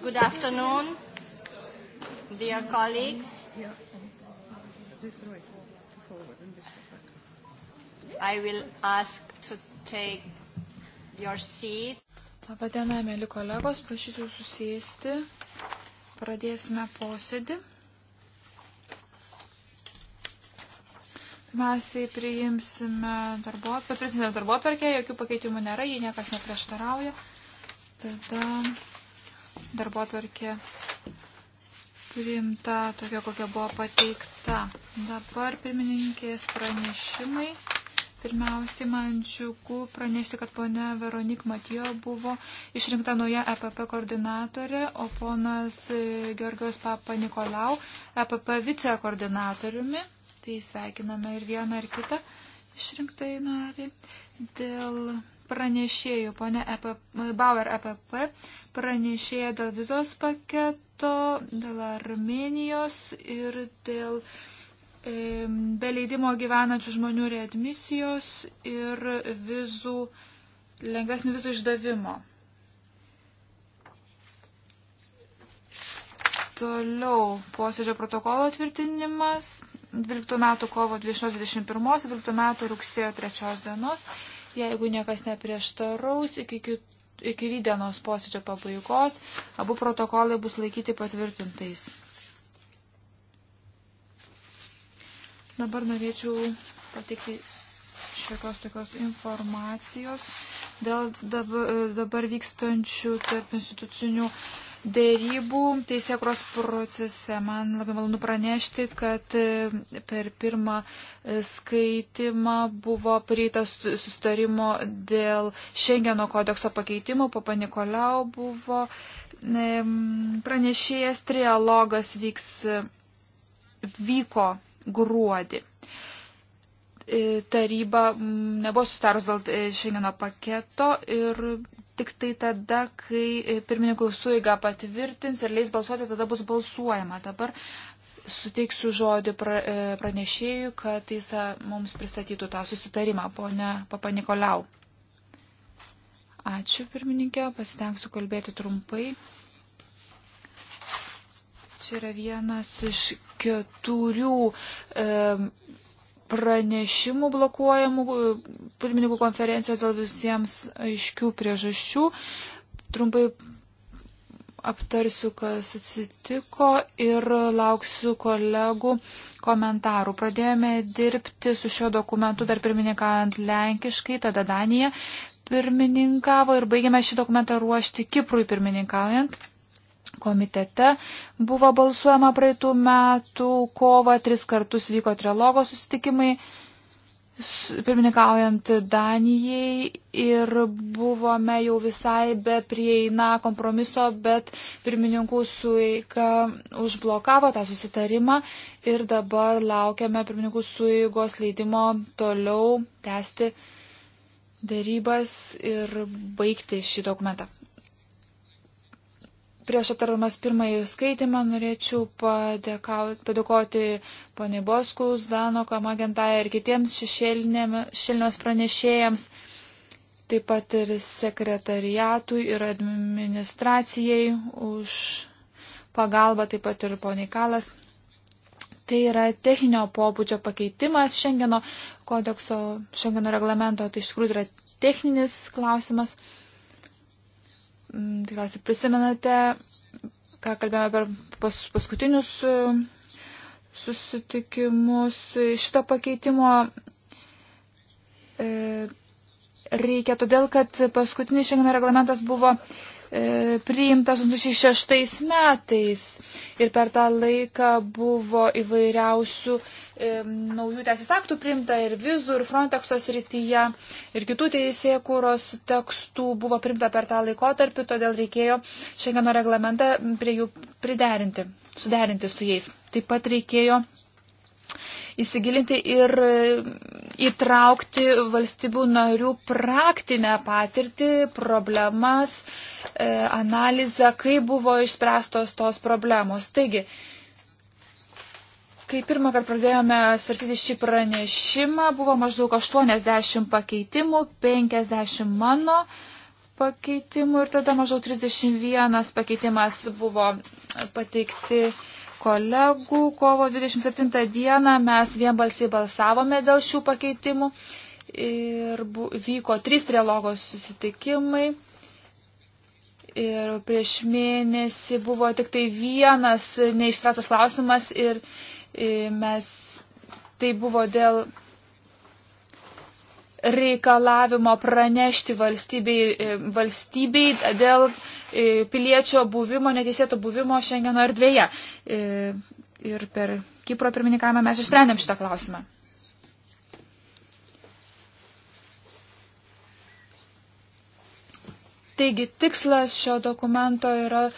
Good afternoon, dear colleagues. I will ask to take your seat. Labadiena, mėly kolegos, prašysiu susėsti. Pradėsime posėdį. Pirmiausiai priimsime darbo, patvirtinsime darbo tvarkę, jokių pakeitimų nėra, jei niekas neprieštarauja. Tada darbo atvarkė priimta tokia, kokia buvo pateikta. Dabar pirmininkės pranešimai. Pirmiausiai man džiugu pranešti, kad ponia Veronik Matijo buvo išrinkta nauja EPP koordinatorė, o ponas e, Georgijos Papa Nikolau EPP vicekoordinatoriumi. Tai sveikiname ir vieną, ir kitą išrinktai narį. Dėl pranešėjų, ponė EP, Bauer EPP, pranešėja dėl vizos paketo, dėl Armenijos ir dėl e, be leidimo gyvenančių žmonių readmisijos ir vizų, lengvesnių vizų išdavimo. Toliau posėdžio protokolo tvirtinimas 12 metų kovo 21, 12 metų rugsėjo 3 dienos jeigu niekas neprieštaraus, iki, kit, iki rydienos posėdžio pabaigos abu protokolai bus laikyti patvirtintais. Dabar norėčiau pateikti šiokios tokios informacijos dėl dabar vykstančių tarp institucinių dėrybų teisėkros procese. Man labai malonu pranešti, kad e, per pirmą e, skaitimą buvo prieitas sustarimo dėl Šengeno kodekso pakeitimo. Papa Nikolau buvo e, pranešėjas, trialogas vyks, vyko gruodį taryba nebuvo sustarus dėl Šengeno paketo ir tik tai tada, kai e, pirmininkų suiga patvirtins ir leis balsuoti, tada bus balsuojama. Dabar suteiksiu žodį pra, e, pranešėjui, kad jis mums pristatytų tą susitarimą, ponė Papa Nikolau. Ačiū pirmininkė, pasitengsiu kalbėti trumpai. Čia yra vienas iš keturių e, pranešimų blokuojamų e, pirmininkų konferencijos dėl visiems aiškių priežasčių. Trumpai aptarsiu, kas atsitiko ir lauksiu kolegų komentarų. Pradėjome dirbti su šio dokumentu dar pirmininkant lenkiškai, tada Danija pirmininkavo ir baigėme šį dokumentą ruošti Kiprui pirmininkaujant komitete buvo balsuojama praeitų metų kovą, tris kartus vyko trilogo susitikimai, pirmininkaujant Danijai ir buvome jau visai be prieina kompromiso, bet pirmininkų suiga užblokavo tą susitarimą ir dabar laukiame pirmininkų suigos leidimo toliau tęsti dėrybas ir baigti šį dokumentą. Prieš aptardamas pirmąjį skaitimą norėčiau padėkoti poniai Boskus, Dano, Kamagentai ir kitiems šešėlinėms pranešėjams, taip pat ir sekretariatui ir administracijai už pagalbą, taip pat ir poniai Kalas. Tai yra techninio pobūdžio pakeitimas Šengeno kodekso, Šengeno reglamento, tai iš tikrųjų yra techninis klausimas. Mm, tikriausiai prisimenate, ką kalbėjome per pas, paskutinius e, susitikimus. Šito pakeitimo e, reikia todėl, kad paskutinis šiandien reglamentas buvo E, priimtas 2006 metais ir per tą laiką buvo įvairiausių e, naujų teisės aktų priimta ir vizų, ir Frontexo srityje, ir kitų teisėjų kūros tekstų buvo priimta per tą laikotarpį, todėl reikėjo Šengeno reglamentą prie jų priderinti, suderinti su jais. Taip pat reikėjo įsigilinti ir e, įtraukti valstybių narių praktinę patirtį, problemas, e, analizę, kaip buvo išspręstos tos problemos. Taigi, Kai pirmą kartą pradėjome svarstyti šį pranešimą, buvo maždaug 80 pakeitimų, 50 mano pakeitimų ir tada maždaug 31 pakeitimas buvo pateikti kolegų. Kovo 27 dieną mes vienbalsiai balsavome dėl šių pakeitimų ir bu, vyko trys trilogos susitikimai. Ir prieš mėnesį buvo tik tai vienas neišspręstas klausimas ir mes tai buvo dėl reikalavimo pranešti valstybei, e, valstybei dėl e, piliečio buvimo, neteisėto buvimo Šengeno erdvėje. E, ir per Kipro pirmininkavimą mes išsprendėm šitą klausimą. Taigi tikslas šio dokumento yra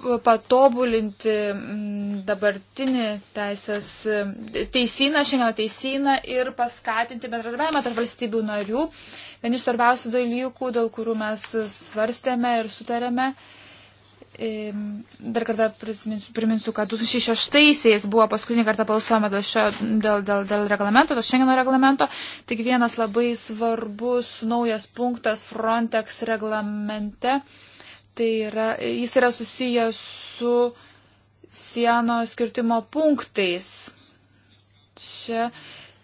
patobulinti mm, dabartinį teisės teisyną, šiandien teisyną ir paskatinti bendradarbiavimą tarp valstybių narių. Vieni iš svarbiausių dalykų, dėl kurių mes svarstėme ir sutarėme. Dar kartą prisiminsiu, priminsiu, kad 2006-aisiais buvo paskutinį kartą balsuojama dėl, šio, dėl, dėl, dėl reglamento, dėl Schengeno reglamento. Tik vienas labai svarbus naujas punktas Frontex reglamente tai yra, jis yra susijęs su sienos skirtimo punktais. Čia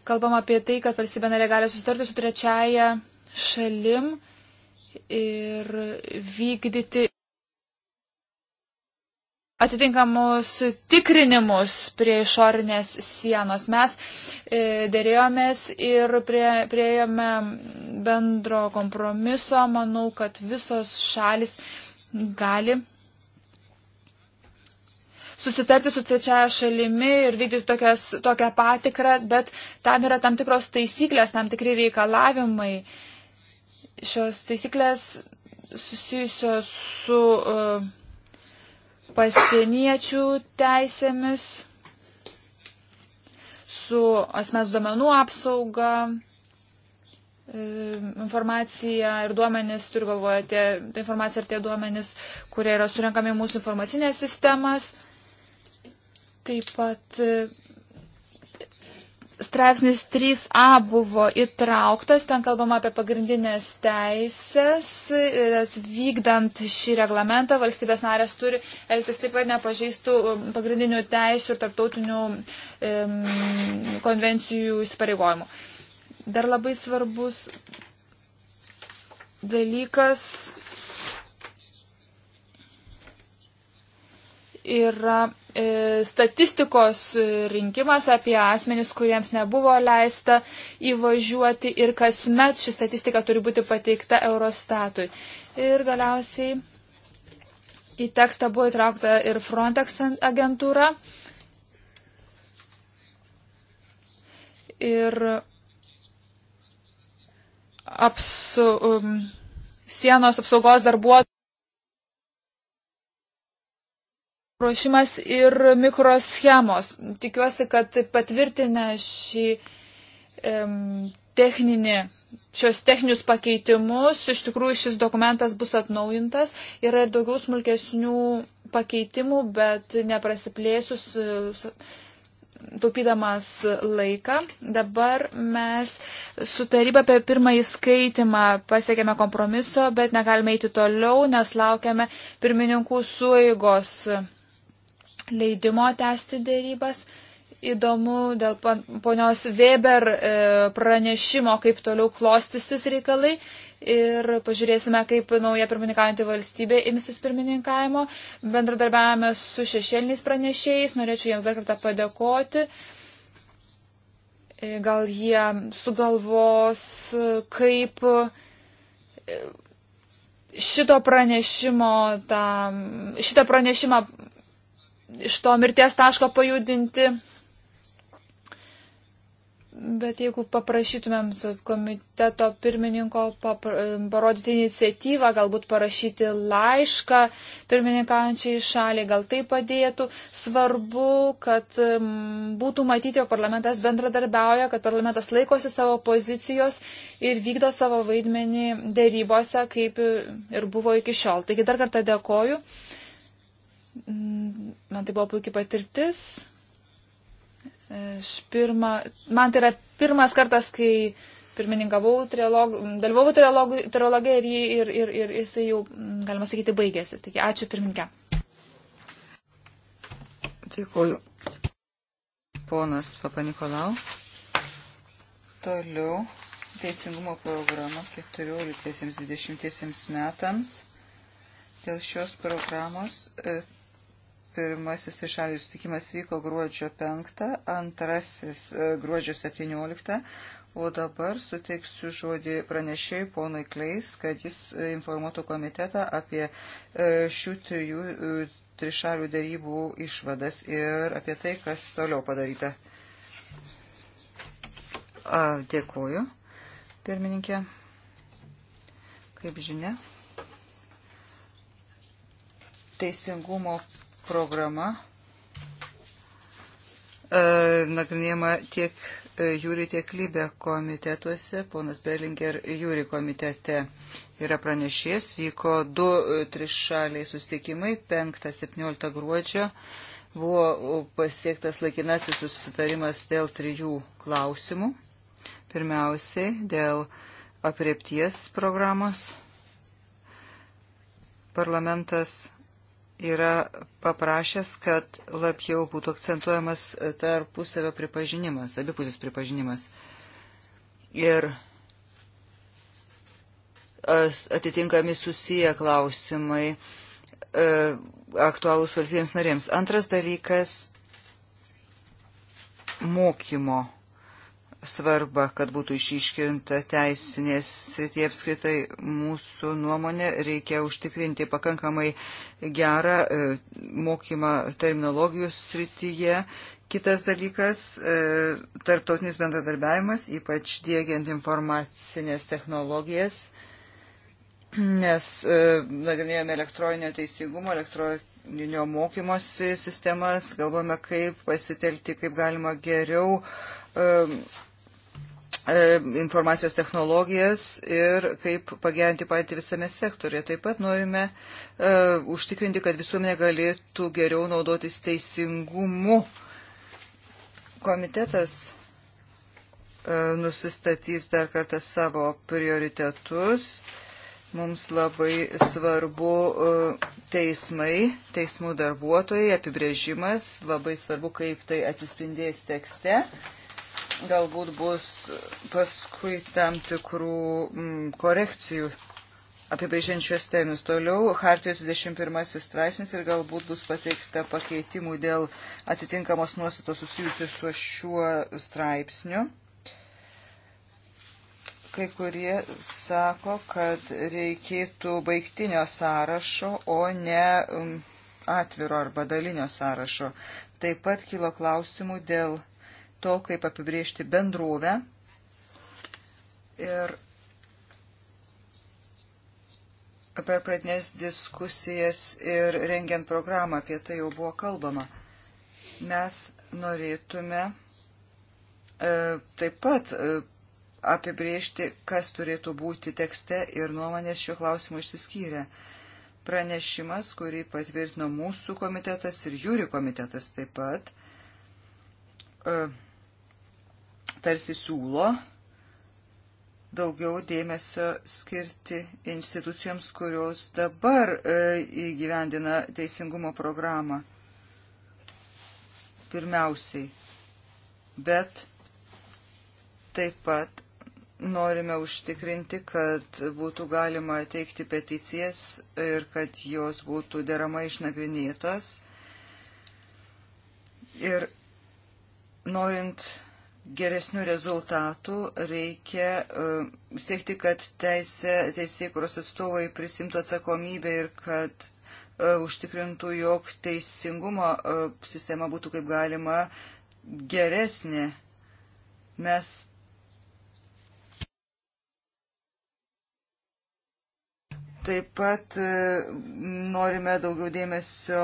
kalbam apie tai, kad valstybė narė gali susitarti su trečiaja šalim ir vykdyti atitinkamus tikrinimus prie išorinės sienos. Mes e, dėrėjomės ir prie, prieėjome bendro kompromiso. Manau, kad visos šalis gali susitarti su trečiaja šalimi ir vykdyti tokias, tokią patikrą, bet tam yra tam tikros taisyklės, tam tikri reikalavimai. Šios taisyklės susijusios su uh, pasieniečių teisėmis, su asmens duomenų apsauga, E, informacija ir duomenys, turiu galvoje, tie, ta informacija ir tie duomenys, kurie yra surinkami mūsų informacinės sistemas. Taip pat e, straipsnis 3a buvo įtrauktas, ten kalbama apie pagrindinės teisės, nes vykdant šį reglamentą valstybės narės turi elgtis taip pat nepažeistų e, pagrindinių teisų ir tarptautinių um, konvencijų įsipareigojimų. Um, Dar labai svarbus dalykas yra e, statistikos rinkimas apie asmenis, kuriems nebuvo leista įvažiuoti ir kasmet ši statistika turi būti pateikta Eurostatui. Ir galiausiai į tekstą buvo įtraukta ir Frontex agentūra. Ir apsu, um, sienos apsaugos darbuotojų ruošimas ir mikroschemos. Tikiuosi, kad patvirtinę šį um, techninį, šios techninius pakeitimus, iš tikrųjų šis dokumentas bus atnaujintas. Yra ir daugiau smulkesnių pakeitimų, bet neprasiplėsius. Uh, taupydamas laiką, dabar mes su taryba apie pirmąjį skaitimą pasiekėme kompromiso, bet negalime eiti toliau, nes laukiame pirmininkų suigos leidimo tęsti dėrybas įdomu dėl ponios Weber e, pranešimo, kaip toliau klostysis reikalai. Ir pažiūrėsime, kaip nauja pirmininkaujantį valstybė imsis pirmininkavimo. Bendradarbiavame su šešėliniais pranešėjais. Norėčiau jiems dar kartą padėkoti. E, gal jie sugalvos, e, kaip šito pranešimo, tą, šitą pranešimą iš to mirties taško pajudinti Bet jeigu paprašytumėm komiteto pirmininko parodyti iniciatyvą, galbūt parašyti laišką pirmininkaujančiai šaliai, gal tai padėtų. Svarbu, kad būtų matyti, jog parlamentas bendradarbiauja, kad parlamentas laikosi savo pozicijos ir vykdo savo vaidmenį dėrybose, kaip ir buvo iki šiol. Taigi dar kartą dėkoju. Man tai buvo puikia patirtis Pirma, man tai yra pirmas kartas, kai pirmininkavau, trilog, dalyvavau trilog, trilogė ir, jį, ir, ir, ir jisai jau, galima sakyti, baigėsi. Taigi, ačiū pirmininkė. Dėkuoju. Ponas Papanikolau. Toliau teisingumo programa 14-20 metams. Dėl šios programos e, Pirmasis trišalis sutikimas vyko gruodžio 5, antrasis e, gruodžio 17, o dabar suteiksiu žodį pranešėjai ponui Kleis, kad jis informuotų komitetą apie e, šių trijų e, trišalių darybų išvadas ir apie tai, kas toliau padaryta. A, dėkuoju, pirmininkė. Kaip žinia, Teisingumo programa e, nagrinėjama tiek e, jūri, tiek lybė komitetuose, ponas Berlinger jūri komitete yra pranešės, vyko du e, trišaliai sustikimai, 5-17 gruodžio buvo pasiektas laikinasis susitarimas dėl trijų klausimų. Pirmiausiai dėl apriepties programos. Parlamentas yra paprašęs, kad labiau būtų akcentuojamas tarpusavio pripažinimas, abipusis pripažinimas. Ir atitinkami susiję klausimai e, aktualūs valstybėms narėms. Antras dalykas - mokymo svarbą, kad būtų išiškinta teisinės srityje apskritai mūsų nuomonė, reikia užtikrinti pakankamai gerą e, mokymą terminologijos srityje. Kitas dalykas e, - tarptautinis bendradarbiavimas, ypač dėgiant informacinės technologijas, nes e, nagrinėjome elektroninio teisingumo, elektroninio nuotolinio mokymosi sistemas, galvome, kaip pasitelkti, kaip galima geriau um, E, informacijos technologijas ir kaip pagerinti patį visame sektorėje. Taip pat norime uh, užtikrinti, kad visuomenė galėtų geriau naudotis teisingumu. Komitetas uh, nusistatys dar kartą savo prioritetus. Mums labai svarbu uh, teismai, teismų darbuotojai, apibrėžimas, labai svarbu, kaip tai atsispindės tekste. Uh, Galbūt bus paskui tam tikrų mm, korekcijų apibrėžiančios terminus. Toliau Hartijos 21 straipsnis ir galbūt bus pateikta pakeitimų dėl atitinkamos nuostatos susijusios su šiuo straipsniu. Kai kurie sako, kad reikėtų baigtinio sąrašo, o ne mm, atviro arba dalinio sąrašo. Taip pat kilo klausimų dėl to, kaip apibriežti bendrovę. Ir per pradinės diskusijas ir rengiant programą apie tai jau buvo kalbama. Mes norėtume e, taip pat e, apibriežti, kas turėtų būti tekste ir nuomonės šiuo klausimu išsiskyrė. Pranešimas, kurį patvirtino mūsų komitetas ir jūri komitetas taip pat, e, tarsi siūlo daugiau dėmesio skirti institucijoms, kurios dabar e, įgyvendina teisingumo programą. Pirmiausiai. Bet taip pat norime užtikrinti, kad būtų galima teikti peticijas ir kad jos būtų deramai išnagrinėtos. Ir norint geresnių rezultatų reikia uh, siekti, kad teisė, teisėjai, kurios atstovai prisimtų atsakomybę ir kad uh, užtikrintų, jog teisingumo uh, sistema būtų kaip galima geresnė. Mes Taip pat norime daugiau dėmesio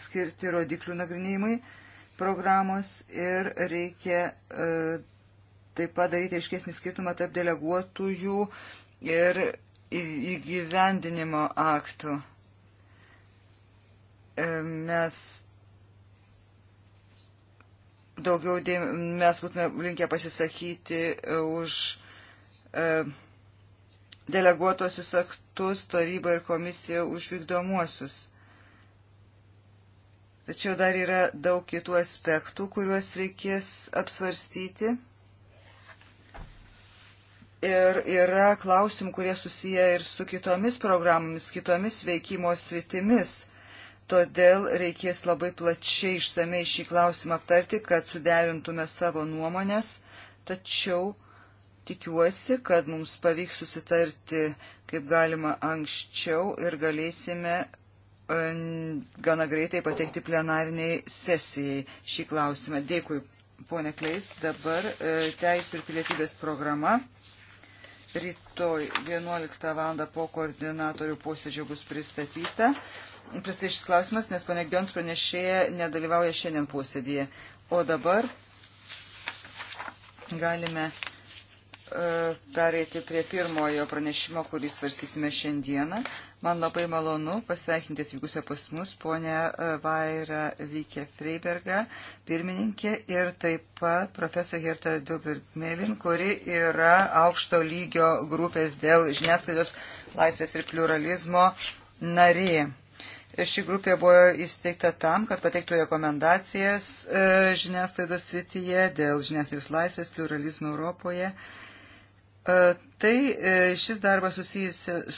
skirti rodiklių nagrinėjimui programos ir reikia e, taip pat daryti aiškesnį skirtumą tarp deleguotųjų ir įgyvendinimo aktų. E, mes daugiau dėm, mes būtume linkę pasisakyti už e, deleguotosius aktus, tarybą ir komisiją už vykdomuosius. Tačiau dar yra daug kitų aspektų, kuriuos reikės apsvarstyti. Ir yra klausimų, kurie susiję ir su kitomis programomis, kitomis veikimo sritimis. Todėl reikės labai plačiai išsamei šį klausimą aptarti, kad suderintume savo nuomonės. Tačiau tikiuosi, kad mums pavyks susitarti kaip galima anksčiau ir galėsime gana greitai pateikti plenariniai sesijai šį klausimą. Dėkui, ponė Kleis. Dabar e, teisų ir pilietybės programa. Rytoj 11 val. po koordinatorių posėdžio bus pristatyta. Pristatys šis klausimas, nes ponė Gions pranešėja nedalyvauja šiandien posėdėje. O dabar galime E, pereiti prie pirmojo pranešimo, kurį svarstysime šiandieną. Man labai malonu pasveikinti atvykusią pas mus ponę e, Vairą Vykę Freibergą, pirmininkę ir taip pat profesorę Hirtą Dubermelin, kuri yra aukšto lygio grupės dėl žiniasklaidos laisvės ir pluralizmo narė. E, ši grupė buvo įsteigta tam, kad pateiktų rekomendacijas žiniasklaidos srityje dėl žiniasklaidos laisvės, pluralizmo Europoje. E, E, tai e, šis darbas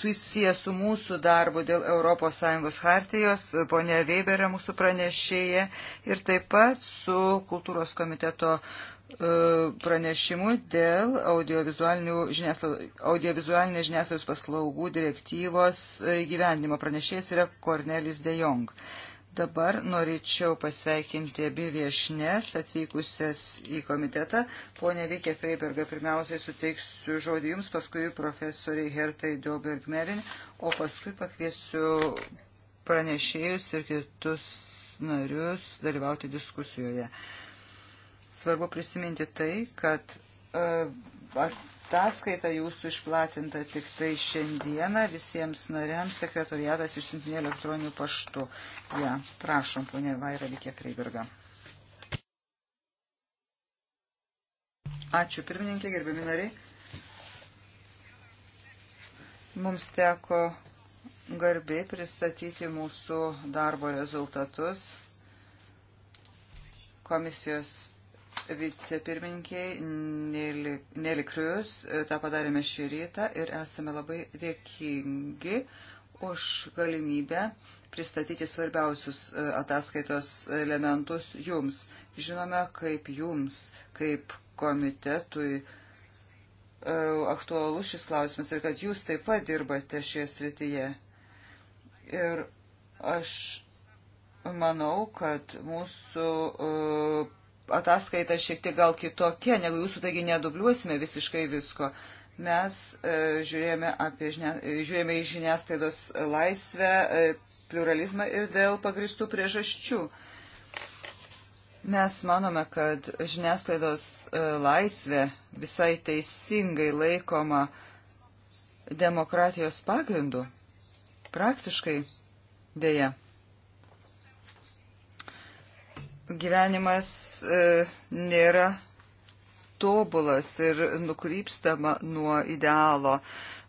susijęs su mūsų darbu dėl ES hartijos, e, ponė Weberė mūsų pranešėja ir taip pat su kultūros komiteto pranešimu dėl audiovizualinės audio žiniasklaidos paslaugų direktyvos gyvenimo pranešėjas yra Kornelis De Jong. Dabar norėčiau pasveikinti abi viešnės atvykusias į komitetą. Pone Vikė Freiberga, pirmiausiai suteiksiu žodį Jums, paskui profesoriai Hertai Dobergmerin, o paskui pakviesiu pranešėjus ir kitus narius dalyvauti diskusijoje. Svarbu prisiminti tai, kad uh, ataskaita jūsų išplatinta tik tai šiandieną visiems nariams sekretoriatas išsintinė elektroniniu paštu. Ja, prašom, ponė Vaira Vikė Freiberga. Ačiū pirmininkė, gerbiami nariai. Mums teko garbiai pristatyti mūsų darbo rezultatus komisijos vicepirminkiai Nelikrius, e, tą padarėme šį rytą ir esame labai dėkingi už galimybę pristatyti svarbiausius e, ataskaitos elementus jums. Žinome, kaip jums, kaip komitetui e, aktualus šis klausimas ir kad jūs taip pat dirbate šioje srityje. Ir aš manau, kad mūsų uh, ataskaita šiek tiek gal kitokia negu jūsų, taigi nedubliuosime visiškai visko. Mes e, žiūrėjome, apie, žinia, e, žiūrėjome į žiniasklaidos laisvę, e, pluralizmą ir dėl pagristų priežasčių. Mes manome, kad žiniasklaidos e, laisvė visai teisingai laikoma demokratijos pagrindu. Praktiškai dėja gyvenimas e, nėra tobulas ir nukrypstama nuo idealo,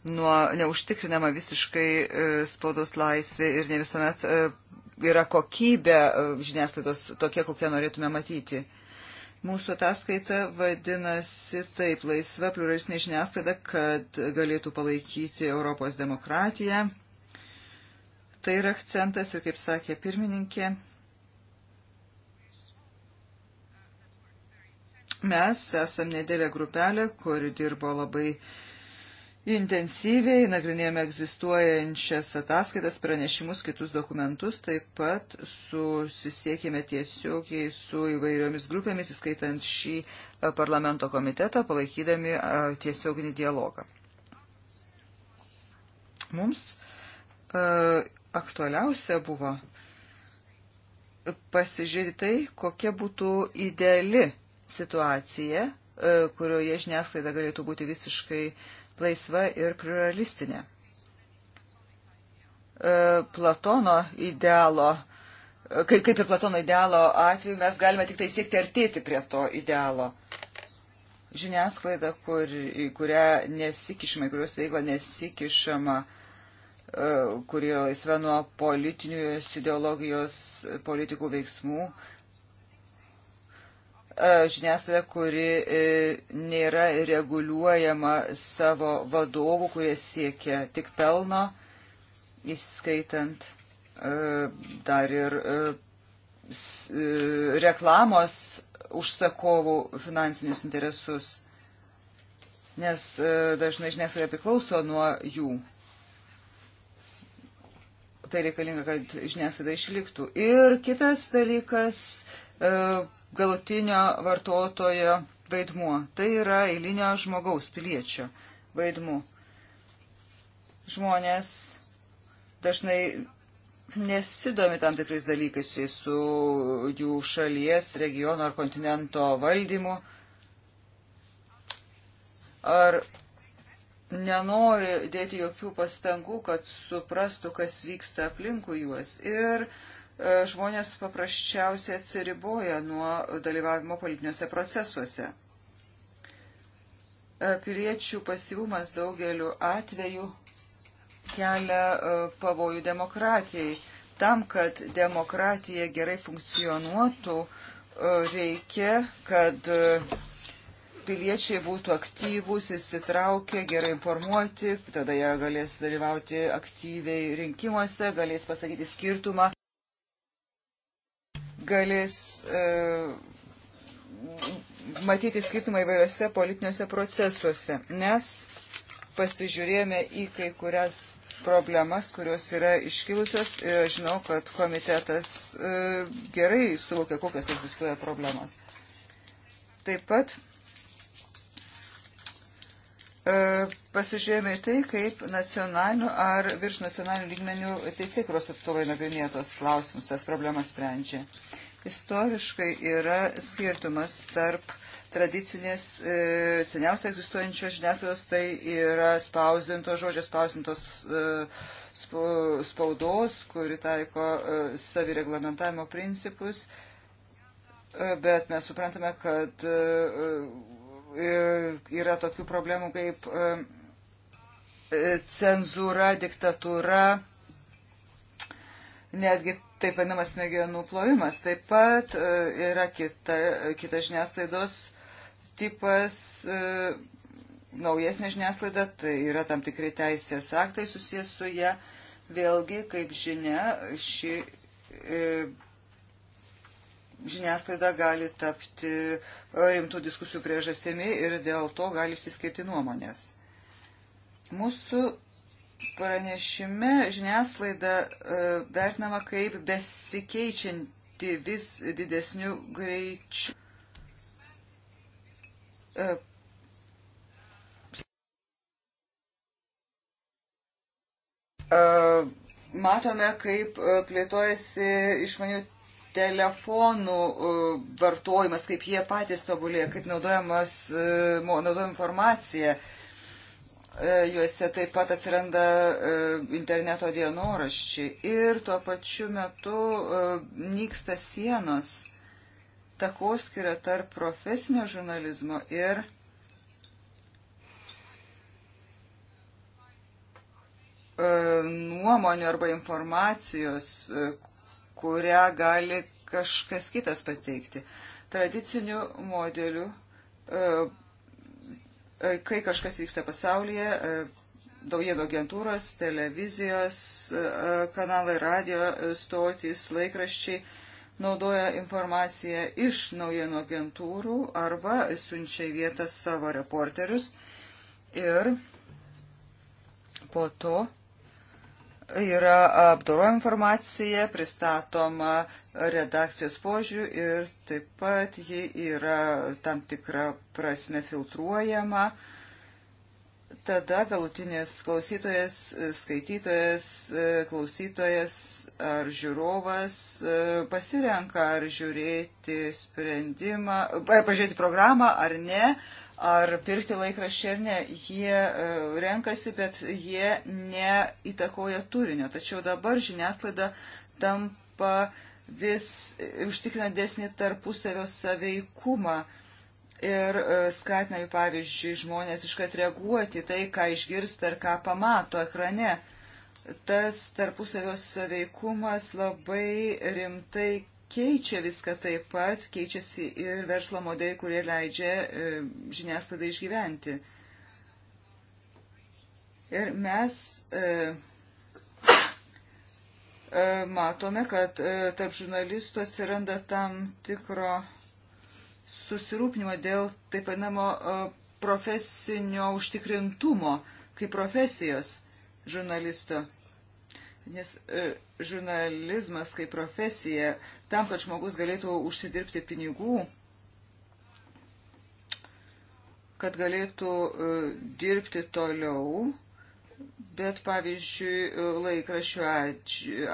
nuo neužtikrinama visiškai e, spaudos laisvė ir ne visuomet e, yra kokybė žiniasklaidos tokia, kokią norėtume matyti. Mūsų ataskaita vadinasi taip laisva pluralistinė žiniasklaida, kad galėtų palaikyti Europos demokratiją. Tai yra akcentas ir, kaip sakė pirmininkė, Mes esam nedėlė grupelė, kuri dirbo labai intensyviai, nagrinėjome egzistuojančias ataskaitas, pranešimus, kitus dokumentus, taip pat susisiekėme tiesiogiai su įvairiomis grupėmis, įskaitant šį e, parlamento komitetą, palaikydami e, tiesioginį dialogą. Mums e, aktualiausia buvo pasižiūrėti tai, kokia būtų ideali situaciją, e, kurioje žiniasklaida galėtų būti visiškai laisva ir pluralistinė. E, Platono idealo, e, kaip, kaip ir Platono idealo atveju, mes galime tik tai siekti artėti prie to idealo. Žiniasklaida, kur, į kurią nesikišama, į kurios veiklą nesikišama, kuri yra laisva nuo politinių ideologijos politikų veiksmų, E, žiniasklaida, kuri e, nėra reguliuojama savo vadovų, kurie siekia tik pelno, įskaitant e, dar ir reklamos užsakovų finansinius interesus, nes dažnai žiniasklaida priklauso nuo jų. Tai reikalinga, kad žiniasklaida išliktų. Ir kitas dalykas E, galutinio vartotojo vaidmuo. Tai yra eilinio žmogaus piliečio vaidmuo. Žmonės dažnai nesidomi tam tikrais dalykais su, su jų šalies, regiono ar kontinento valdymu. Ar nenori dėti jokių pastangų, kad suprastų, kas vyksta aplinkui juos. Ir uh, E, žmonės paprasčiausiai atsiriboja nuo dalyvavimo politiniuose procesuose. E, piliečių pasivumas daugeliu atveju kelia e, pavojų demokratijai. Tam, kad demokratija gerai funkcionuotų, reikia, kad piliečiai būtų aktyvūs, įsitraukę, gerai informuoti, tada jie galės dalyvauti aktyviai rinkimuose, galės pasakyti skirtumą galės e, matyti skirtumą įvairiose politiniuose procesuose. Mes pasižiūrėjome į kai kurias problemas, kurios yra iškilusios ir aš žinau, kad komitetas e, gerai suvokia, kokios egzistuoja problemos. Taip pat E, pasižiūrėjome į tai, kaip nacionaliniu ar virš nacionalinių lygmenių teisėkros atstovai nagrinėtos klausimus, tas problemas sprendžia. Istoriškai yra skirtumas tarp tradicinės e, seniausiai egzistuojančios žiniasklaidos, tai yra spausdintos žodžios, spausdintos e, spaudos, kuri taiko e, savireglamentavimo principus, e, bet mes suprantame, kad e, E, yra tokių problemų kaip e, e, cenzūra, diktatūra, netgi taip vadinamas smegenų plovimas. Taip pat yra kita, kita žiniasklaidos tipas, naujesnė žiniasklaida, tai yra tam tikri teisės aktai susijęs su ją. Vėlgi, kaip žinia, ši žiniasklaida gali tapti e, rimtų diskusijų priežastimi ir dėl to gali išsiskirti nuomonės. Mūsų pranešime žiniasklaida e, vertinama kaip besikeičianti vis didesnių greičių. E, matome, kaip plėtojasi išmanių telefonų e, vartojimas, kaip jie patys tobulėja, kaip naudojamas, e, naudojama informacija. E, juose taip pat atsiranda interneto dienoraščiai ir tuo pačiu metu nyksta sienos takoskira tarp profesinio žurnalizmo ir nuomonių arba informacijos, kurią gali kažkas kitas pateikti. Tradiciniu modeliu, e, e, kai kažkas vyksta pasaulyje, naujienų e, agentūros, televizijos kanalai, radio stotys, laikraščiai naudoja informaciją iš naujienų agentūrų arba siunčia vietas savo reporterius ir po to yra apdorojama informacija, pristatoma redakcijos požiūrių ir taip pat ji yra tam tikrą prasme filtruojama. Tada galutinis klausytojas, skaitytojas, klausytojas ar žiūrovas e, pasirenka ar žiūrėti sprendimą, e, pažiūrėti programą ar ne, ar pirkti laikraščiai ar ne. Jie e, renkasi, bet jie neįtakoja turinio. Tačiau dabar žiniasklaida tampa vis e, užtikrina desnį tarpusavio saveikumą ir e, skatinami, pavyzdžiui, žmonės iškart reaguoti tai, ką išgirsta ar ką pamato ekrane. Tas tarpusavio saveikumas labai rimtai keičia viską taip pat, keičiasi ir verslo modeliai, kurie leidžia e, žiniasklaidai išgyventi. Ir mes e, e, matome, kad tarp žurnalistų atsiranda tam tikro susirūpinimo dėl taip vadinamo profesinio užtikrintumo kaip profesijos žurnalisto. Nes žurnalizmas kaip profesija tam, kad žmogus galėtų užsidirbti pinigų, kad galėtų e, dirbti toliau, bet pavyzdžiui e, laikrašių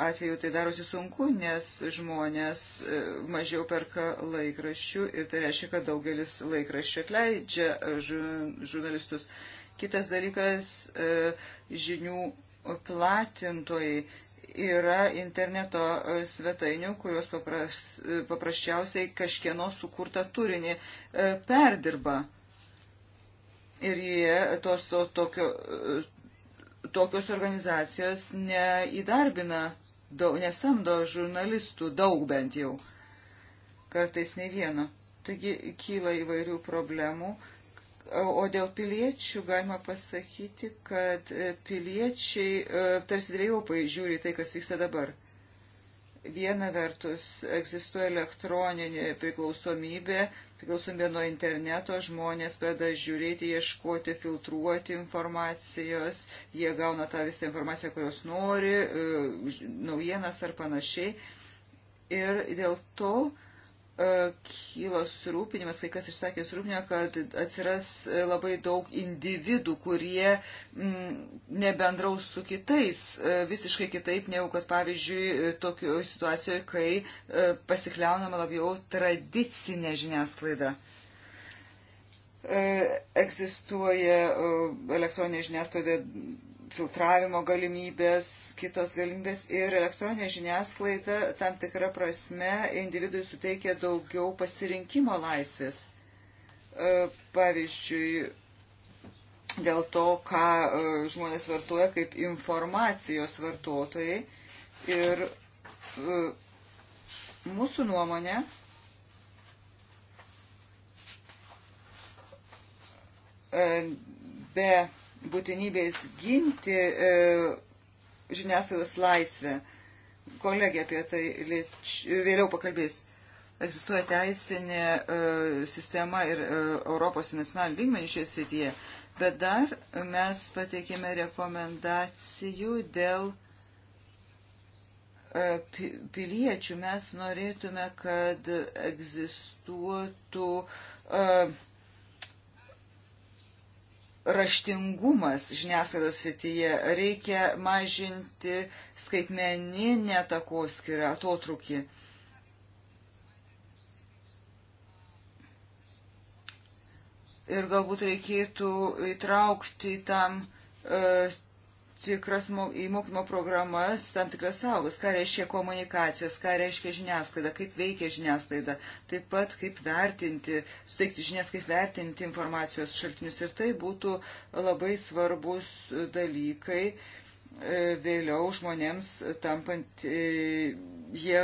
atveju tai darosi sunku, nes žmonės e, mažiau perka laikrašių ir tai reiškia, kad daugelis laikraščių atleidžia žurnalistus. Kitas dalykas - žinių platintojai yra interneto svetainių, kurios papras, paprasčiausiai kažkieno sukurtą turinį e, perdirba. Ir jie tos to, tokio, e, tokios organizacijos neįdarbina, daug, nesamdo žurnalistų daug bent jau. Kartais ne vieno. Taigi kyla įvairių problemų O dėl piliečių galima pasakyti, kad e, piliečiai e, tarsi dviejopai žiūri tai, kas vyksta dabar. Viena vertus egzistuoja elektroninė priklausomybė, priklausomybė nuo interneto, žmonės pradeda žiūrėti, ieškoti, filtruoti informacijos, jie gauna tą visą informaciją, kurios nori, e, naujienas ar panašiai. Ir dėl to E, kylo surūpinimas, kai kas išsakė surūpinimą, kad atsiras e, labai daug individų, kurie m, nebendraus su kitais e, visiškai kitaip, negu kad pavyzdžiui tokioje situacijoje, kai pasikliaunama labiau tradicinė žiniasklaida. Egzistuoja elektroninė žiniasklaida filtravimo galimybės, kitos galimybės ir elektroninė žiniasklaida tam tikrą prasme individui suteikia daugiau pasirinkimo laisvės. E, pavyzdžiui, dėl to, ką e, žmonės vartoja kaip informacijos vartotojai. Ir e, mūsų nuomonė be būtinybės ginti e, žiniasklaidos laisvę. Kolegė apie tai lieč, vėliau pakalbės. Egzistuoja teisinė e, sistema ir e, Europos nacionalinių lygmenių šioje srityje, bet dar mes pateikėme rekomendacijų dėl e, piliečių mes norėtume, kad egzistuotų e, raštingumas žiniasklaidos sityje, reikia mažinti skaitmeninę takoskirą, atotrukį. Ir galbūt reikėtų įtraukti tam e, tikras mokymo programas, tam tikras saugus, ką reiškia komunikacijos, ką reiškia žiniasklaida, kaip veikia žiniasklaida, taip pat kaip vertinti, suteikti žinias, kaip vertinti informacijos šaltinius. Ir tai būtų labai svarbus dalykai e, vėliau žmonėms tampant e, jie,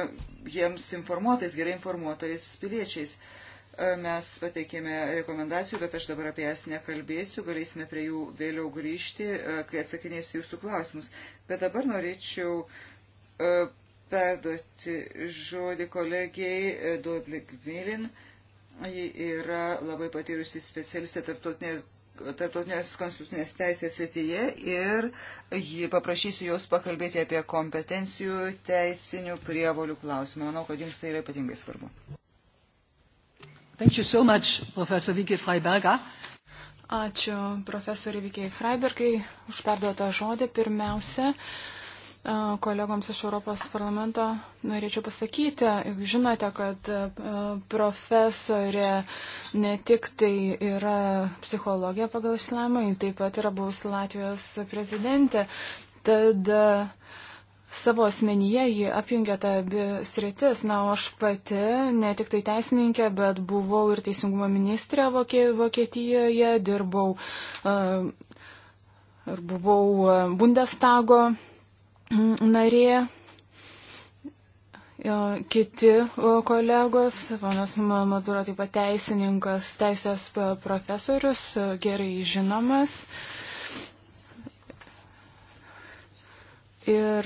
jiems informuotais, gerai informuotais piliečiais. E, mes pateikėme rekomendacijų, bet aš dabar apie jas nekalbėsiu, galėsime prie jų vėliau grįžti, e, kai atsakinėsiu jūsų klausimus. Bet dabar norėčiau e, perduoti žodį kolegijai Doblik Milin. Ji yra labai patyrusi specialistė tarptautinės konstitucinės teisės srityje ir jį paprašysiu jos pakalbėti apie kompetencijų teisinių prievolių klausimą. Manau, kad jums tai yra ypatingai svarbu. Thank you so much, profesor Vike Freiberger. Ačiū profesoriai Vikiai Freibergai už perduotą žodį. Pirmiausia, kolegoms iš Europos parlamento norėčiau pasakyti, juk žinote, kad profesorė ne tik tai yra psichologija pagal išsilavinimą, taip pat yra buvusi Latvijos prezidentė. Tad uh, savo asmenyje jį apjungia tą abi sritis. Na, o aš pati, ne tik tai teisininkė, bet buvau ir teisingumo ministrė Vokietijoje, dirbau uh, ir buvau e, Bundestago mm, narė. E, kiti kolegos, panas Maduro taip pat teisininkas, teisės profesorius, gerai žinomas. Uh, ir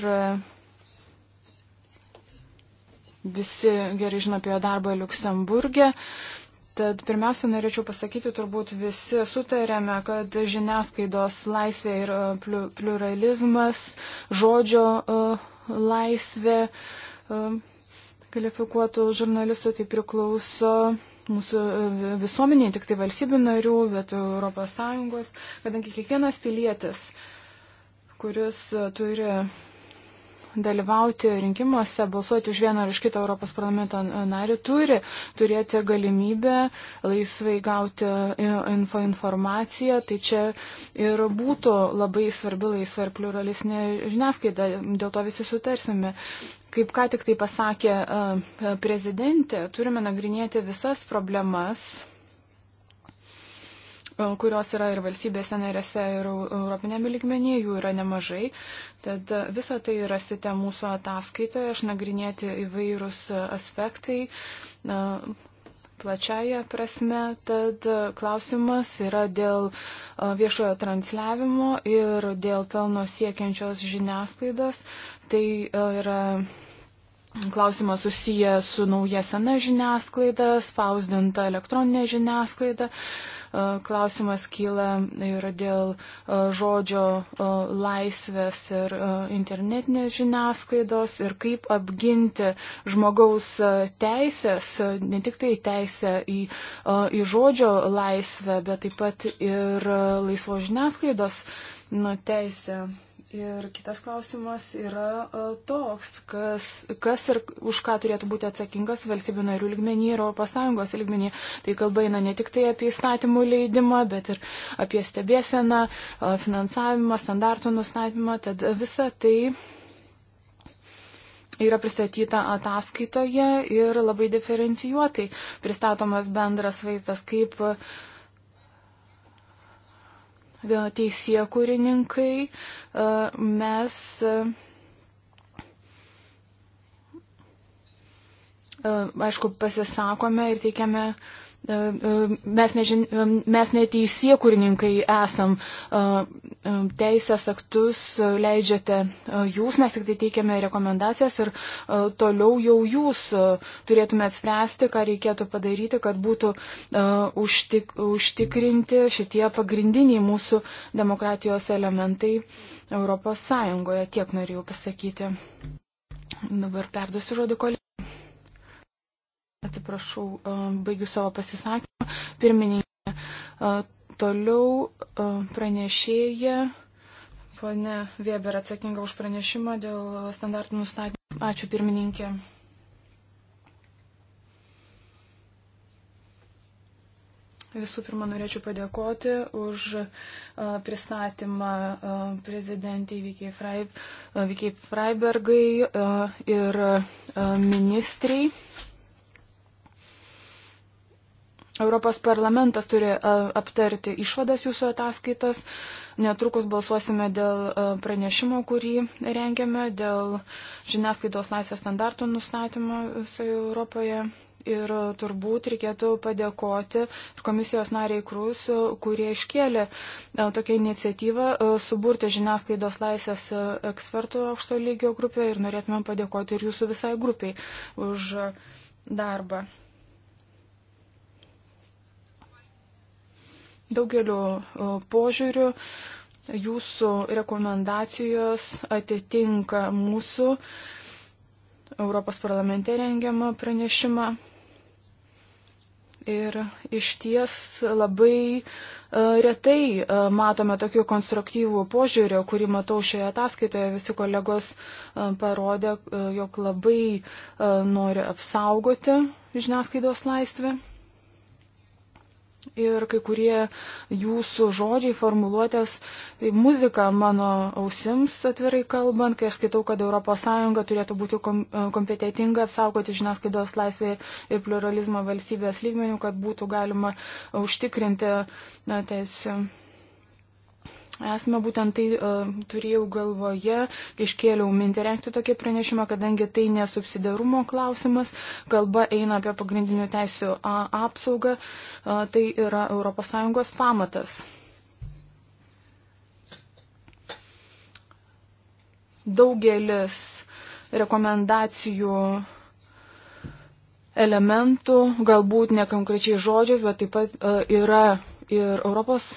visi gerai žino apie jo darbą Luksemburgė. Tad pirmiausia, norėčiau pasakyti, turbūt visi sutarėme, kad žiniasklaidos laisvė ir e, pluralizmas, žodžio e, laisvė e, kvalifikuotų žurnalistų tai priklauso mūsų visuomeniai, tik tai valstybių narių, bet ES, kadangi kiekvienas pilietis kuris e, turi dalyvauti rinkimuose, balsuoti už vieną ar už kitą Europos parlamento narį, turi turėti galimybę laisvai gauti e, info informaciją. Tai čia ir būtų labai svarbi laisva ir pluralistinė žiniasklaida, dėl to visi sutarsime. Kaip ką tik tai pasakė e, prezidentė, turime nagrinėti visas problemas E, kurios yra ir valstybėse narėse, ir europinėme ligmenyje, jų yra nemažai. Tad e, visą tai rasite mūsų ataskaitoje, išnagrinėti įvairūs e, aspektai. Na, plačiaja prasme, tad klausimas yra dėl viešojo transliavimo ir dėl pelno siekiančios žiniasklaidos. Tai yra Klausimas susijęs su nauja sena žiniasklaida, spausdinta elektroninė žiniasklaida. Uh, klausimas kyla ir dėl žodžio laisvės ir internetinės žiniasklaidos ir kaip apginti žmogaus teisės, ne tik tai teisę į, į žodžio laisvę, bet taip pat ir laisvos žiniasklaidos nu, teisę. Ir kitas klausimas yra e, toks, kas, kas ir už ką turėtų būti atsakingas valstybių narių lygmenį ir ES lygmenį. Tai kalba eina ne tik tai apie įstatymų leidimą, bet ir apie stebėseną, e, finansavimą, standartų nustatymą. Tad visa tai yra pristatyta ataskaitoje ir labai diferencijuotai pristatomas bendras vaizdas, kaip uh, teisėkurininkai, e, mes e, e, aišku pasisakome ir teikiame E, e, mes, nežin, e, mes neteisė kūrininkai esam, teisės aktus leidžiate jūs, mes tik tai teikiame rekomendacijas ir toliau jau jūs turėtumėte spręsti, ką reikėtų padaryti, kad būtų užtik, užtikrinti šitie pagrindiniai mūsų demokratijos elementai Europos Sąjungoje. Tiek norėjau pasakyti. Dabar perduosiu žodį kolegai. Atsiprašau, e, baigiu savo pasisakymą. Pirmininkė, e, toliau e, pranešėja. Pone Weber atsakinga už pranešimą dėl standartų nustatymų. Ačiū pirmininkė. Visų pirma, norėčiau padėkoti už pristatymą prezidentė Vikiai Freibergai ir ministrei. Europos parlamentas turi e, aptarti išvadas jūsų ataskaitos. Netrukus balsuosime dėl e, pranešimo, kurį rengiame, dėl žiniasklaidos laisvės standartų nustatymo visoje Europoje. Ir turbūt reikėtų padėkoti komisijos nariai Krus, e, kurie iškėlė tokią iniciatyvą suburti žiniasklaidos laisvės ekspertų aukšto lygio grupę ir norėtume padėkoti ir jūsų visai grupiai už darbą. daugeliu požiūrių jūsų rekomendacijos atitinka mūsų Europos parlamente rengiamą pranešimą. Ir iš ties labai e, retai e, matome tokių konstruktyvų požiūrių, kurį matau šioje ataskaitoje. Visi kolegos e, parodė, jog labai nori apsaugoti žiniasklaidos laisvę. Ir kai kurie jūsų žodžiai, formuluotės, tai muzika mano ausims, atvirai kalbant, kai aš skaitau, kad ES turėtų būti kom e, kompetitinga apsaugoti žiniasklaidos laisvę ir pluralizmą valstybės lygmenių, kad būtų galima užtikrinti teisų Esame būtent tai uh, turėjau galvoje, kai iškėliau mintį renkti tokį pranešimą, kadangi tai nesubsidarumo klausimas, kalba eina apie pagrindinių teisų uh, apsaugą, uh, tai yra ES pamatas. Daugelis rekomendacijų elementų, galbūt ne konkrečiai žodžiais, bet taip pat uh, yra ir ES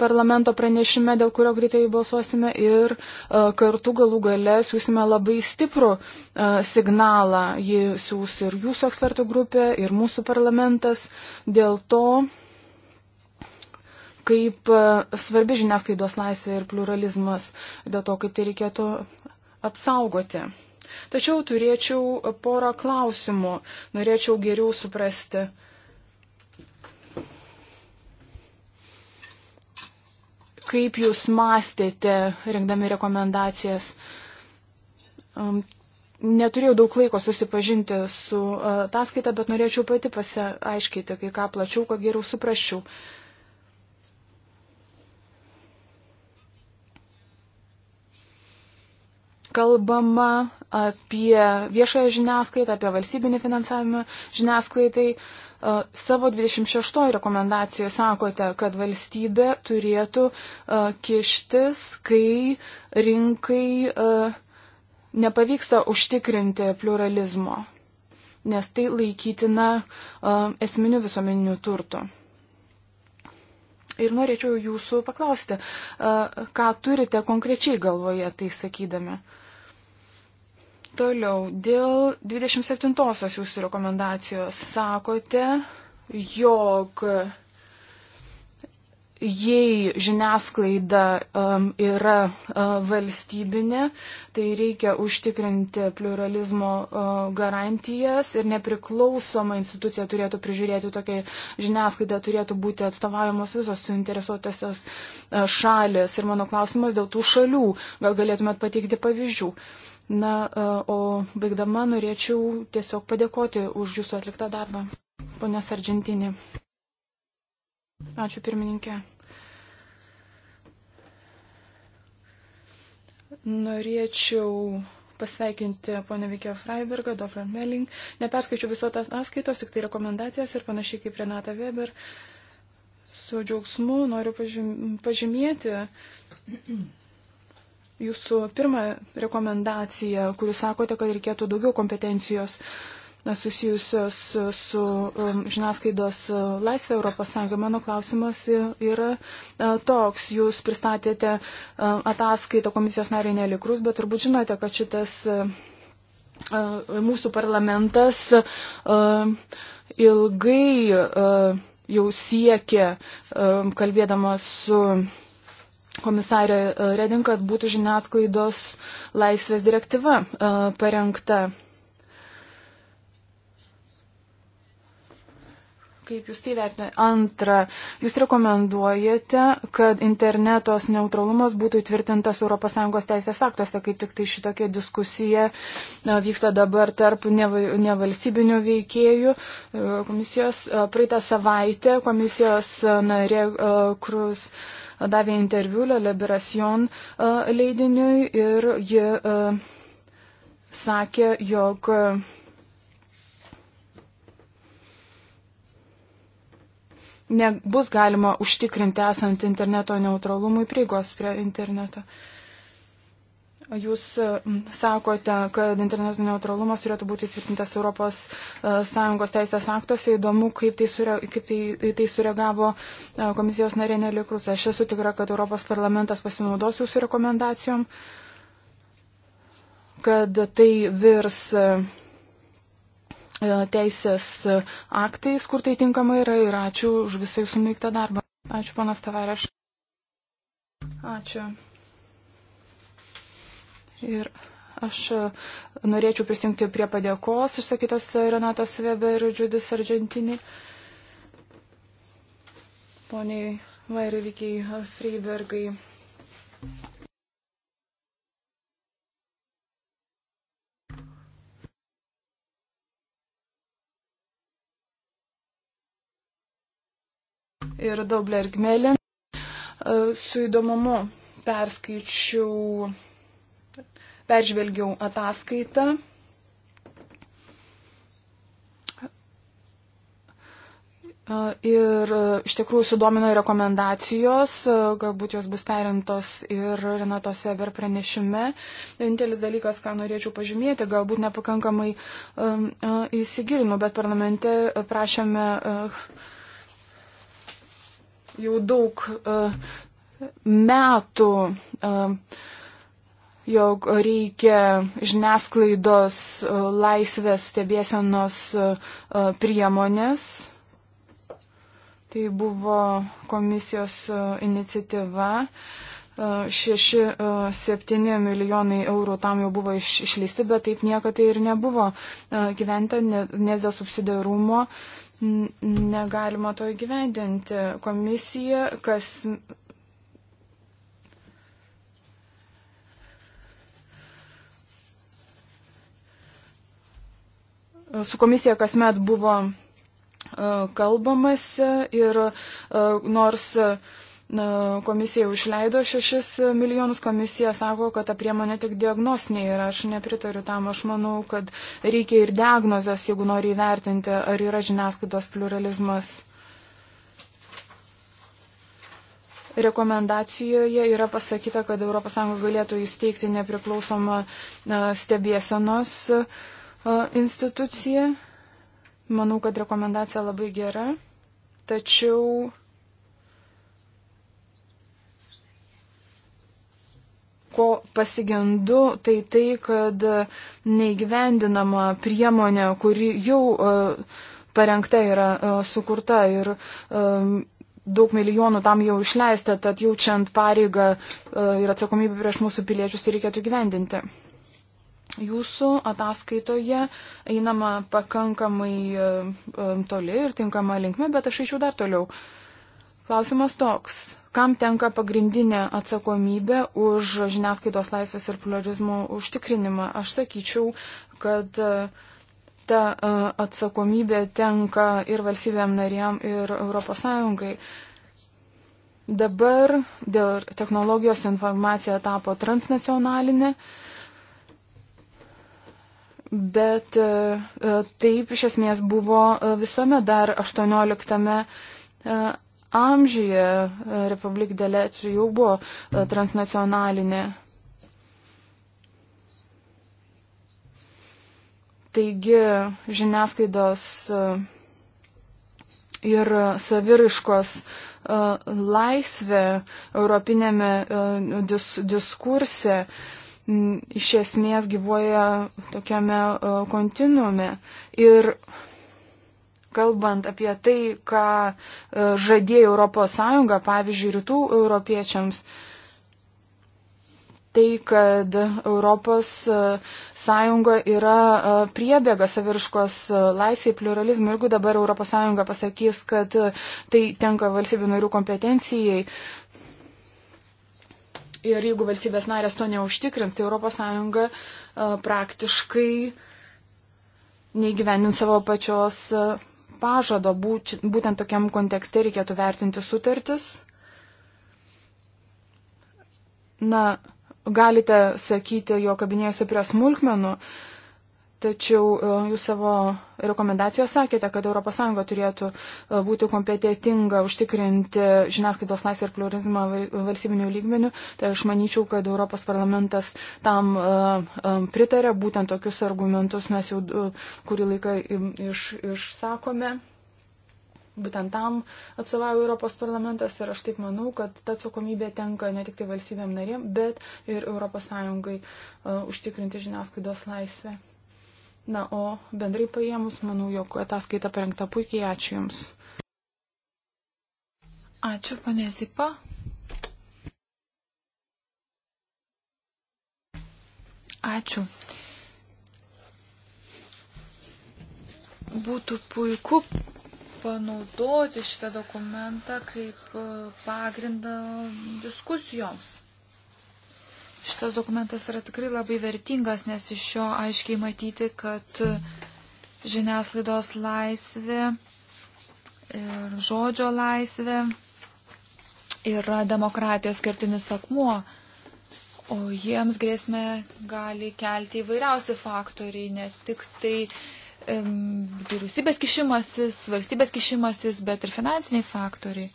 parlamento pranešime, dėl kurio greitai balsuosime ir e, kartu galų gale siūsime labai stiprų e, signalą. Jį siūs ir jūsų ekspertų grupė, ir mūsų parlamentas. Dėl to, kaip e, svarbi žiniasklaidos laisvė ir pluralizmas, dėl to, kaip tai reikėtų apsaugoti. Tačiau turėčiau porą klausimų, norėčiau geriau suprasti uh, kaip jūs mąstėte, rengdami rekomendacijas. Um, neturėjau daug laiko susipažinti su uh, ataskaita, bet norėčiau pati pasiaiškinti kai ką plačiau, kad geriau suprasčiau. Kalbama apie viešąją žiniasklaidą, apie valstybinį finansavimą žiniasklaidai, Savo 26 rekomendacijoje sakote, kad valstybė turėtų kištis, kai rinkai nepavyksta užtikrinti pluralizmo, nes tai laikytina esminiu visuomeniniu turtu. Ir norėčiau jūsų paklausti, ką turite konkrečiai galvoje tai sakydami. Toliau, dėl 27-osios jūsų rekomendacijos sakote, jog jei žiniasklaida um, yra uh, valstybinė, tai reikia užtikrinti pluralizmo uh, garantijas ir nepriklausoma institucija turėtų prižiūrėti tokią žiniasklaidą, turėtų būti atstovaujamos visos suinteresuotosios uh, šalis. Ir mano klausimas dėl tų šalių, gal galėtumėt pateikti pavyzdžių. Uh, Na, e, o baigdama norėčiau tiesiog padėkoti už jūsų atliktą darbą, ponės Argentinė. Ačiū pirmininkė. Norėčiau pasveikinti ponę Vikio Freibergą, Dofran Melling. Neperskaičiu viso tas atskaitos, tik tai rekomendacijas ir panašiai kaip Renata Weber. Su džiaugsmu noriu pažymėti, jūsų pirmą rekomendaciją, kuriuo sakote, kad reikėtų daugiau kompetencijos susijusios su um, žiniasklaidos uh, laisvė Europos Sąjunga. Mano klausimas yra uh, toks. Jūs pristatėte uh, ataskaitą komisijos nariai nelikrus, bet turbūt žinote, kad šitas mūsų parlamentas ilgai jau siekia, um, kalbėdamas su komisarė e, Redin, kad būtų žiniasklaidos laisvės direktyva e, parengta. Kaip jūs tai vertinate? Antra, jūs rekomenduojate, kad internetos neutralumas būtų įtvirtintas ES teisės aktuose, kaip tik tai šitokia diskusija e, vyksta dabar tarp nevalstybinių veikėjų komisijos. Praeitą savaitę komisijos narė Krus. Uh, davė interviu Le Liberacion e, leidiniui ir ji e, sakė, jog nebus galima užtikrinti esant interneto neutralumui prieigos prie interneto. Uh, Jūs sakote, kad interneto neutralumas turėtų būti įtvirtintas ES e, teisės aktuose. Įdomu, kaip tai, sure, kaip tai, tai sureagavo e, komisijos narė Nelikrus. Aš esu tikra, kad Europos parlamentas pasinaudos jūsų rekomendacijom, kad tai virs e, teisės aktais, kur tai tinkamai yra. Ir ačiū už visai sunaiktą darbą. Ačiū, panas Tavarėš. Ačiū. Ir aš e, norėčiau prisijungti prie padėkos išsakytos Renatos Weber ir Judis Argentini. Poniai Vairvikiai e, Freibergai. Ir Dobler Gmelin e, su įdomumu perskaičiau peržvelgiau ataskaitą. Ir iš tikrųjų sudomino rekomendacijos, galbūt jos bus perintos ir Renatos Weber pranešime. Vienintelis dalykas, ką norėčiau pažymėti, galbūt nepakankamai um, įsigilinu, bet parlamente prašėme jau daug metų jog reikia žiniasklaidos e, laisvės stebėsenos e, e, priemonės. Tai buvo komisijos iniciatyva. 6-7 milijonai eurų tam jau buvo iš, išleisti, bet taip niekada tai ir nebuvo gyventa, nes dėl subsidarumo negalima to įgyvendinti. Komisija kas su komisija kasmet buvo e, kalbamasi ir e, nors na, e, komisija jau išleido 6 milijonus, komisija sako, kad ta priemonė tik diagnostinė ir aš nepritariu tam, aš manau, kad reikia ir diagnozės, jeigu nori įvertinti, ar yra žiniasklaidos pluralizmas. Rekomendacijoje yra pasakyta, kad ES galėtų įsteigti nepriklausomą stebėsenos uh, institucija. Manau, kad rekomendacija labai gera, tačiau ko pasigendu, tai tai, kad neįgyvendinama priemonė, kuri jau parengta yra sukurta ir daug milijonų tam jau išleista, tad jaučiant pareigą ir atsakomybę prieš mūsų piliečius, tai reikėtų gyvendinti. Jūsų ataskaitoje einama pakankamai e, e, toli ir tinkama linkme, bet aš eičiau dar toliau. Klausimas toks. Kam tenka pagrindinė atsakomybė už žiniasklaidos laisvės ir pluralizmo užtikrinimą? Aš sakyčiau, kad e, ta atsakomybė tenka ir valstybėm narėm, ir ES. Dabar dėl technologijos informacija tapo transnacionalinė. Uh, Bet e, e, taip iš esmės buvo e, visuomet dar 18 amžiuje Republik Delec jau buvo transnacionalinė. Taigi žiniasklaidos ir saviraiškos laisvė europinėme dis diskurse uh, iš esmės gyvuoja tokiame e, kontinuume. Ir kalbant apie tai, ką e, žadėjo ES, pavyzdžiui, rytų europiečiams, tai, kad ES e, yra priebėga saviriškos laisviai, pluralizmui. Jeigu dabar ES pasakys, kad tai tenka valstybių narių kompetencijai, Ir jeigu valstybės narės to neužtikrins, tai ES e, praktiškai neįgyvendint savo pačios e, pažado. Būtent tokiam kontekste reikėtų vertinti sutartis. Na, galite sakyti, jo kabinėjasi prie smulkmenų, Tačiau e, jūs savo rekomendacijos sakėte, kad ES turėtų e, būti kompetitinga užtikrinti žiniasklaidos laisvę ir pluralizmą valstybinių lygmenių. Tai aš manyčiau, kad Europos parlamentas tam e, pritarė, būtent tokius argumentus mes jau kurį laiką iš, išsakome. Būtent tam atstovauja Europos parlamentas ir aš taip manau, kad ta atsakomybė tenka ne tik tai valstybėm narėm, bet ir ES uh, užtikrinti žiniasklaidos laisvę. Na, o bendrai paėmus, manau, jog ataskaita parengta puikiai. Ačiū Jums. Ačiū, ponė Zipa. Ačiū. Būtų puiku panaudoti šitą dokumentą kaip pagrindą diskusijoms. Šitas dokumentas yra tikrai labai vertingas, nes iš jo aiškiai matyti, kad žiniasklaidos laisvė ir žodžio laisvė yra demokratijos kertinis akmuo, o jiems grėsmę gali kelti įvairiausi faktoriai, ne tik tai um, vyriausybės kišimasis, valstybės kišimasis, bet ir finansiniai faktoriai.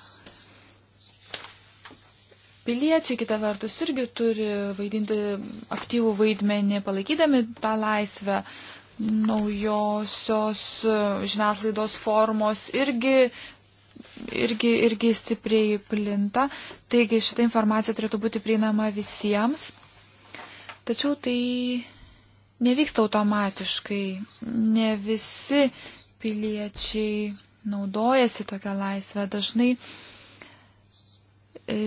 Piliečiai kita vertus irgi turi vaidinti aktyvų vaidmenį, palaikydami tą laisvę. Naujosios uh, žiniasklaidos formos irgi, irgi, irgi stipriai plinta. Taigi šitą informaciją turėtų būti prieinama visiems. Tačiau tai nevyksta automatiškai. Ne visi piliečiai naudojasi tokią laisvę. Dažnai uh,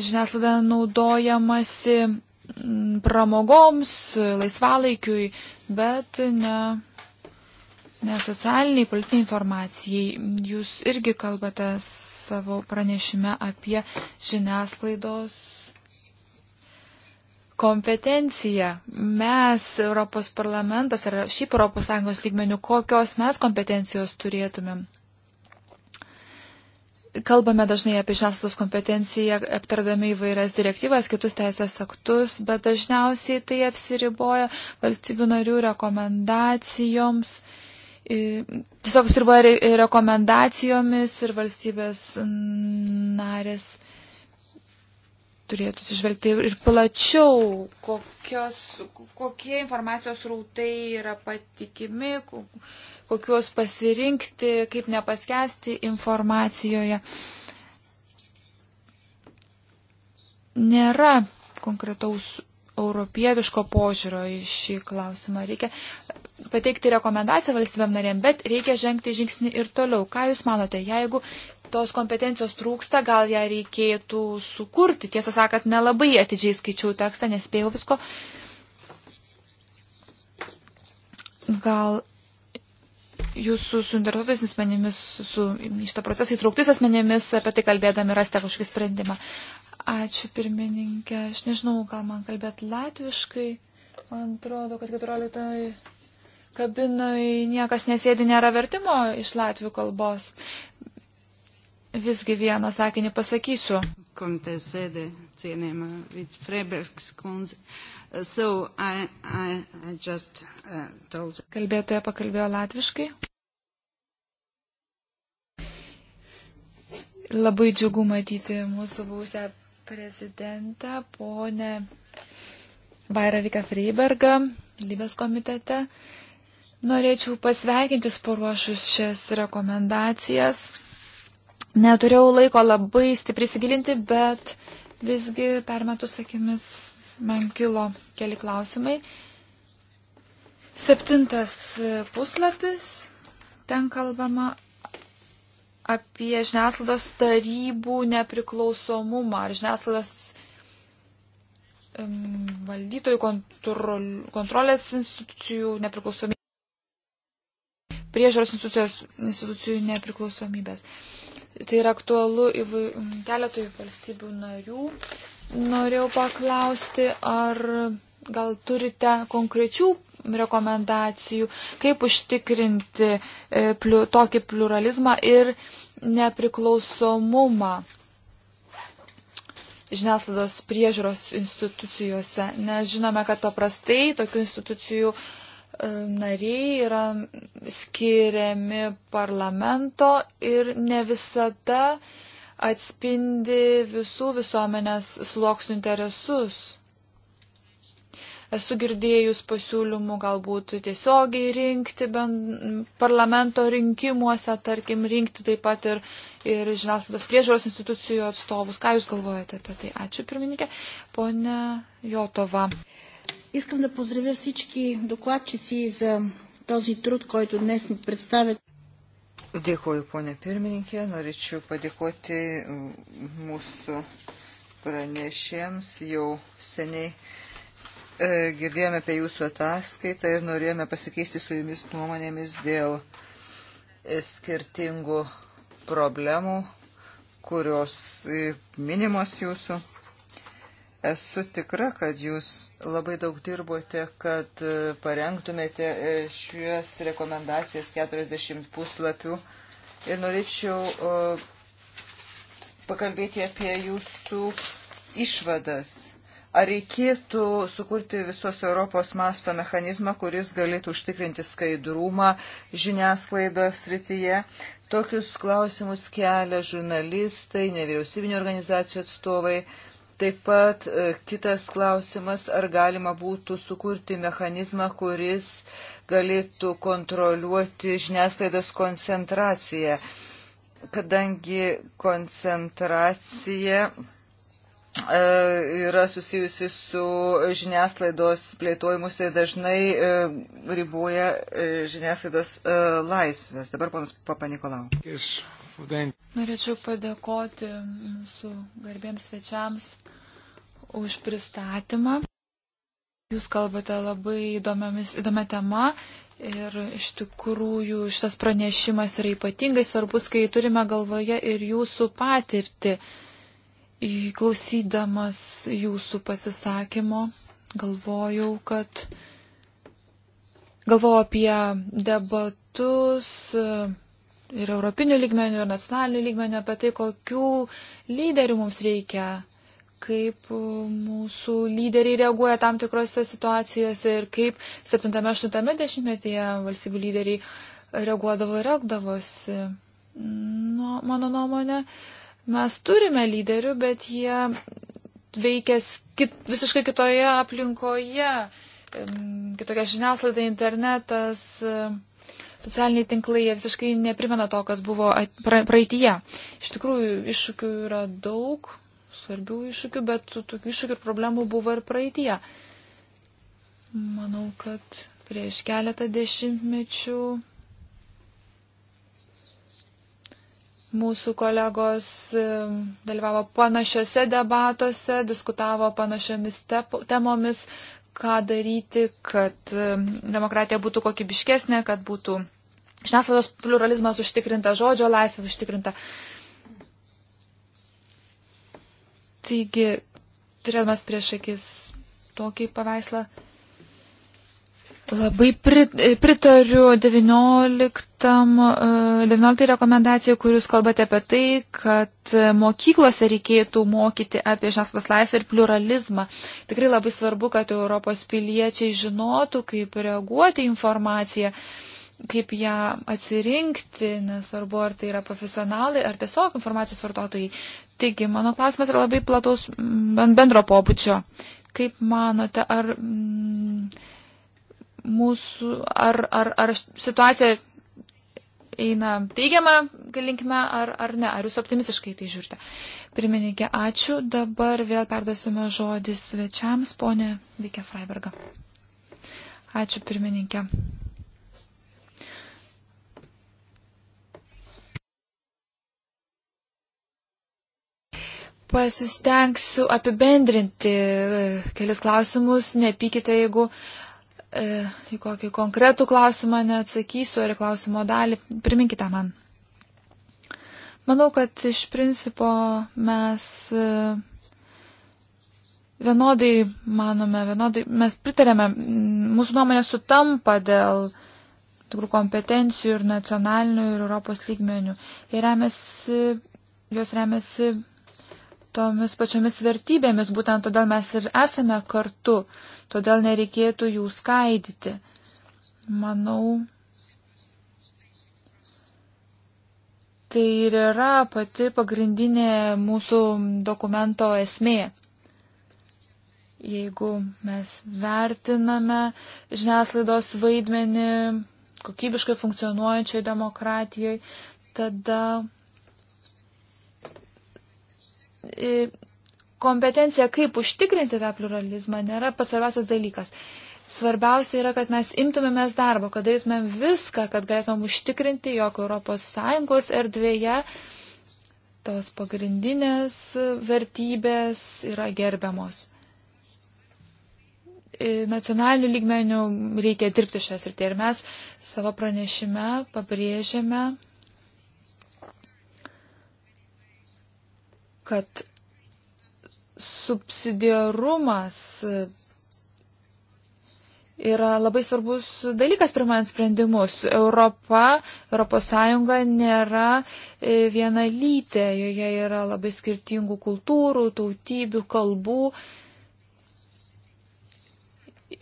žiniaslaida naudojamasi mm, pramogoms, laisvalaikiui, bet ne, ne socialiniai, politiniai informacijai. Jūs irgi kalbate savo pranešime apie žiniasklaidos kompetencija. Mes, Europos parlamentas ar šiaip ES lygmenių, kokios mes kompetencijos turėtumėm Kalbame dažnai apie žiniasklaidos kompetenciją, aptardami įvairias direktyvas, kitus teisės aktus, bet dažniausiai tai apsiriboja valstybių narių rekomendacijoms. Tiesiog apsiriboja rekomendacijomis ir valstybės narės turėtų sižvelgti ir plačiau, kokios, kokie informacijos rautai yra patikimi, kokiuos pasirinkti, kaip nepaskesti informacijoje. Nėra konkretaus europietiško požiūrio į šį klausimą. Reikia pateikti rekomendaciją valstybėm narėm, bet reikia žengti žingsnį ir toliau. Ką Jūs manote, jeigu tos kompetencijos trūksta, gal ją reikėtų sukurti? Tiesą sakant, nelabai atidžiai skaičiau tekstą, nespėjau visko. Gal jūsų suinteresuotais asmenėmis, su šitą procesą įtrauktais asmenėmis, apie tai kalbėdami rasite kažkokį sprendimą. Ačiū pirmininkė, aš nežinau, gal man kalbėt latviškai, man atrodo, kad 14 kabinoj niekas nesėdi, nėra vertimo iš latvių kalbos. Visgi vieną sakinį pasakysiu. Komitesėdė, cienėjama Vitsfrebergs kunz. So I, I, I just, uh, told... Kalbėtoja pakalbėjo latviškai. Labai džiugu matyti mūsų būsę prezidentą, ponę Vairaviką Freibergą, Lybės komitete. Norėčiau pasveikinti paruošus šias rekomendacijas. Neturėjau laiko labai stipriai įsigilinti, bet visgi permetus akimis man kilo keli klausimai. Septintas puslapis. Ten kalbama apie žiniasklaidos tarybų nepriklausomumą ar žiniasklaidos um, valdytojų kontrol, kontrolės institucijų nepriklausomybės, priežiūros institucijų nepriklausomybės. Tai yra aktualu keletui valstybių narių. Norėjau paklausti, ar gal turite konkrečių rekomendacijų, kaip užtikrinti e, pliu, tokį pluralizmą ir nepriklausomumą žiniasklaidos priežiūros institucijose, nes žinome, kad paprastai tokių institucijų e, nariai yra skiriami parlamento ir ne visada atspindi visų visuomenės sluoksnių interesus. Esu girdėjus pasiūlymų galbūt tiesiogiai rinkti parlamento rinkimuose, tarkim, rinkti taip pat ir, ir žiniasklaidos priežiūros institucijų atstovus. Ką Jūs galvojate apie tai? Ačiū, pirmininkė. Pone Jotova. Искам да поздравя всички докладчици за този труд, който днес ни представят. Dėkuoju, ponė pirmininkė. Norėčiau padėkoti mūsų pranešėms. Jau seniai E, girdėjome apie jūsų ataskaitą ir norėjome pasikeisti su jumis nuomonėmis dėl e, skirtingų problemų, kurios e, minimos jūsų. Esu tikra, kad jūs labai daug dirbote, kad parengtumėte šios rekomendacijas 40 puslapių ir norėčiau pakalbėti apie jūsų išvadas Ar reikėtų sukurti visos Europos masto mechanizmą, kuris galėtų užtikrinti skaidrumą žiniasklaidos rytyje? Tokius klausimus kelia žurnalistai, nevyriausybinio organizacijų atstovai. Taip pat e, kitas klausimas, ar galima būtų sukurti mechanizmą, kuris galėtų kontroliuoti žiniasklaidos koncentraciją, kadangi koncentracija E, yra susijusi su žiniasklaidos plėtojimus ir tai dažnai e, riboja e, žiniasklaidos laisvės. Dabar ponas Papa Nikolau. Norėčiau padėkoti mūsų garbėms svečiams už pristatymą. Jūs kalbate labai įdomiamis, įdomia tema ir iš tikrųjų šitas pranešimas yra ypatingai svarbus, kai turime galvoje ir jūsų patirtį. Uh, klausydamas jūsų pasisakymo, galvojau, kad galvojau apie debatus ir europinių lygmenių, ir nacionalinių lygmenių, apie tai, kokių lyderių mums reikia, kaip mūsų lyderiai reaguoja tam tikrose situacijose ir kaip 7-8 dešimtmetyje valstybių lyderiai reaguodavo ir elgdavosi. Nu, mano nuomonė, Mes turime lyderių, bet jie veikia kit, visiškai kitoje aplinkoje, kitokia žiniaslaida, internetas, socialiniai tinklai, jie visiškai neprimena to, kas buvo praeitie. Iš tikrųjų, iššūkių yra daug, svarbių iššūkių, bet tokių iššūkių ir problemų buvo ir praeitie. Manau, kad prieš keletą dešimtmečių Mūsų kolegos e, dalyvavo panašiose debatuose, diskutavo panašiomis temomis, ką daryti, kad e, demokratija būtų kokybiškesnė, kad būtų žiniasklaidos pluralizmas užtikrinta, žodžio laisvė užtikrinta. Taigi, turėdamas prieš akis tokį paveikslą, Labai pritariu 19, 19 e, rekomendacijai, kur jūs kalbate apie tai, kad mokyklose reikėtų mokyti apie žiniasklaidos laisvę ir pluralizmą. Tikrai labai svarbu, kad Europos piliečiai žinotų, kaip reaguoti informaciją, kaip ją atsirinkti, nesvarbu, ar tai yra profesionalai, ar tiesiog informacijos vartotojai. Taigi, mano klausimas yra labai plataus bendro pobūdžio. Kaip manote, ar. Mm, mūsų, ar, ar, ar situacija eina teigiamą linkme ar, ar ne, ar jūs optimistiškai tai žiūrite. Pirmininkė, ačiū. Dabar vėl perduosime žodį svečiams, ponė Vikė Freiberga. Ačiū, pirmininkė. Pasistengsiu apibendrinti e, kelis klausimus, nepykite, jeigu uh, E, į kokį konkretų klausimą neatsakysiu ar į klausimo dalį. Priminkite man. Manau, kad iš principo mes e, vienodai manome, vienodai mes pritarėme, mūsų nuomonė sutampa dėl tikrų kompetencijų ir nacionalinių ir Europos lygmenių. Ir remiasi, jos remiasi tomis pačiomis vertybėmis, būtent todėl mes ir esame kartu, todėl nereikėtų jų skaidyti. Manau, tai ir yra pati pagrindinė mūsų dokumento esmė. Jeigu mes vertiname žiniaslaidos vaidmenį kokybiškai funkcionuojančioj demokratijoj, tada kompetencija, kaip užtikrinti tą pluralizmą, nėra pats svarbiausias dalykas. Svarbiausia yra, kad mes imtumėmės darbo, kad darytumėm viską, kad galėtumėm užtikrinti, jog ES erdvėje tos pagrindinės vertybės yra gerbiamos. Nacionalinių lygmenių reikia dirbti šią sritį ir mes savo pranešime pabrėžėme kad subsidiarumas yra labai svarbus dalykas primant sprendimus. Europa, ES nėra e, viena lytė, joje yra labai skirtingų kultūrų, tautybių, kalbų.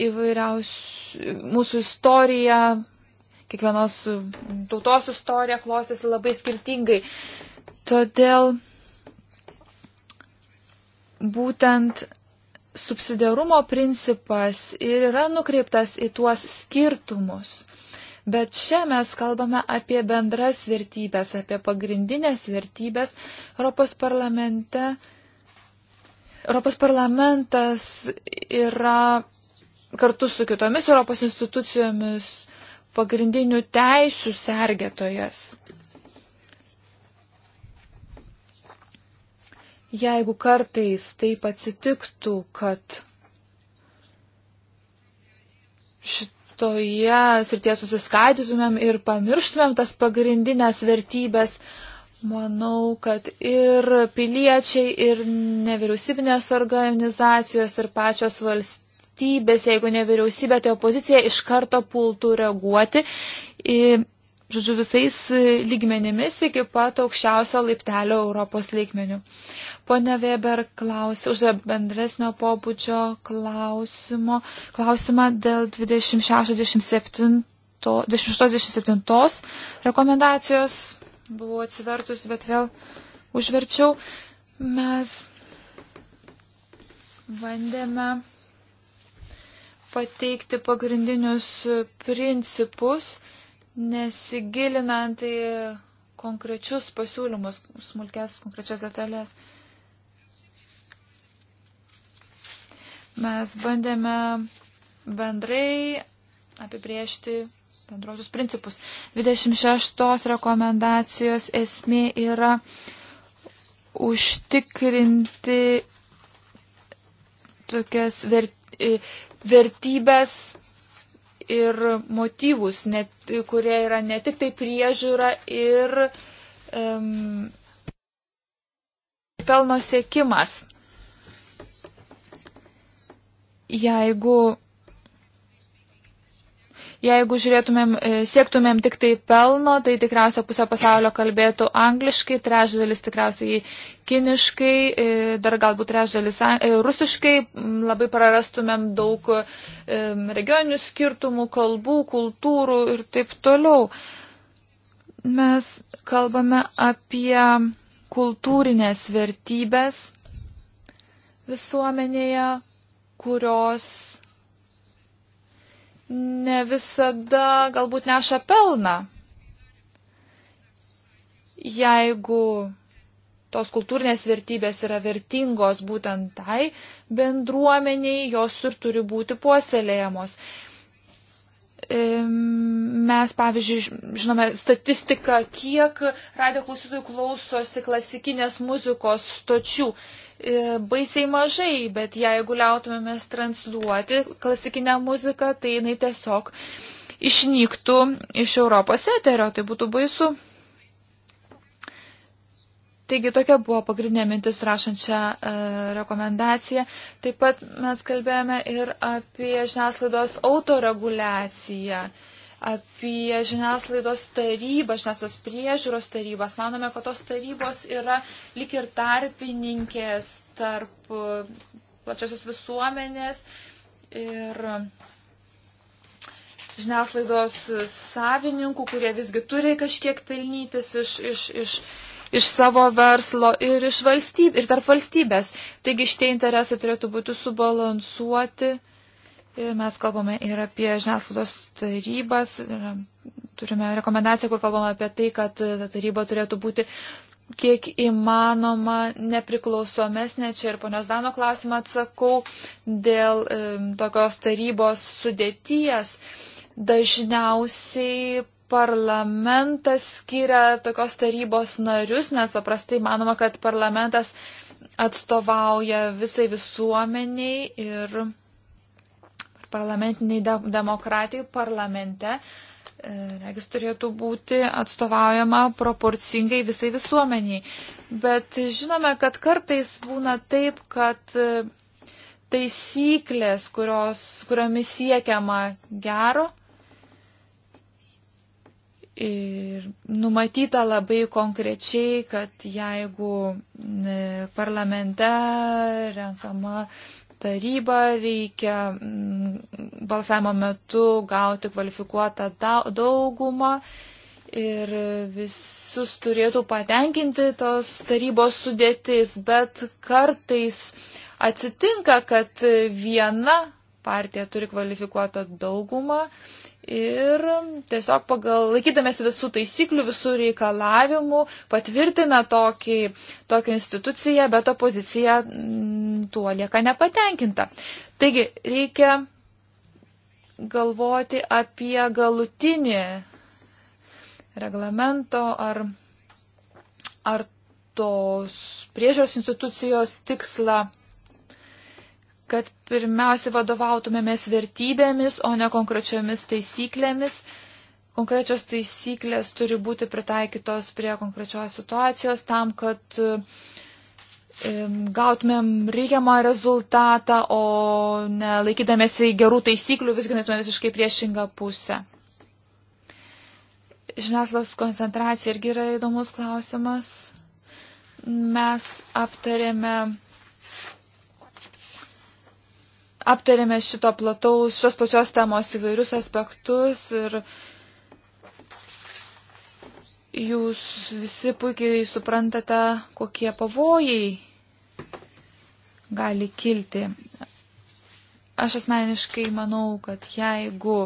Įvairiausių mūsų istorija, kiekvienos tautos istorija klostėsi labai skirtingai. Todėl būtent subsidiarumo principas ir yra nukreiptas į tuos skirtumus. Bet čia mes kalbame apie bendras vertybės, apie pagrindinės vertybės Europos parlamente. Europos parlamentas yra kartu su kitomis Europos institucijomis pagrindinių teisų sergėtojas. Jeigu kartais taip atsitiktų, kad šitoje srityje susiskaidytumėm ir pamirštumėm tas pagrindinės vertybės, Manau, kad ir piliečiai, ir nevyriausybinės organizacijos, ir pačios valstybės, jeigu nevyriausybė, tai opozicija iš karto pultų reaguoti, į, žodžiu, visais lygmenimis iki pat aukščiausio laiptelio Europos lygmenių. Pone Weber klausė už bendresnio pobūdžio klausimo, klausimą dėl 26-27 rekomendacijos. Buvau atsivertus, bet vėl užverčiau. Mes bandėme pateikti pagrindinius principus, nesigilinant į konkrečius pasiūlymus, smulkės konkrečias detalės. Mes bandėme bendrai apibriežti bendrosius principus. 26 rekomendacijos esmė yra užtikrinti tokias ver, vertybės ir motyvus, net, kurie yra ne tik tai priežiūra ir um, pelno siekimas jeigu, jeigu žiūrėtumėm, e, siektumėm tik tai pelno, tai tikriausia pusė pasaulio kalbėtų angliškai, trečdalis tikriausiai kiniškai, e, dar galbūt trečdalis e, rusiškai, labai prarastumėm daug regioninių skirtumų, kalbų, kultūrų ir taip toliau. Mes kalbame apie kultūrinės vertybės visuomenėje, kurios ne visada galbūt neša pelną. Jeigu tos kultūrinės vertybės yra vertingos būtent tai bendruomeniai, jos ir turi būti puoselėjamos. Mes, pavyzdžiui, žinome statistiką, kiek radio klausytojų klausosi klasikinės muzikos stočių. E, baisiai mažai, bet jeigu liautumėmės transliuoti klasikinę muziką, tai jinai tiesiog išnyktų iš Europos eterio, tai būtų baisu. Taigi tokia buvo pagrindinė mintis rašančią e, rekomendaciją. Taip pat mes kalbėjome ir apie žiniasklaidos autoreguliaciją. E, apie žiniasklaidos tarybą, žiniasklaidos priežiūros tarybas. Manome, kad tos tarybos yra lik ir tarpininkės tarp e, plačiosios visuomenės ir žiniasklaidos savininkų, kurie visgi turi kažkiek pelnytis iš, iš, iš, iš savo verslo ir, iš valstyb, ir tarp valstybės. Taigi šitie interesai turėtų būti subalansuoti. Mes kalbame ir apie žiniasklaidos tarybas, e, turime rekomendaciją, kur kalbame apie tai, kad e, ta taryba turėtų būti kiek įmanoma nepriklausomesnė. Čia ir ponios Dano klausimą atsakau dėl e, tokios tarybos sudėties. Dažniausiai parlamentas skiria tokios tarybos narius, nes paprastai manoma, kad parlamentas atstovauja visai visuomeniai ir parlamentiniai de demokratijai parlamente, e, regis turėtų būti atstovaujama proporcingai visai visuomeniai. Bet žinome, kad kartais būna taip, kad e, taisyklės, kurios, kuriomis siekiama gero, Ir numatyta labai konkrečiai, kad jeigu parlamente renkama tarybą, reikia mm, balsavimo metu gauti kvalifikuotą daugumą ir visus turėtų patenkinti tos tarybos sudėtis, bet kartais atsitinka, kad viena partija turi kvalifikuotą daugumą, ir tiesiog pagal laikydamės visų taisyklių, visų reikalavimų patvirtina tokį, tokią instituciją, bet opozicija mm, tuo lieka nepatenkinta. Taigi reikia galvoti apie galutinį reglamento ar, ar tos priežiūros institucijos tikslą kad pirmiausia vadovautumėmės vertybėmis, o ne konkrečiomis taisyklėmis. Konkrečios taisyklės turi būti pritaikytos prie konkrečios situacijos tam, kad gautumėm reikiamą rezultatą, o ne laikydamėsi gerų taisyklių vis galėtumėm visiškai priešingą pusę. Žiniasklaidos koncentracija irgi yra įdomus klausimas. Mes aptarėme aptarėme šito plataus, šios pačios temos įvairius aspektus ir jūs visi puikiai suprantate, kokie pavojai gali kilti. Aš asmeniškai manau, kad jeigu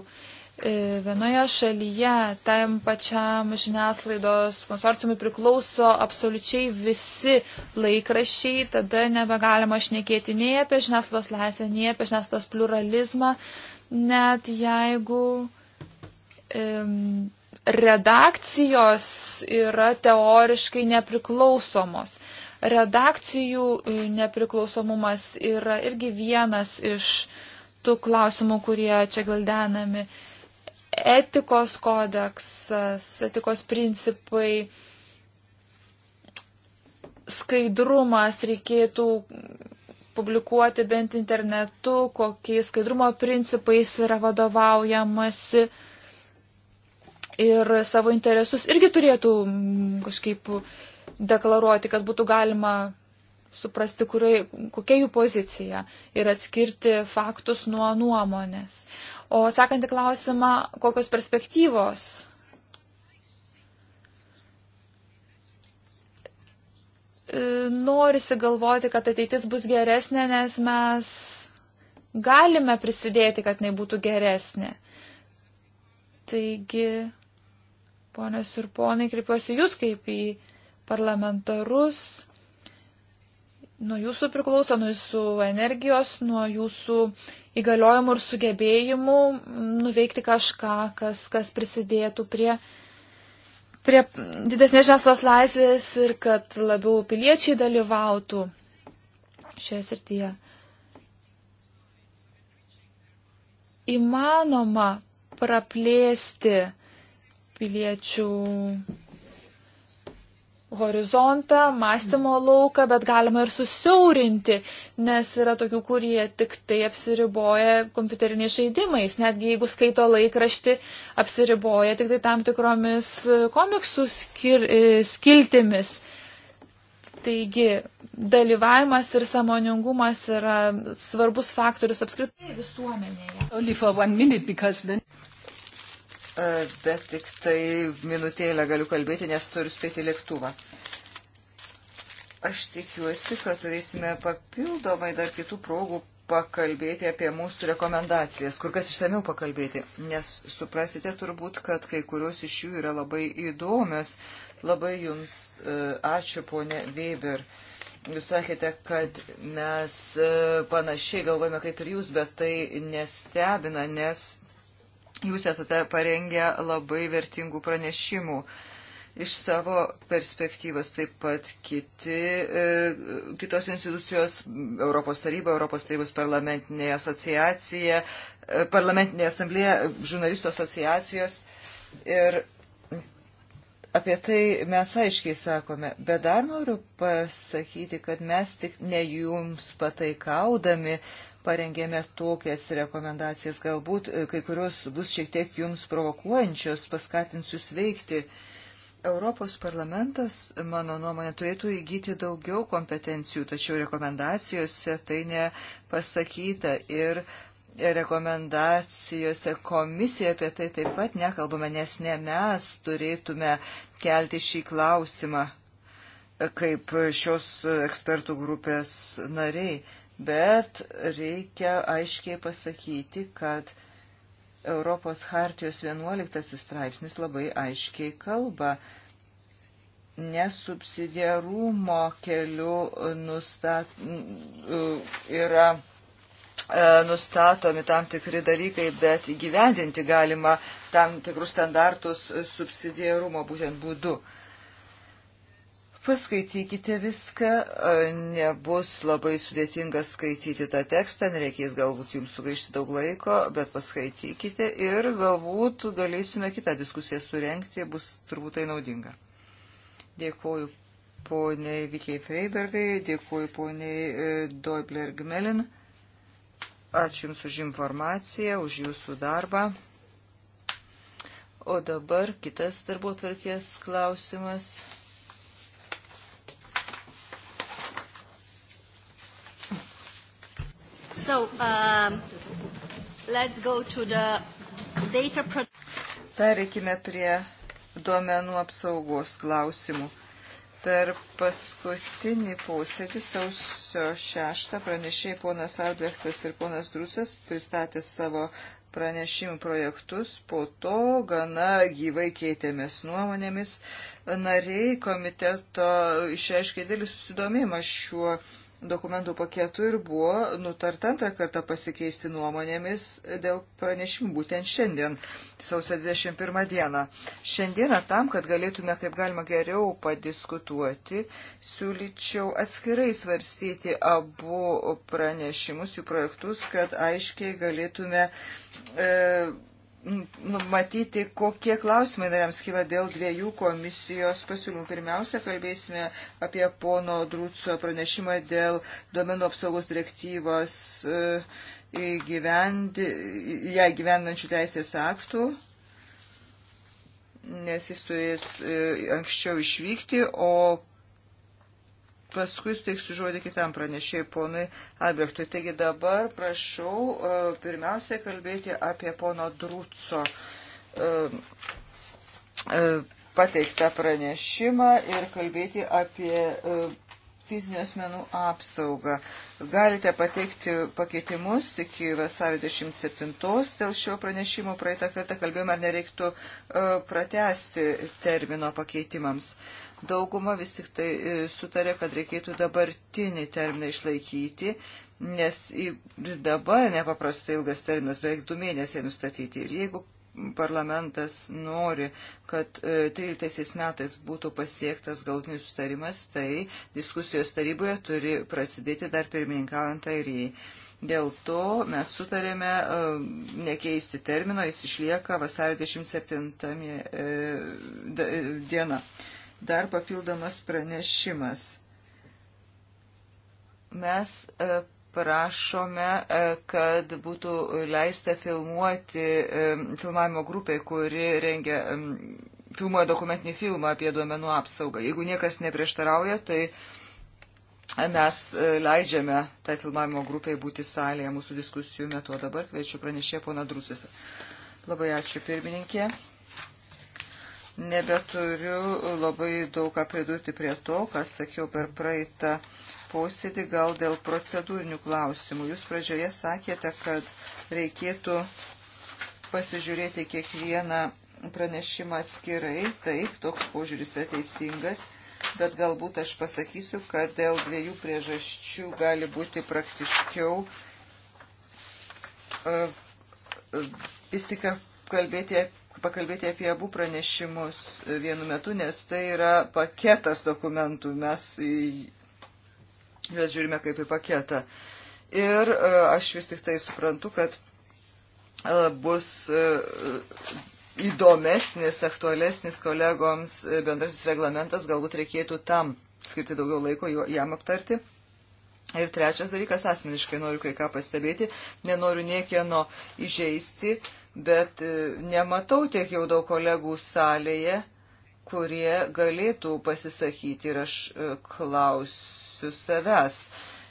E, vienoje šalyje tam pačiam žiniasklaidos konsorciumui priklauso absoliučiai visi laikraščiai, tada nebegalima šnekėti nei apie žiniasklaidos laisvę, nei apie žiniasklaidos pluralizmą, net jeigu um, redakcijos yra teoriškai nepriklausomos. Redakcijų e, nepriklausomumas yra irgi vienas iš tų klausimų, kurie čia galdenami. Uh, etikos kodeksas, etikos principai, skaidrumas reikėtų publikuoti bent internetu, kokiais skaidrumo principais yra vadovaujamasi ir savo interesus irgi turėtų kažkaip deklaruoti, kad būtų galima suprasti, kurio, kokia jų pozicija ir atskirti faktus nuo nuomonės. O sakant į klausimą, kokios perspektyvos. E, norisi galvoti, kad ateitis bus geresnė, nes mes galime prisidėti, kad jinai būtų geresnė. Taigi, ponios ir ponai, kreipiuosi jūs kaip į parlamentarus nuo jūsų priklauso, nuo jūsų energijos, nuo jūsų įgaliojimų ir sugebėjimų nuveikti kažką, kas, kas prisidėtų prie, prie didesnės žiniasklaidos laisvės ir kad labiau piliečiai dalyvautų šioje srityje. Įmanoma praplėsti piliečių horizontą, mąstymo lauką, bet galima ir susiaurinti, nes yra tokių, kurie tik tai apsiriboja kompiuteriniais žaidimais, netgi jeigu skaito laikraštį, apsiriboja tik tai tam tikromis e, komiksų skir, e, skiltimis. Taigi, dalyvavimas ir samoningumas yra svarbus faktorius apskritai visuomenėje. E, bet tik tai minutėlę galiu kalbėti, nes turiu spėti lėktuvą. Aš tikiuosi, kad turėsime papildomai dar kitų progų pakalbėti apie mūsų rekomendacijas, kur kas išsameu pakalbėti, nes suprasite turbūt, kad kai kurios iš jų yra labai įdomios. Labai jums e, ačiū, ponė Weber. Jūs sakėte, kad mes e, panašiai galvojame kaip ir jūs, bet tai nestebina, nes Jūs esate parengę labai vertingų pranešimų. Iš savo perspektyvos taip pat kiti, e, kitos institucijos, Europos taryba, Europos tarybos parlamentinė asociacija, e, parlamentinė asamblėje, žurnalistų asociacijos. Ir apie tai mes aiškiai sakome, bet dar noriu pasakyti, kad mes tik ne jums pataikaudami parengėme tokias rekomendacijas. Galbūt e, kai kurios bus šiek tiek jums provokuojančios, paskatins jūs veikti. Europos parlamentas, mano nuomonė, turėtų įgyti daugiau kompetencijų, tačiau rekomendacijose tai nepasakyta ir rekomendacijose komisijoje apie tai taip pat nekalbame, nes ne mes turėtume kelti šį klausimą e, kaip šios ekspertų grupės nariai bet reikia aiškiai pasakyti, kad Europos hartijos 11 straipsnis labai aiškiai kalba nesubsidiarumo keliu nustat, yra e, nustatomi tam tikri dalykai, bet gyvendinti galima tam tikrus standartus subsidiarumo būtent būdu. Paskaitykite viską, nebus labai sudėtinga skaityti tą tekstą, nereikės galbūt jums sugaišti daug laiko, bet paskaitykite ir galbūt galėsime kitą diskusiją surenkti, bus turbūt tai naudinga. Dėkuoju poniai Vikiai Freibergai, dėkuoju poniai e, Doibler Gmelin. Ačiū Jums už informaciją, už Jūsų darbą. O dabar kitas darbo tvarkės klausimas. So, um, let's go to the data Pereikime prie duomenų apsaugos klausimų. Per paskutinį posėdį sausio 6 pranešėjai ponas Albrechtas ir ponas Grūcas pristatė savo pranešimų projektus, po to gana gyvai keitėmės nuomonėmis. Nariai komiteto išreiškė dėlį susidomimą šiuo dokumentų paketų ir buvo nutarta antrą kartą pasikeisti nuomonėmis dėl pranešimų būtent šiandien, sausio 21 dieną. Šiandieną tam, kad galėtume kaip galima geriau padiskutuoti, siūlyčiau atskirai svarstyti abu pranešimus, jų projektus, kad aiškiai galėtume. E, numatyti, kokie klausimai nariams kyla dėl dviejų komisijos pasiūlymų. Pirmiausia, kalbėsime apie pono Drūco pranešimą dėl duomenų apsaugos direktyvos e, įgyvendi, ją gyvenančių teisės aktų nes jis turės e, anksčiau išvykti, o paskui steiksiu žodį kitam pranešėjai, ponui Albrechtui. Taigi dabar prašau e, pirmiausia kalbėti apie pono Drūco e, e, pateiktą pranešimą ir kalbėti apie fizinių asmenų apsaugą. Galite pateikti pakeitimus iki vasario 27 dėl šio pranešimo. Praeitą kartą kalbėjome, ar nereiktų pratesti termino pakeitimams. Uh, dauguma vis tik tai e, sutarė, kad reikėtų dabartinį terminą išlaikyti, nes ir dabar nepaprastai ilgas terminas, beveik du mėnesiai nustatyti. Ir jeigu parlamentas nori, kad 13 e, metais būtų pasiektas galutinis sustarimas, tai diskusijos taryboje turi prasidėti dar pirmininkaujant airijai. Dėl to mes sutarėme e, nekeisti termino, jis išlieka vasario 27 diena dar papildomas pranešimas. Mes e, prašome, e, kad būtų leista filmuoti e, filmavimo grupė, kuri rengia, filmuoja dokumentinį filmą apie duomenų apsaugą. Jeigu niekas neprieštarauja, tai mes leidžiame tai filmavimo grupiai būti salėje mūsų diskusijų metu. O dabar kviečiu pranešė pona Drusis. Labai ačiū pirmininkė. Nebeturiu labai daug ką pridurti prie to, kas sakiau per praeitą posėdį, gal dėl procedūrinių klausimų. Jūs pradžioje sakėte, kad reikėtų pasižiūrėti kiekvieną pranešimą atskirai. Taip, toks požiūris yra teisingas bet galbūt aš pasakysiu, kad dėl dviejų priežasčių gali būti praktiškiau e, e, vis tik kalbėti pakalbėti apie abu pranešimus vienu metu, nes tai yra paketas dokumentų. Mes į juos žiūrime kaip į paketą. Ir e, aš vis tik tai suprantu, kad e, bus e, įdomesnis, aktualesnis kolegoms bendrasis reglamentas, galbūt reikėtų tam skirti daugiau laiko jam aptarti. Ir trečias dalykas, asmeniškai noriu kai ką pastebėti, nenoriu niekieno įžeisti. Uh, bet e, nematau tiek jau daug kolegų salėje, kurie galėtų pasisakyti ir aš e, klausiu savęs.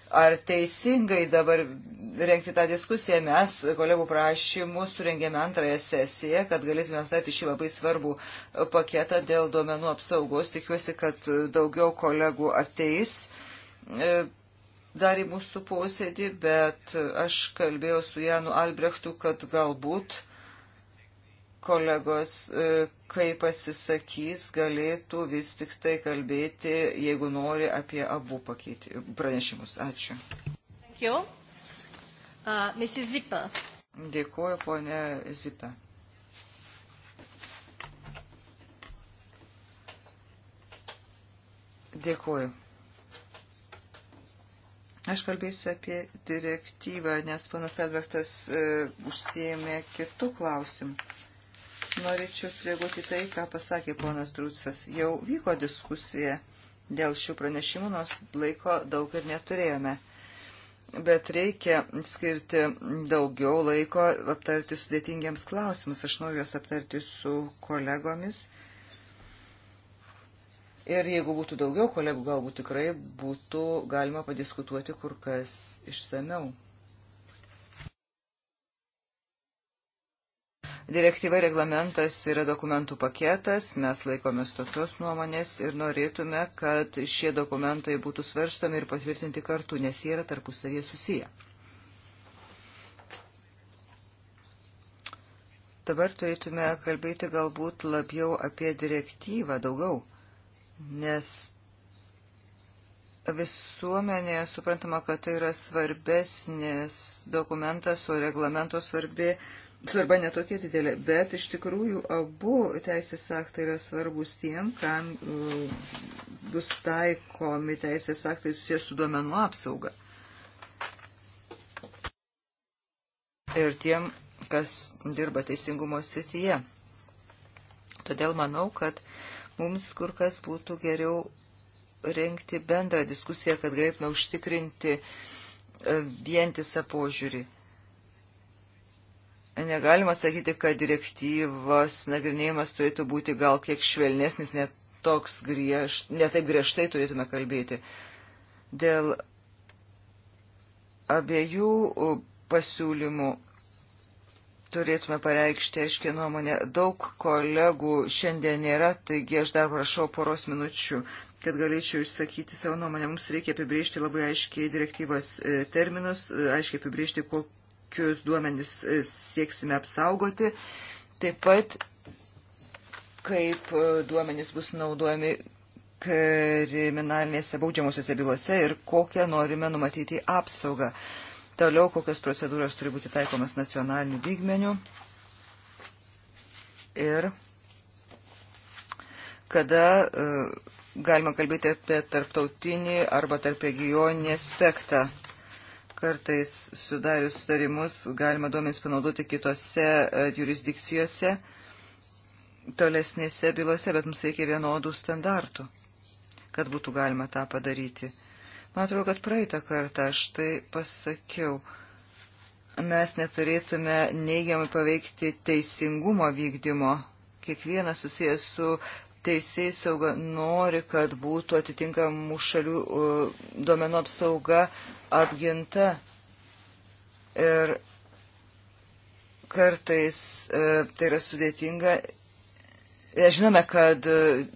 Ar teisingai dabar renkti tą diskusiją mes, kolegų prašymų, surengėme antrąją sesiją, kad galėtume aptarti šį labai svarbų e, paketą dėl duomenų apsaugos. Tikiuosi, kad daugiau kolegų ateis dar į mūsų posėdį, bet aš kalbėjau su Janu Albrechtu, kad galbūt kolegos, e, kai pasisakys, galėtų vis tik tai kalbėti, jeigu nori, apie abu pakeiti pranešimus. Ačiū. Uh, Dėkuoju, ponė Zipa. Dėkuoju. Aš kalbėsiu apie direktyvą, nes panas Albertas uh, e, užsijėmė kitų klausimų norėčiau sureaguoti tai, ką pasakė ponas Trūcas. Jau vyko diskusija dėl šių pranešimų, nors laiko daug ir neturėjome. Bet reikia skirti daugiau laiko aptarti sudėtingiams klausimus. Aš noriu juos aptarti su kolegomis. Ir jeigu būtų daugiau kolegų, galbūt tikrai būtų galima padiskutuoti kur kas išsameu. Direktyva reglamentas yra dokumentų paketas, mes laikomės tokios nuomonės ir norėtume, kad šie dokumentai būtų svarstomi ir patvirtinti kartu, nes jie yra tarpusavie susiję. Dabar turėtume kalbėti galbūt labiau apie direktyvą daugiau, nes visuomenėje suprantama, kad tai yra svarbesnis dokumentas, o reglamento svarbi svarba netokia didelė, bet iš tikrųjų abu teisės aktai yra svarbus tiem, kam e, bus taikomi teisės aktai susijęs su duomenų apsauga. Ir tiem, kas dirba teisingumo srityje. Todėl manau, kad mums kur kas būtų geriau rengti bendrą diskusiją, kad galėtume užtikrinti e, vientisą požiūrį. Negalima sakyti, kad direktyvos nagrinėjimas turėtų būti gal kiek švelnesnis, net toks griež, netaip griežtai turėtume kalbėti. Dėl abiejų pasiūlymų turėtume pareikšti aiškiai nuomonę. Daug kolegų šiandien nėra, taigi aš dar prašau poros minučių, kad galėčiau išsakyti savo nuomonę. Mums reikia apibriežti labai aiškiai direktyvos e, terminus, e, aiškiai apibriežti, kol kokius duomenis e, sieksime apsaugoti, taip pat kaip e, duomenis bus naudojami kriminalinėse baudžiamosiose bylose ir kokią norime numatyti apsaugą. Toliau, kokios procedūros turi būti taikomas nacionaliniu lygmeniu ir kada e, galima kalbėti apie tarptautinį arba tarp regioninį aspektą Kartais sudarius sutarimus galima duomenys panaudoti kitose e, jurisdikcijose, tolesnėse bylose, bet mums reikia vienodų standartų, kad būtų galima tą padaryti. Man atrodo, kad praeitą kartą aš tai pasakiau mes neturėtume neigiamai paveikti teisingumo vykdymo. Kiekvienas susijęs su teisėjai sauga nori, kad būtų atitinkamų šalių e, duomenų apsauga apginta. Ir kartais e, tai yra sudėtinga. Ja, e, žinome, kad e,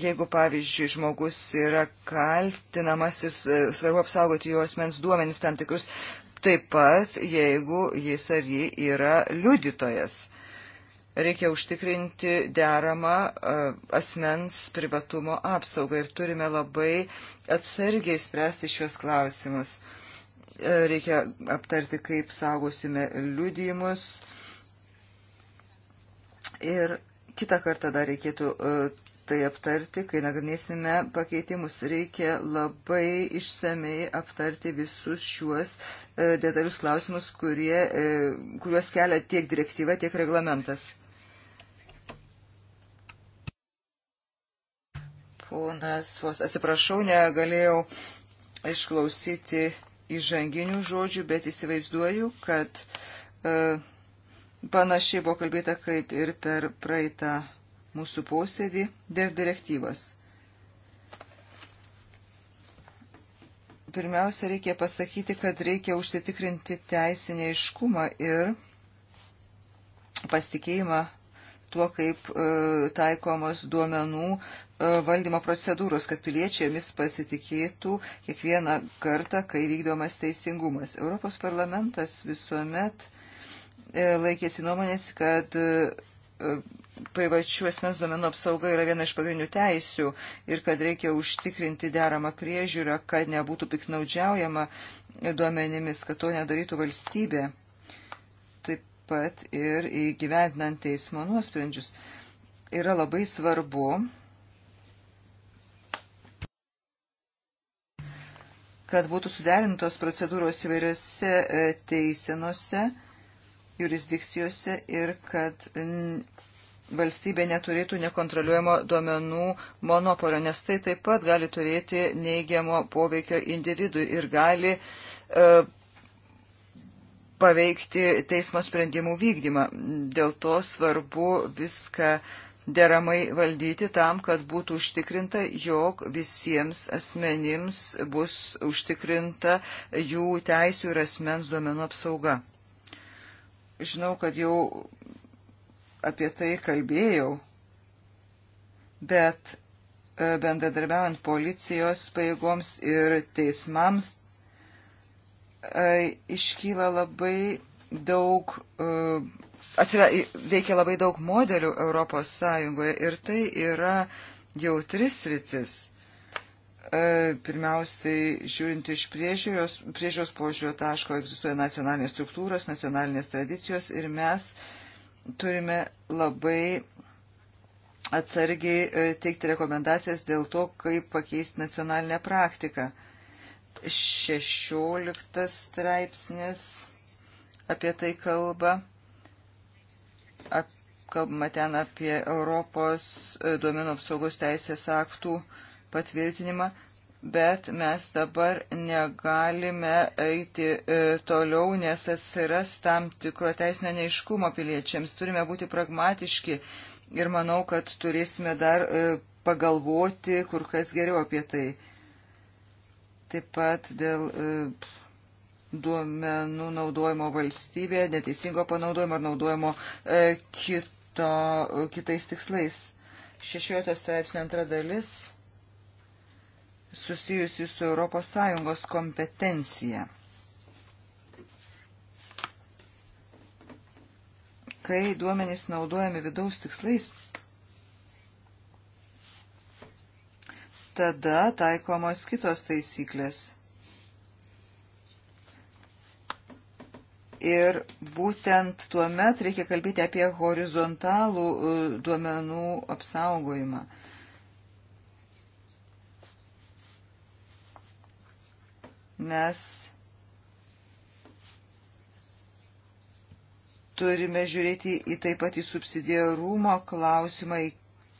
jeigu, pavyzdžiui, žmogus yra kaltinamasis, e, svarbu apsaugoti jo asmens duomenis tam tikrus, taip pat, jeigu jis ar ji yra liudytojas. Reikia užtikrinti deramą e, asmens privatumo apsaugą ir turime labai e, atsargiai spręsti šios klausimus. E, reikia aptarti, kaip saugosime liudijimus. Ir kitą kartą dar reikėtų e, tai aptarti, kai nagrinėsime pakeitimus. Reikia labai išsamei aptarti visus šiuos e, detalius klausimus, kurie, kuriuos kelia tiek direktyva, tiek reglamentas. Ponas Vos, atsiprašau, negalėjau išklausyti įžanginių žodžių, bet įsivaizduoju, kad e, panašiai buvo kalbėta kaip ir per praeitą mūsų posėdį dėl direktyvos. Pirmiausia, reikia pasakyti, kad reikia užsitikrinti teisinę iškumą ir pasitikėjimą tuo, kaip e, taikomos duomenų E, valdymo procedūros, kad piliečiai jomis pasitikėtų kiekvieną kartą, kai vykdomas teisingumas. Europos parlamentas visuomet e, laikėsi nuomonės, kad e, privačių asmens duomenų apsauga yra viena iš pagrindinių teisių ir kad reikia užtikrinti deramą priežiūrą, kad nebūtų piknaudžiaujama duomenimis, kad to nedarytų valstybė, taip pat ir įgyvendinant teismo nuosprendžius. Yra labai svarbu kad būtų suderintos procedūros įvairiose e, teisenose, jurisdikcijose ir kad valstybė neturėtų nekontroliuojamo duomenų monopolio, nes tai taip pat gali turėti neigiamo poveikio individui ir gali e, paveikti teismo sprendimų vykdymą. Dėl to svarbu viską e, deramai valdyti tam, kad būtų užtikrinta, jog visiems asmenims bus užtikrinta jų teisų ir asmens duomenų apsauga. Žinau, kad jau apie tai kalbėjau, bet e, bendradarbiaujant policijos paėgoms ir teismams e, iškyla labai daug e, atsira, veikia labai daug modelių Europos Sąjungoje ir tai yra jautris rytis. E, pirmiausiai, žiūrint iš priežiūros, priežiūros požiūrio taško, egzistuoja nacionalinės struktūros, nacionalinės tradicijos ir mes turime labai atsargiai e, teikti rekomendacijas dėl to, kaip pakeisti nacionalinę praktiką. 16 straipsnis apie tai kalba kalbama ten apie Europos e, duomenų apsaugos teisės aktų patvirtinimą, bet mes dabar negalime eiti e, toliau, nes atsiras tam tikro teisinio neiškumo piliečiams. Turime būti pragmatiški ir manau, kad turėsime dar e, pagalvoti kur kas geriau apie tai. Taip pat dėl duomenų naudojimo valstybėje, neteisingo panaudojimo ar naudojimo e, kitų biudžeto kitais tikslais. 16 straipsnio antra dalis susijusi su ES kompetencija. Kai duomenys naudojami vidaus tikslais, tada taikomos kitos taisyklės. ir būtent tuo met reikia kalbėti apie horizontalų e, duomenų apsaugojimą. Mes turime žiūrėti į taip pat į subsidiarumo klausimą, į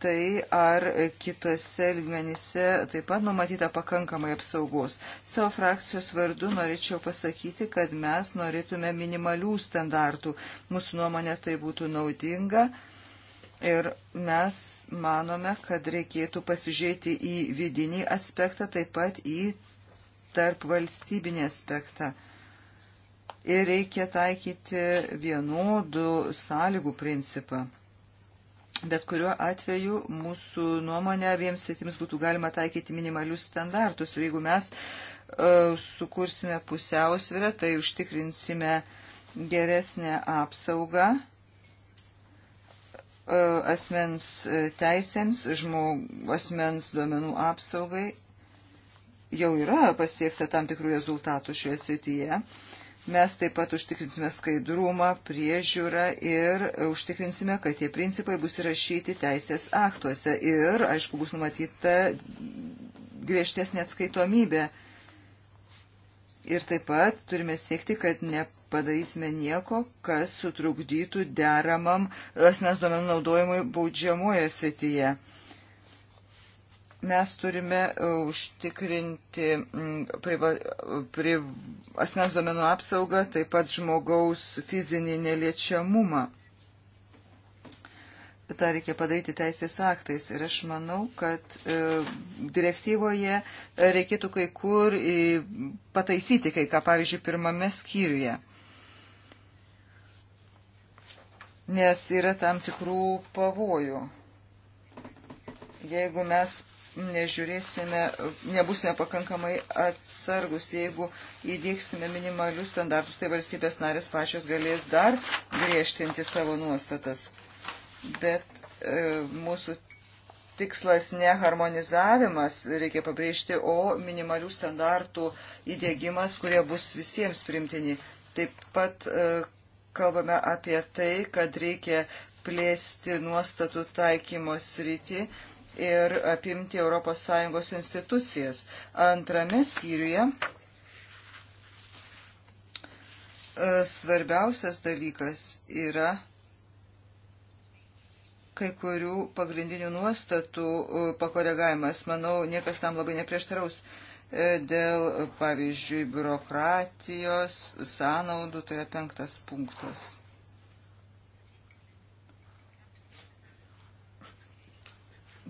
tai, ar kitose lygmenyse taip pat numatyta pakankamai apsaugos. Savo frakcijos vardu norėčiau pasakyti, kad mes norėtume minimalių standartų. Mūsų nuomonė tai būtų naudinga. Ir mes manome, kad reikėtų pasižiūrėti į vidinį aspektą, taip pat į tarp valstybinį aspektą. Ir reikia taikyti vienodų sąlygų principą. Bet kuriuo atveju mūsų nuomonė abiems sritims būtų galima taikyti minimalius standartus. Ir jeigu mes uh, sukursime pusiausvirą, tai užtikrinsime geresnę apsaugą uh, asmens teisėms, žmog, asmens duomenų apsaugai. Jau yra pasiekta tam tikrų rezultatų šioje srityje. Uh, Mes taip pat užtikrinsime skaidrumą, priežiūrą ir užtikrinsime, kad tie principai bus įrašyti teisės aktuose ir, aišku, bus numatyta griežtesnė atskaitomybė. Ir taip pat turime siekti, kad nepadarysime nieko, kas sutrukdytų deramam asmens duomenų naudojimui baudžiamojo srityje mes turime e, užtikrinti priva, pri, asmens domenų apsaugą, taip pat žmogaus fizinį neliečiamumą. Ta reikia padaryti teisės aktais ir aš manau, kad e, direktyvoje reikėtų kai kur e, pataisyti kai ką, pavyzdžiui, pirmame skyriuje. Nes yra tam tikrų pavojų jeigu mes nežiūrėsime, nebusime pakankamai atsargus, jeigu įdėksime minimalius standartus, tai valstybės narės pačios galės dar griežtinti savo nuostatas. Bet e, mūsų tikslas ne harmonizavimas, reikia pabrėžti, o minimalių standartų įdėgymas, kurie bus visiems primtini. Taip pat e, kalbame apie tai, kad reikia plėsti nuostatų taikymos rytį ir apimti ES institucijas. Antrame skyriuje e, svarbiausias dalykas yra kai kurių pagrindinių nuostatų e, pakoregavimas. Manau, niekas tam labai neprieštaraus e, dėl, pavyzdžiui, biurokratijos sąnaudų, tai yra penktas punktas.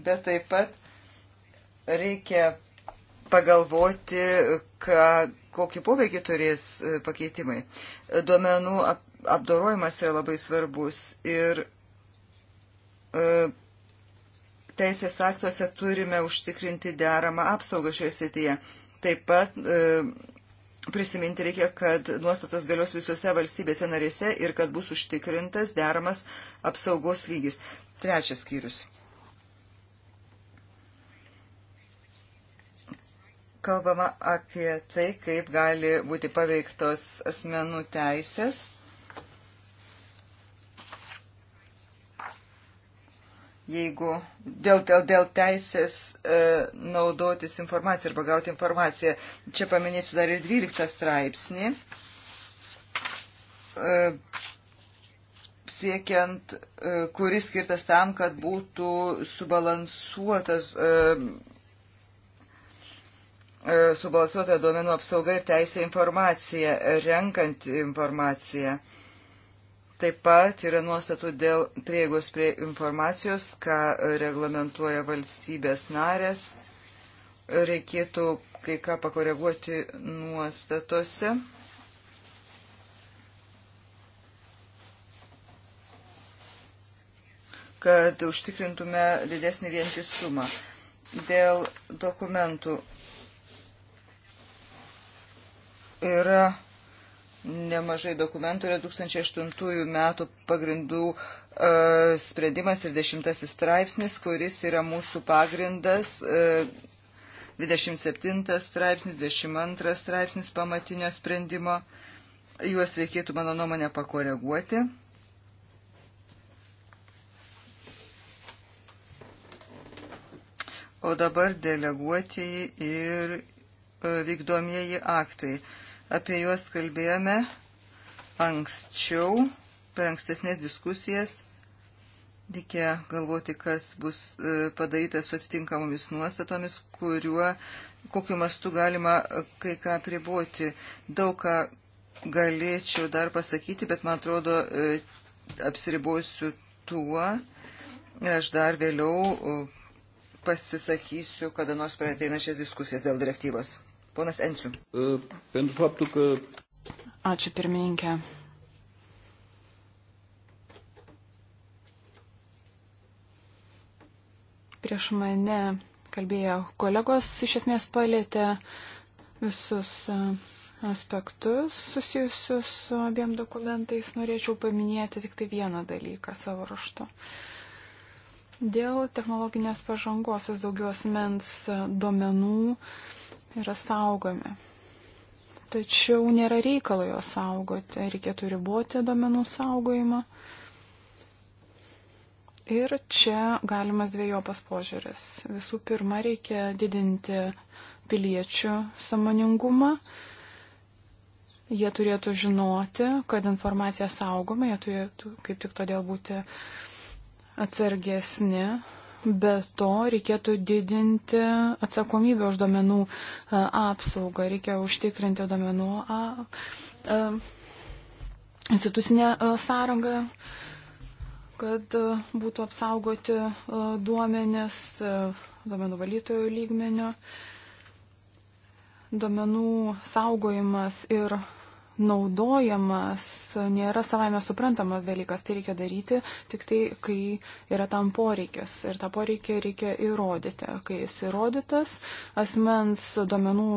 bet taip pat reikia pagalvoti, ką, kokį poveikį turės e, pakeitimai. Duomenų ap, apdorojimas yra labai svarbus ir e, teisės aktuose turime užtikrinti deramą apsaugą šioje srityje. Taip pat e, prisiminti reikia, kad nuostatos galios visose valstybėse narėse ir kad bus užtikrintas deramas apsaugos lygis. Trečias skyrius. kalbama apie tai, kaip gali būti paveiktos asmenų teisės. Jeigu dėl, dėl, dėl teisės e, naudotis informaciją arba gauti informaciją, čia paminėsiu dar ir 12 straipsnį, e, siekiant, e, kuris skirtas tam, kad būtų subalansuotas. E, E, subalansuota duomenų apsauga ir teisė informacija, renkant informaciją. Taip pat yra nuostatų dėl prieigos prie informacijos, ką reglamentuoja valstybės narės. Reikėtų kai ką pakoreguoti nuostatose. kad užtikrintume didesnį vientisumą. Dėl dokumentų Yra nemažai dokumentų, yra 2008 metų pagrindų e, sprendimas ir dešimtasis straipsnis, kuris yra mūsų pagrindas. E, 27 straipsnis, 22 straipsnis pamatinio sprendimo. Juos reikėtų, mano nuomonė, pakoreguoti. O dabar deleguotieji ir e, vykdomieji aktai. E, Apie juos kalbėjome anksčiau, per ankstesnės diskusijas. Reikia galvoti, kas bus e, padaryta su atitinkamomis nuostatomis, kuriuo, kokiu mastu galima e, kai ką priboti. Daug ką galėčiau dar pasakyti, bet man atrodo, e, apsiribosiu tuo. Aš dar vėliau pasisakysiu, kada nors per ateinančias diskusijas dėl direktyvos. Ponas Enciu. E, Ačiū pirmininkė. Prieš mane kalbėjo kolegos, iš esmės palėtė visus e, aspektus susijusius su abiem dokumentais. Norėčiau paminėti tik tai vieną dalyką savo raštu. Dėl technologinės pažangos vis daugiau asmens e, duomenų yra saugomi. Tačiau nėra reikalo jo saugoti, reikėtų riboti domenų saugojimą. Ir čia galimas dviejopas požiūris. Visų pirma, reikia didinti piliečių samoningumą. Jie turėtų žinoti, kad informacija saugoma, jie turėtų kaip tik todėl būti atsargesni, Be to reikėtų didinti atsakomybę už domenų e, apsaugą, reikia užtikrinti domenų a, a, e, institucinę e, sąrangą, kad būtų apsaugoti duomenės domenų valytojų lygmenio. Domenų saugojimas ir naudojamas nėra savame suprantamas dalykas. Tai reikia daryti tik tai, kai yra tam poreikis. Ir tą poreikį reikia įrodyti. Kai jis įrodytas, asmens duomenų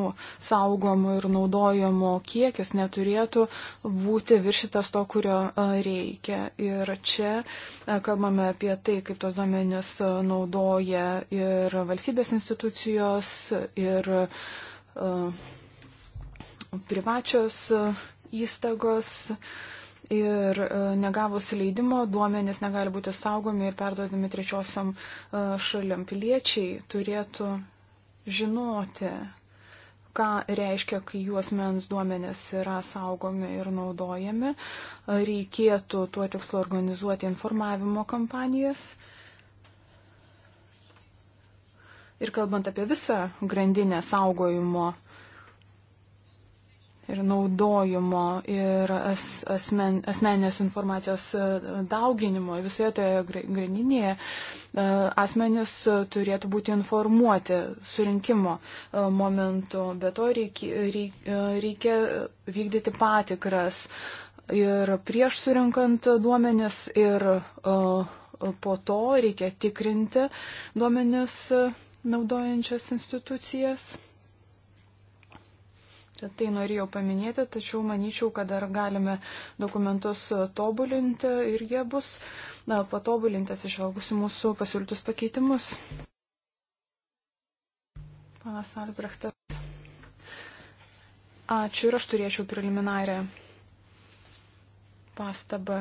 saugomo ir naudojamo kiekis neturėtų būti viršytas to, kurio e, reikia. Ir čia e, kalbame apie tai, kaip tos duomenys e, naudoja ir valstybės institucijos, ir uh, privačios e, įstaigos ir e, negavus leidimo duomenys negali būti saugomi ir perduodami trečiosiam e, šalim. Piliečiai turėtų žinoti, ką reiškia, kai juos mens duomenys yra saugomi ir naudojami. Reikėtų tuo tikslu organizuoti informavimo kampanijas. Ir kalbant apie visą grandinę saugojimo ir naudojimo, ir as, asmen, asmenės informacijos e, dauginimo visoje toje grandinėje e, asmenys turėtų būti informuoti surinkimo e, momentu. Be to reikia, reikia vykdyti patikras ir prieš surinkant duomenis ir po to reikia tikrinti duomenis naudojančias institucijas. Tai norėjau paminėti, tačiau manyčiau, kad dar galime dokumentus e, tobulinti ir jie bus na, patobulinti atsižvelgusi mūsų pasiūlytus pakeitimus. Panas Albrechtas. Ačiū ir aš turėčiau preliminarę pastabą.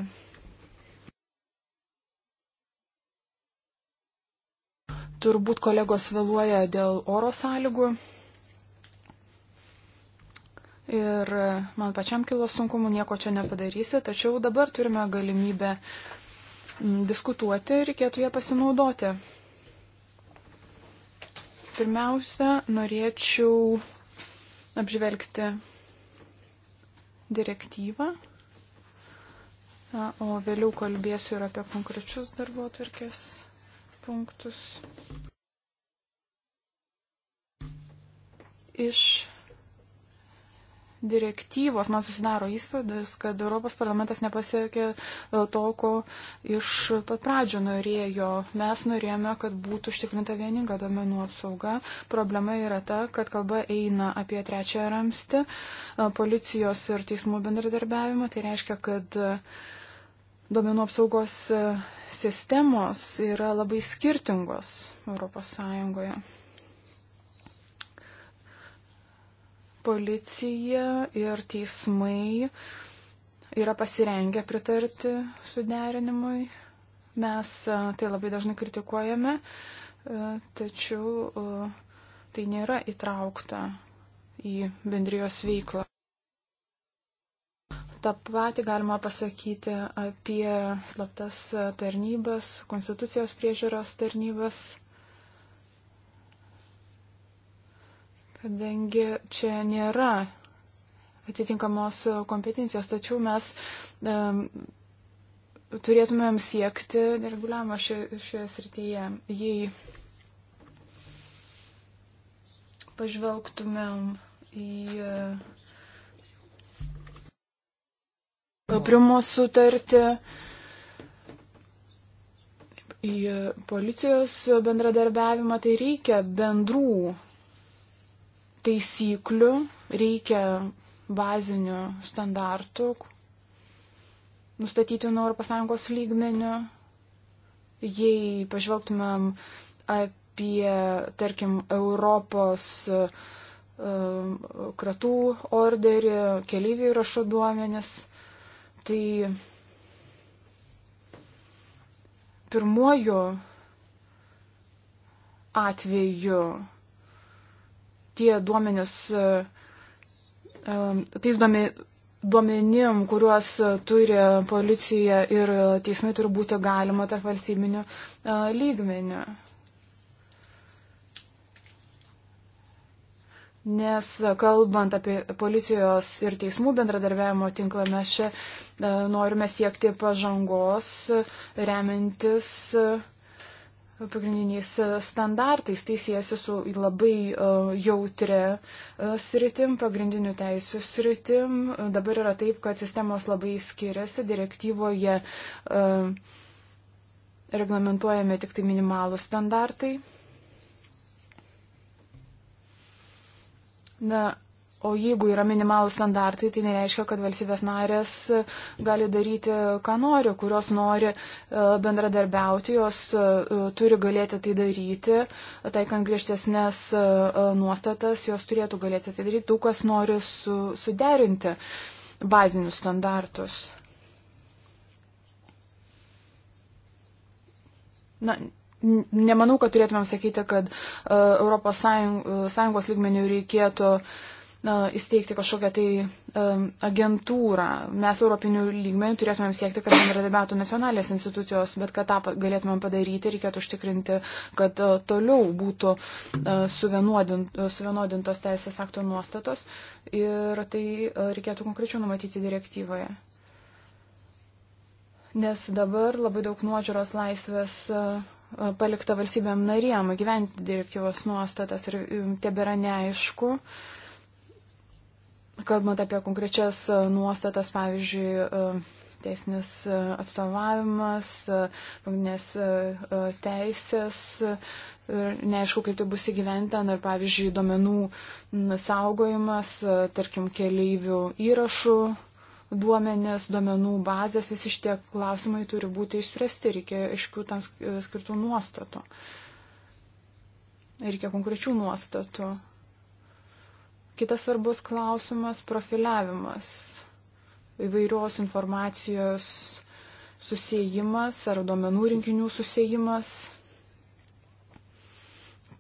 Turbūt kolegos vėluoja dėl oro sąlygų ir man pačiam kilo sunkumų, nieko čia nepadarysi, tačiau dabar turime galimybę mm, diskutuoti ir reikėtų ją pasinaudoti. Pirmiausia, norėčiau apžvelgti direktyvą, o vėliau kalbėsiu ir apie konkrečius darbo atvirkės punktus. Iš direktyvos man susidaro įspūdis, kad Europos parlamentas nepasiekė e, to, ko iš pat pradžio norėjo. Mes norėjome, kad būtų užtikrinta vieninga domenų apsauga. Problema yra ta, kad kalba eina apie trečią ramstį, e, policijos ir teismų bendradarbiavimą. Tai reiškia, kad e, Domenų apsaugos sistemos yra labai skirtingos Europos Sąjungoje. policija ir teismai yra pasirengę pritarti suderinimui. Mes e, tai labai dažnai kritikuojame, e, tačiau e, tai nėra įtraukta į bendrijos veiklą. Ta pati galima pasakyti apie slaptas tarnybas, konstitucijos priežiūros tarnybas. kadangi čia nėra atitinkamos kompetencijos, tačiau mes um, turėtumėm siekti reguliavimo šioje, šioje srityje. Jei pažvelgtumėm į e, Primo sutartį, į policijos bendradarbiavimą, tai reikia bendrų taisyklių, reikia bazinių standartų, nustatyti nuo ES lygmenių. Jei pažvelgtumėm apie, tarkim, Europos e, kratų orderį, keliaivių įrašo duomenis, tai pirmuoju atveju tie duomenys, e, e, tais duomenim, kuriuos turi policija ir teismai, turi būti galima tarp valstybinių e, lygmenių. Nes kalbant apie policijos ir teismų bendradarbiavimo tinklą, mes čia norime siekti pažangos, remiantis uh, pagrindiniais e, standartais, tai siejasi su labai e, jautrė e, sritim, pagrindinių teisų sritim. Dabar yra taip, kad sistemos labai skiriasi, direktyvoje reglamentuojame tik tai minimalų standartai. Na, O jeigu yra minimalų standartai, tai nereiškia, kad valstybės narės e, gali daryti, ką nori, kurios nori e, bendradarbiauti, jos e, turi galėti tai daryti, taikant griežtesnės nuostatas, jos turėtų galėti tai daryti, tų, kas nori su, suderinti bazinius standartus. Na, nemanau, kad turėtumėm sakyti, kad uh, Europos Sąjung, Sąjungos lygmenių reikėtų uh, įsteigti kažkokią tai agentūrą. Mes europinių lygmenių turėtumėm siekti, kad bendradarbiautų nacionalinės institucijos, bet kad tą galėtumėm padaryti, reikėtų užtikrinti, kad e, toliau būtų e, suvienodintos teisės aktų nuostatos ir tai e, reikėtų konkrečiau numatyti direktyvoje. Nes dabar labai daug nuodžiūros laisvės palikta valstybėm narėm gyventi direktyvos nuostatas ir tebėra neaišku, uh, kalbant apie konkrečias e, nuostatas, pavyzdžiui, e, teisinis e, atstovavimas, pagrindinės teisės, neaišku, kaip tai bus įgyventa, ar pavyzdžiui, duomenų saugojimas, tarkim, keleivių įrašų duomenės, duomenų bazės, visi šitie klausimai turi būti išspręsti, reikia aiškių tam skirtų nuostatų. Reikia konkrečių nuostatų. Kitas svarbus klausimas - profiliavimas. Įvairios informacijos susijimas ar duomenų rinkinių susijimas.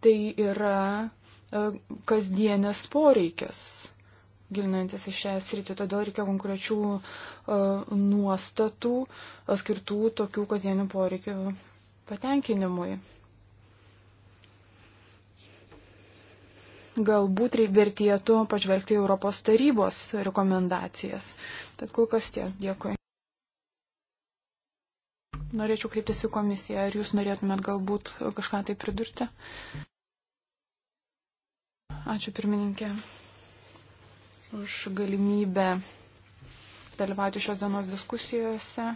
Tai yra e, kasdienės poreikis gilinantis į šią sritį, todėl reikia konkrečių uh, nuostatų e, skirtų tokių kasdienių poreikių patenkinimui. galbūt vertėtų pažvelgti Europos tarybos rekomendacijas. Tad kol kas tiek. Dėkui. Norėčiau kreiptis į komisiją. Ar jūs norėtumėt galbūt kažką tai pridurti? Ačiū pirmininkė už galimybę dalyvauti šios dienos diskusijose.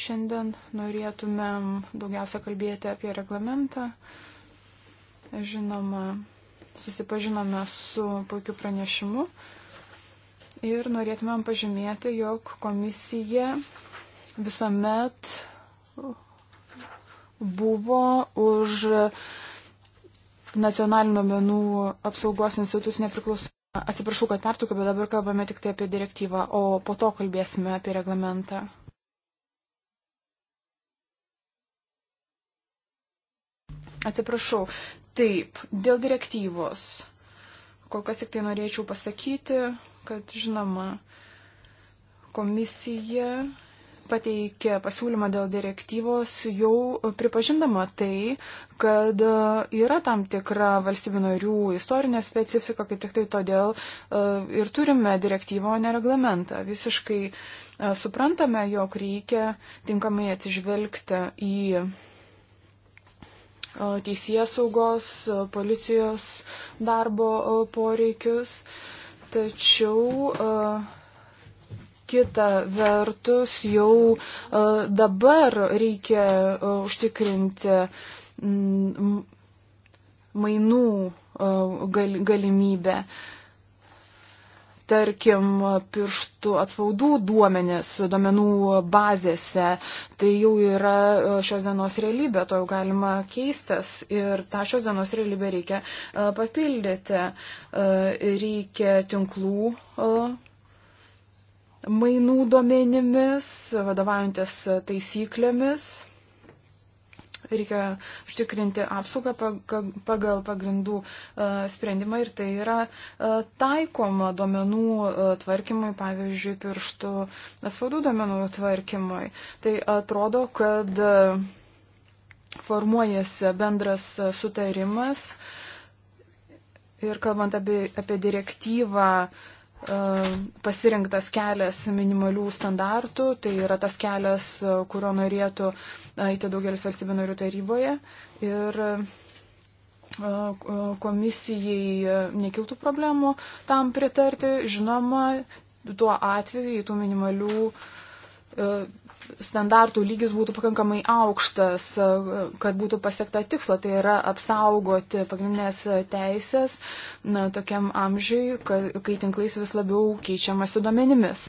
Šiandien norėtumėm daugiausia kalbėti apie reglamentą. Žinoma, susipažinome su puikiu pranešimu ir norėtumėm pažymėti, jog komisija visuomet buvo už nacionalinio menų apsaugos institucijų nepriklausomą. Atsiprašau, kad pertraukiu, bet dabar kalbame tik tai apie direktyvą, o po to kalbėsime apie reglamentą. Atsiprašau, Taip, dėl direktyvos. Kol kas tik tai norėčiau pasakyti, kad žinoma, komisija pateikė pasiūlymą dėl direktyvos jau pripažindama tai, kad e, yra tam tikra valstybių narių istorinė specifika, kaip tik tai todėl e, ir turime direktyvą, o ne reglamentą. Visiškai e, suprantame, jog reikia tinkamai atsižvelgti į teisės saugos, policijos darbo poreikius. Tačiau kita vertus jau dabar reikia užtikrinti mainų galimybę. Uh, tarkim, pirštų atspaudų duomenis duomenų bazėse. Tai jau yra e, šios dienos realybė, to jau galima keistas ir tą šios dienos realybę reikia e, papildyti. E, reikia tinklų mainų duomenimis, vadovaujantis taisyklėmis reikia užtikrinti apsaugą pagal pagrindų e, sprendimą ir tai yra e, taikoma duomenų e, tvarkymui, pavyzdžiui, pirštų atspaudų duomenų tvarkymui. Tai atrodo, kad formuojasi bendras sutarimas ir kalbant apie, apie direktyvą, uh, E, pasirinktas kelias minimalių standartų, tai yra tas kelias, e, kurio norėtų e, eiti daugelis valstybių narių taryboje. Ir komisijai nekiltų problemų tam pritarti, žinoma, tuo atveju į tų minimalių uh, E, standartų lygis būtų pakankamai aukštas, e, kad būtų pasiekta tikslo, tai yra apsaugoti pagrindinės teisės na, tokiam amžiui, kai tinklais vis labiau keičiamasi duomenimis.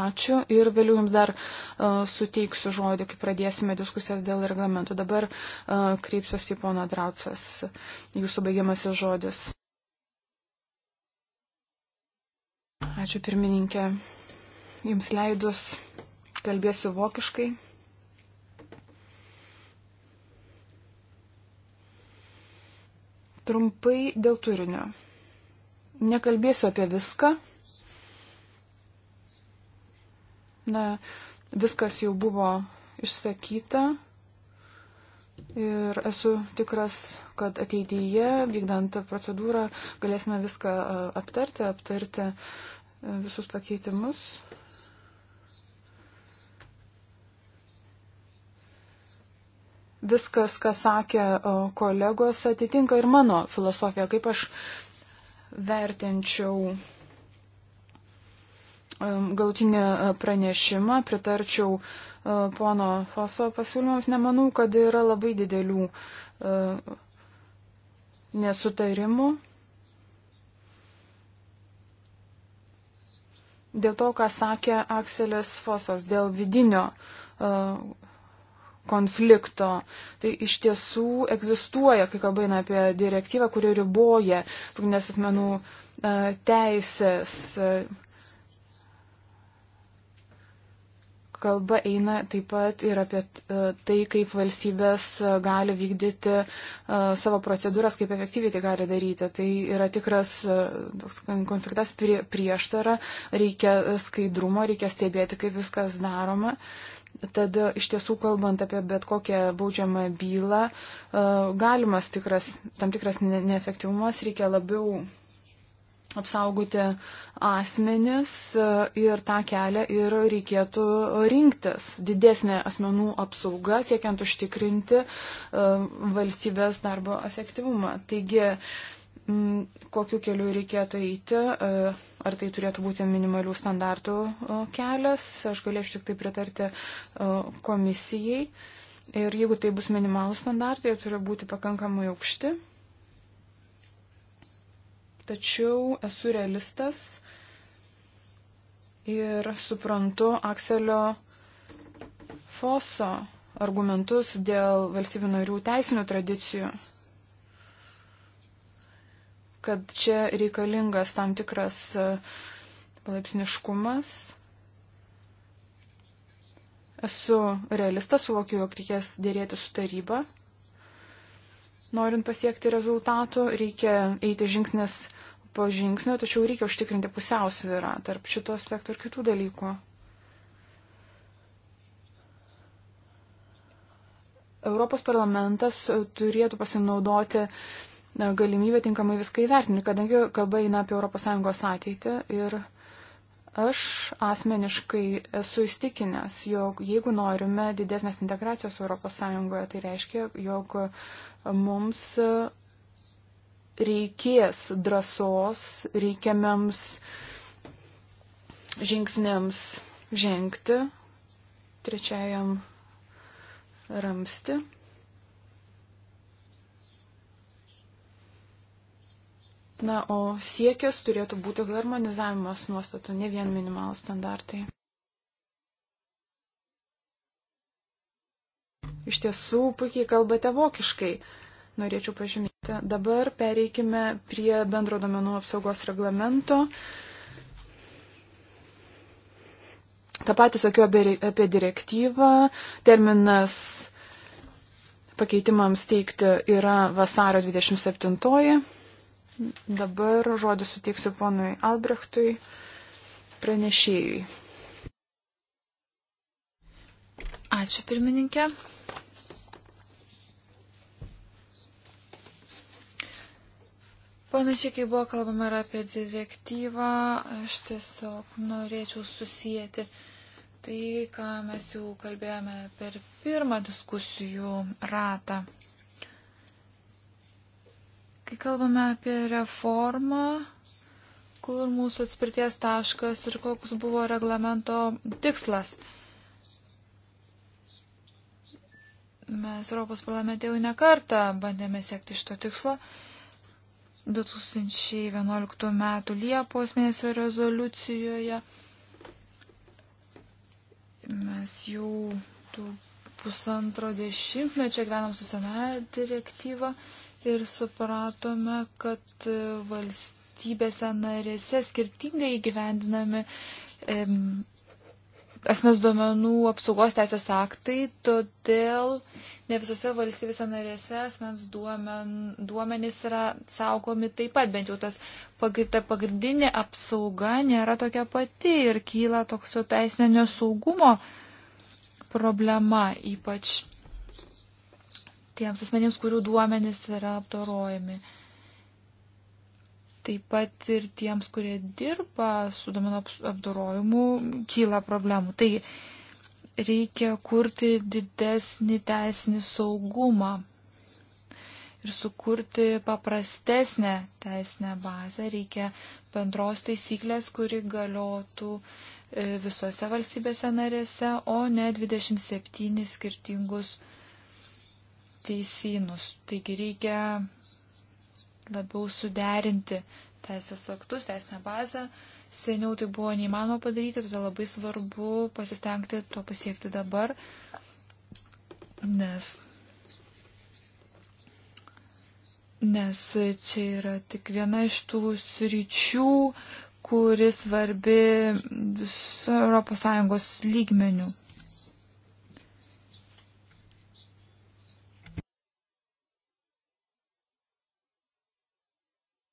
Ačiū ir vėliau jums dar uh, suteiksiu žodį, kai pradėsime diskusijas dėl reglamentų. Dabar uh, kreipsiuosi į poną Draucas, jūsų baigiamasis žodis. Ačiū pirmininkė jums leidus kalbėsiu vokiškai. Trumpai dėl turinio. Nekalbėsiu apie viską. Na, viskas jau buvo išsakyta. Ir esu tikras, kad ateityje, vykdant procedūrą, galėsime viską aptarti, aptarti visus pakeitimus. viskas, ką sakė e, kolegos, atitinka ir mano filosofiją, kaip aš vertinčiau e, galutinį e, pranešimą, pritarčiau pono Foso pasiūlymams, nemanau, kad yra labai didelių nesutarimų. Dėl to, ką sakė Akselis Fosas, dėl vidinio uh, konflikto. Tai iš tiesų egzistuoja, kai kalba eina apie direktyvą, kuri riboja pagrindinės asmenų e, teisės. Kalba eina taip pat ir apie e, tai, kaip valstybės gali vykdyti e, savo procedūras, kaip efektyviai tai gali daryti. Tai yra tikras konfliktas prieš prieštarą, reikia skaidrumo, reikia stebėti, kaip viskas daroma. Tad e, iš tiesų, kalbant apie bet kokią baudžiamą bylą, e, galimas tikras, tam tikras neefektyvumas reikia labiau apsaugoti asmenis e, ir tą kelią ir reikėtų rinktis didesnė asmenų apsauga, siekiant užtikrinti valstybės darbo efektyvumą. Taigi, Mm, kokiu keliu reikėtų eiti, e, ar tai turėtų būti minimalių standartų e, kelias. Aš galėčiau tik tai pritarti e, komisijai. Ir jeigu tai bus minimalų standartai, jie turi būti pakankamai aukšti. Tačiau esu realistas ir suprantu Akselio Foso argumentus dėl valstybių narių teisinių tradicijų kad čia reikalingas tam tikras e, palaipsniškumas. Esu realistas, suvokiu, jog reikės dėrėti su taryba. Norint pasiekti rezultatų, reikia eiti žingsnis po žingsnio, tačiau reikia užtikrinti pusiausvyrą tarp šito aspekto ir kitų dalykų. Europos parlamentas turėtų pasinaudoti na, galimybę tinkamai viską įvertinti, kadangi kalba eina apie ES ateitį ir aš asmeniškai esu įstikinęs, jog jeigu norime didesnės integracijos ES, tai reiškia, jog mums reikės drąsos reikiamiams žingsniams žengti trečiajam ramsti. Na, o siekis turėtų būti harmonizavimas nuostatų, ne vien minimalus standartai. Iš tiesų, puikiai kalbate vokiškai, norėčiau pažymėti. Dabar pereikime prie bendro domenų apsaugos reglamento. Ta patį sakiau apie direktyvą. Terminas pakeitimams teikti yra vasario 27. -oji. Dabar žodį suteiksiu ponui Albrechtui, pranešėjui. Ačiū pirmininkė. Panašiai, kai buvo kalbama ir apie direktyvą, aš tiesiog norėčiau susijęti tai, ką mes jau kalbėjome per pirmą diskusijų ratą. Kai kalbame apie reformą, kur mūsų atspirties taškas ir koks buvo reglamento tikslas. Mes Europos parlamente jau nekartą bandėme siekti šito tikslo. 2011 m. Liepos mėnesio rezoliucijoje mes jau tų pusantro dešimtmečio gyvenam su sena direktyva ir supratome, kad valstybėse narėse skirtingai gyvendinami e, asmens duomenų apsaugos teisės aktai, todėl ne visose valstybėse narėse asmens duomen, duomenys yra saugomi taip pat, bent jau tas pagrita pagrindinė apsauga nėra tokia pati ir kyla toks jo teisinio nesaugumo problema, ypač tiems asmenims, kurių duomenys yra apdorojami. Taip pat ir tiems, kurie dirba su duomenų apdorojimu, kyla problemų. Tai reikia kurti didesnį teisinį saugumą ir sukurti paprastesnę teisinę bazę. Reikia bendros taisyklės, kuri galiotų e, visose valstybėse narėse, o ne 27 skirtingus teisynus. Taigi reikia labiau suderinti teisės aktus, teisinę bazę. Seniau tai buvo neįmanoma padaryti, todėl labai svarbu pasistengti to pasiekti dabar, nes, nes čia yra tik viena iš tų sričių, kuri svarbi viso ES lygmenių.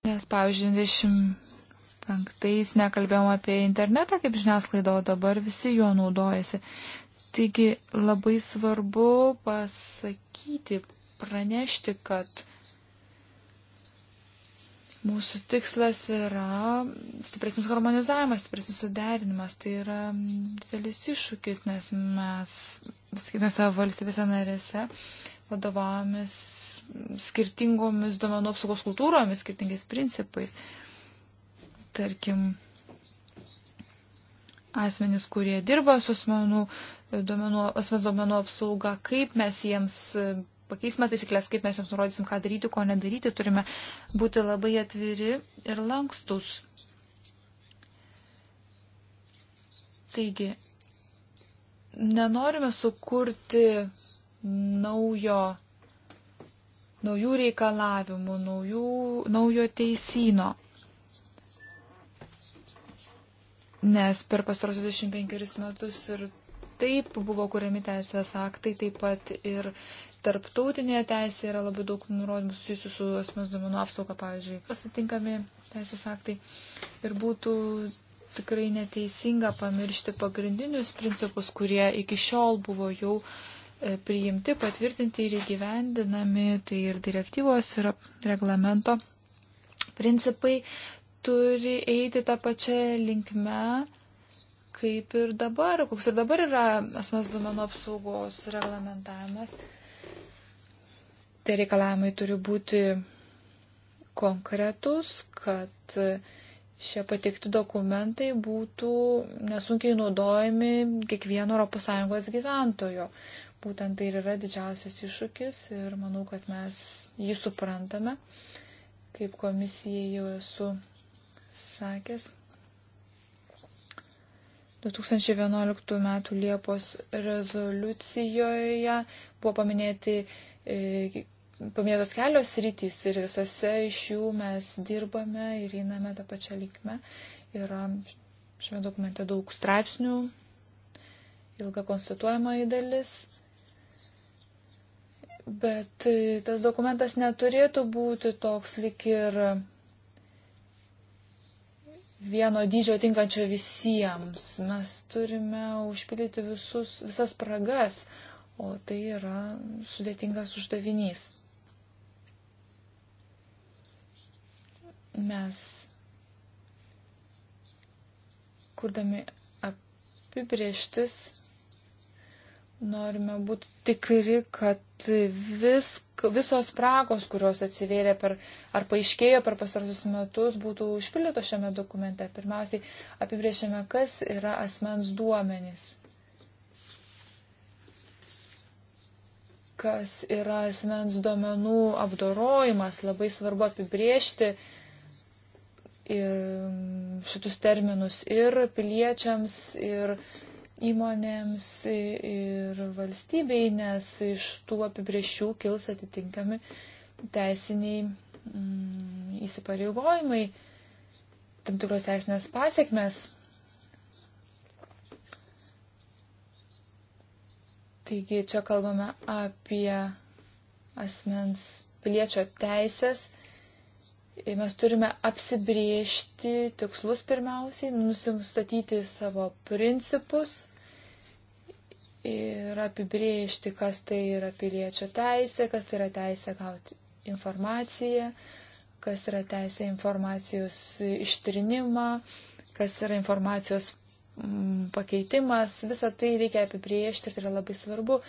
Nes, pavyzdžiui, 25-ais nekalbėjom apie internetą kaip žiniasklaidą, o dabar visi juo naudojasi. Taigi labai svarbu pasakyti, pranešti, kad mūsų tikslas yra stipresnis harmonizavimas, stipresnis suderinimas. Tai yra didelis iššūkis, nes mes, sakykime, savo valstybėse narėse vadovavomės skirtingomis duomenų apsaugos kultūromis, skirtingais principais. Tarkim, asmenys, kurie dirba su asmenų duomenų, asmens duomenų apsauga, kaip mes jiems e, pakeisime taisyklės, kaip mes jiems nurodysim, ką daryti, ko nedaryti, turime būti labai atviri ir lankstus. Taigi, nenorime sukurti naujo naujų reikalavimų, naujų, naujo teisino. Nes per pastarosius 25 metus ir taip buvo kuriami teisės aktai, taip pat ir tarptautinėje teisėje yra labai daug nurodymų susijusių su asmens duomenų apsauga, pavyzdžiui, pasitinkami teisės aktai. Ir būtų tikrai neteisinga pamiršti pagrindinius principus, kurie iki šiol buvo jau uh, E, priimti, patvirtinti ir įgyvendinami, tai ir direktyvos, ir reglamento principai turi eiti tą pačią linkmę, kaip ir dabar, koks ir dabar yra asmens duomenų apsaugos reglamentavimas. Tai reikalavimai turi būti konkretus, kad šie patikti dokumentai būtų nesunkiai naudojami kiekvieno ES gyventojo. Būtent tai ir yra didžiausias iššūkis ir manau, kad mes jį suprantame, kaip komisijai jau esu sakęs. 2011 m. Liepos rezoliucijoje buvo paminėti, e, paminėtos kelios rytys ir visose iš jų mes dirbame ir einame tą pačią linkmę. Yra šiame dokumente daug straipsnių, ilga konstatuojamoji dalis Bet e, tas dokumentas neturėtų būti toks lik ir vieno dydžio tinkančio visiems. Mes turime užpildyti visus, visas spragas, o tai yra sudėtingas uždavinys. Mes, kurdami apibrieštis, Norime būti tikri, kad vis, visos spragos, kurios atsivėrė per, ar paaiškėjo per pastartus metus, būtų užpildytos šiame dokumente. Pirmiausiai apibrėžėme, kas yra asmens duomenys. Kas yra asmens duomenų apdorojimas, labai svarbu apibrėžti šitus terminus ir piliečiams, ir įmonėms ir valstybei, nes iš tų apibriešių kils atitinkami teisiniai mm, įsipareigojimai, tam tikros teisinės pasiekmes. Taigi čia kalbame apie asmens piliečio teisės Mes turime apsibriežti tikslus pirmiausiai, nusistatyti savo principus ir apibriežti, kas tai yra piliečio teisė, kas tai yra teisė gauti informaciją, kas yra teisė informacijos ištrinimą, kas yra informacijos mm, pakeitimas. Visą tai reikia apibriežti ir tai yra labai svarbu,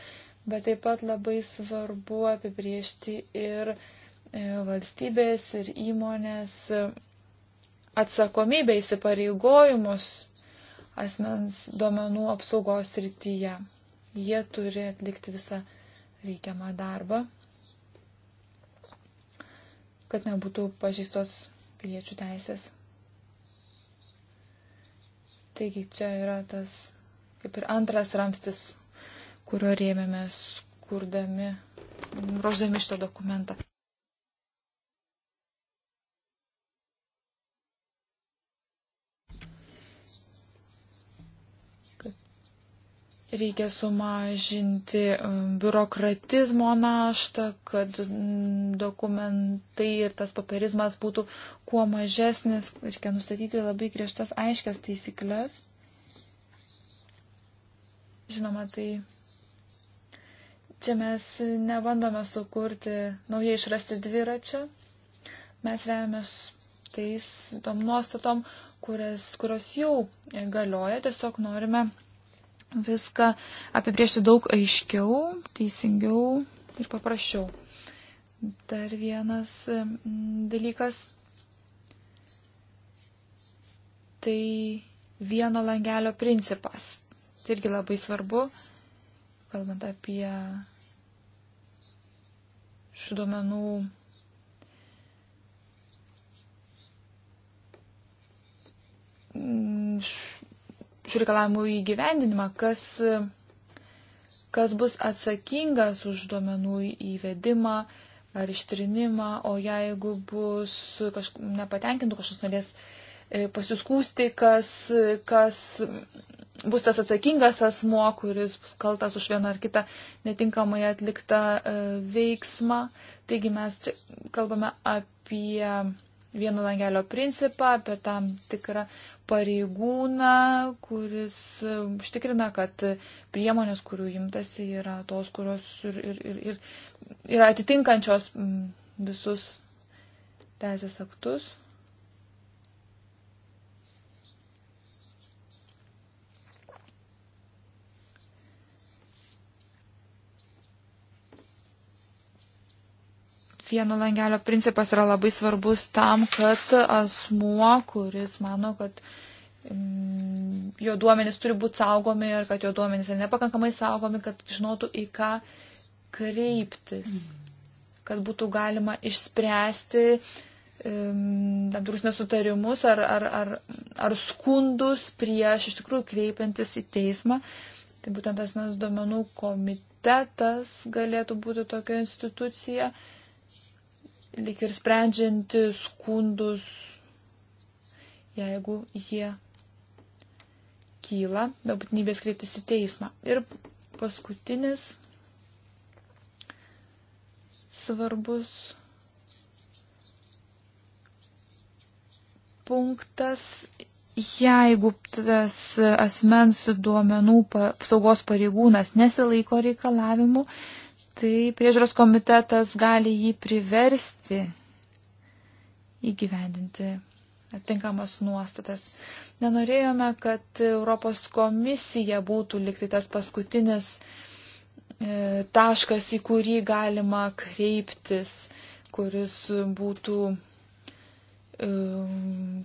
bet taip pat labai svarbu apibriežti ir E, valstybės ir įmonės atsakomybę įsipareigojimus asmens duomenų apsaugos rytyje. Jie turi atlikti visą reikiamą darbą, kad nebūtų pažįstos piliečių teisės. Taigi čia yra tas kaip ir antras ramstis, kurio rėmėmės, kurdami, ruoždami šitą dokumentą. Reikia sumažinti um, biurokratizmo naštą, kad mm, dokumentai ir tas papirizmas būtų kuo mažesnis. Reikia nustatyti labai griežtas aiškias taisyklės. Žinoma, tai čia mes nebandome sukurti naujai išrasti dviračio. Mes remiamės tais tom nuostatom, kurias, kurios jau galioja, tiesiog norime viską apibriežti daug aiškiau, teisingiau ir paprasčiau. Dar vienas dalykas. Tai vieno langelio principas. Tai irgi labai svarbu, kalbant apie šių duomenų šių reikalavimų įgyvendinimą, kas, kas bus atsakingas už duomenų įvedimą ar ištrinimą, o jeigu bus kažk... nepatenkintų kažkas norės e, pasiskūsti, kas, kas bus tas atsakingas asmo, kuris bus kaltas už vieną ar kitą netinkamai atliktą e, veiksmą. Taigi mes čia kalbame apie vieno langelio principą, apie tam tikrą pareigūną, kuris e, užtikrina, kad priemonės, kurių imtasi, yra tos, kurios ir, ir, ir, ir yra atitinkančios visus teisės aktus. vieno langelio principas yra labai svarbus tam, kad asmuo, kuris mano, kad mm, jo duomenys turi būti saugomi ir kad jo duomenys yra nepakankamai saugomi, kad žinotų į ką kreiptis, kad būtų galima išspręsti mm, tam e, tikrus nesutarimus ar, ar, ar, ar skundus prieš iš tikrųjų kreipiantis į teismą. Tai būtent asmens duomenų komitetas galėtų būti tokia institucija. Uh, lik ir sprendžianti skundus, jeigu jie kyla, be būtinybės kreiptis į teismą. Ir paskutinis svarbus punktas, jeigu tas asmens duomenų apsaugos pareigūnas nesilaiko reikalavimų, tai priežiūros komitetas gali jį priversti įgyvendinti atinkamas nuostatas. Nenorėjome, kad Europos komisija būtų liktai tas paskutinis e, taškas, į kurį galima kreiptis, kuris būtų, e,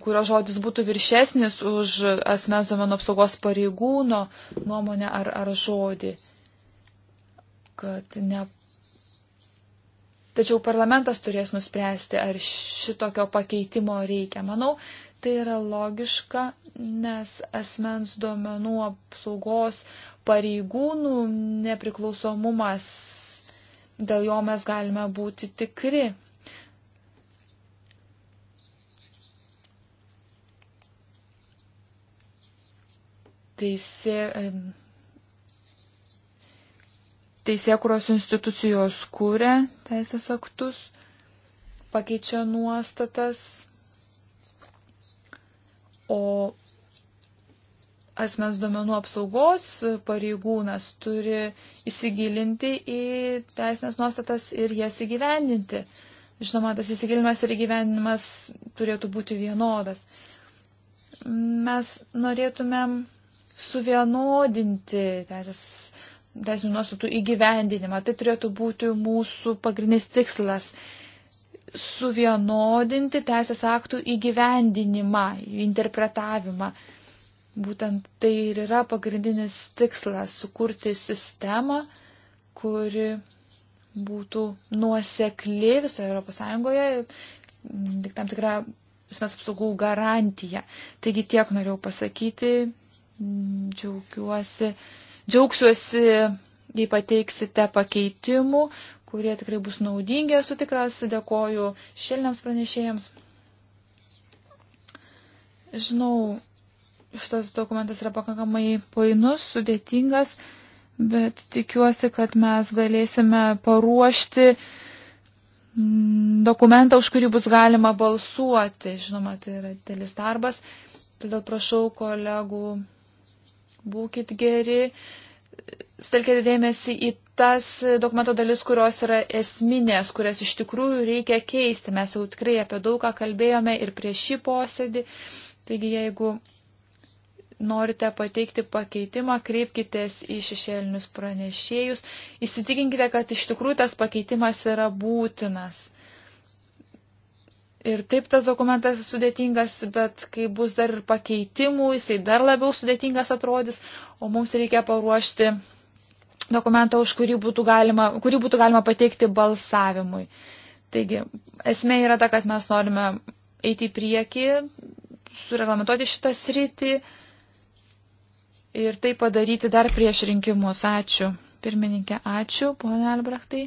kurio žodis būtų viršesnis už asmens duomenų apsaugos pareigūno nuomonę ar, ar žodį. E, kad ne. Tačiau parlamentas turės nuspręsti, ar šitokio pakeitimo reikia. Manau, tai yra logiška, nes asmens duomenų apsaugos pareigūnų nepriklausomumas, dėl jo mes galime būti tikri. Teisė. Um, teisėkuros institucijos kūrė teisės aktus, pakeičia nuostatas, o asmens duomenų apsaugos pareigūnas turi įsigilinti į teisinės nuostatas ir jas įgyvendinti. Žinoma, tas įsigilinimas ir įgyvendinimas turėtų būti vienodas. Mes norėtumėm suvienodinti teisės teisinių nuostatų įgyvendinimą. Tai turėtų būti mūsų pagrindinis tikslas - suvienodinti teisės aktų įgyvendinimą, jų interpretavimą. Būtent tai ir yra pagrindinis tikslas - sukurti sistemą, kuri būtų nuosekli visoje Europos Sąjungoje, tik tam tikra asmens apsaugų garantija. Taigi tiek norėjau pasakyti, džiaugiuosi džiaugsiuosi, jei pateiksite pakeitimų, kurie tikrai bus naudingi, esu tikras, dėkoju šilniams pranešėjams. Žinau, šitas dokumentas yra pakankamai painus, sudėtingas, bet tikiuosi, kad mes galėsime paruošti mm, dokumentą, už kurį bus galima balsuoti. Žinoma, tai yra didelis darbas. Todėl prašau kolegų būkite geri, stelkite dėmesį į tas dokumento dalis, kurios yra esminės, kurias iš tikrųjų reikia keisti. Mes jau tikrai apie daugą kalbėjome ir prieš šį posėdį. Taigi, jeigu norite pateikti pakeitimą, kreipkitės į šešėlinius pranešėjus, įsitikinkite, kad iš tikrųjų tas pakeitimas yra būtinas. Ir taip tas dokumentas sudėtingas, bet kai bus dar ir pakeitimų, jisai dar labiau sudėtingas atrodys, o mums reikia paruošti dokumentą, už kurį būtų galima, kurį būtų galima pateikti balsavimui. Taigi, esmė yra ta, kad mes norime eiti į priekį, sureglamentuoti šitą sritį ir tai padaryti dar prieš rinkimus. Ačiū. Pirmininkė, ačiū, ponia Albrechtai.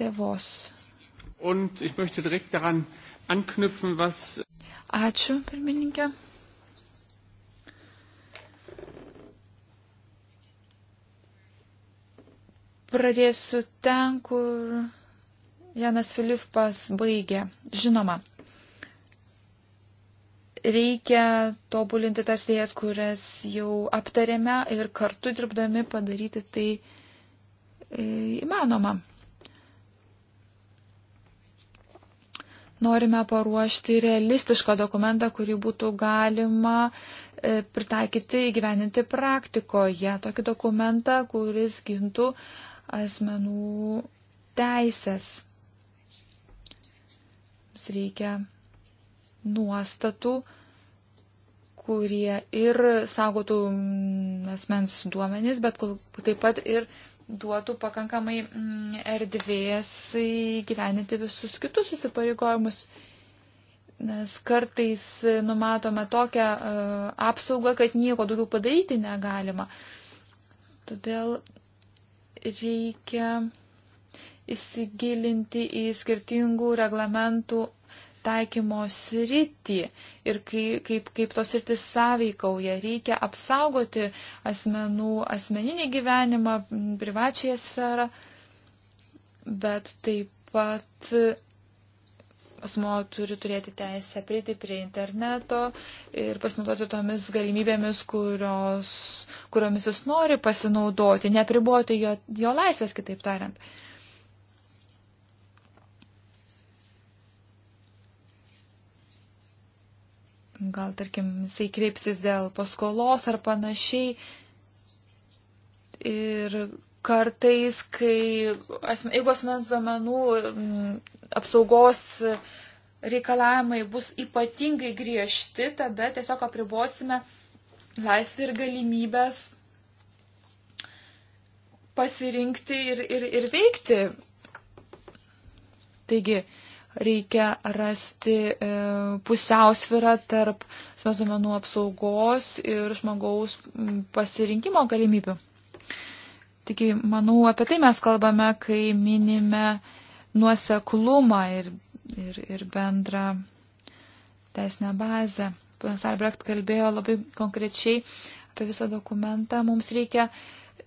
Tėvos und ich möchte direkt daran anknüpfen, was. Ačiū, pirmininkė. Pradėsiu ten, kur Janas Filipas baigė. Žinoma, reikia tobulinti tas idėjas, kurias jau aptarėme ir kartu dirbdami padaryti tai e, įmanoma. E, norime paruošti realistišką dokumentą, kurį būtų galima e, pritaikyti įgyveninti praktikoje. Tokį dokumentą, kuris gintų asmenų teisės. Mums reikia nuostatų, kurie ir saugotų mm, asmens duomenys, bet taip pat ir duotų pakankamai mm, erdvės įgyveninti visus kitus įsipareigojimus. Nes kartais numatome tokią e, apsaugą, kad nieko daugiau padaryti negalima. Todėl reikia įsigilinti į skirtingų reglamentų taikymo sritį ir kaip, kaip, kaip tos sritis sąveikauja. Reikia apsaugoti asmenų asmeninį gyvenimą, privačiąją sferą, bet taip pat asmo turi turėti teisę prieiti prie interneto ir pasinaudoti tomis galimybėmis, kurios, kuriomis jis nori pasinaudoti, nepriboti jo, jo laisvės, kitaip tariant. gal tarkim jisai kreipsis dėl paskolos ar panašiai. Ir kartais, kai, jeigu asmens duomenų mm, apsaugos reikalavimai bus ypatingai griežti, tada tiesiog apribosime laisvę ir galimybės pasirinkti ir, ir, ir veikti. Taigi, reikia rasti e, pusiausvirą tarp asmens duomenų apsaugos ir žmogaus pasirinkimo galimybių. Tik, manau, apie tai mes kalbame, kai minime nuoseklumą ir, ir, ir bendrą teisinę bazę. Panas Albrecht kalbėjo labai konkrečiai apie visą dokumentą. Mums reikia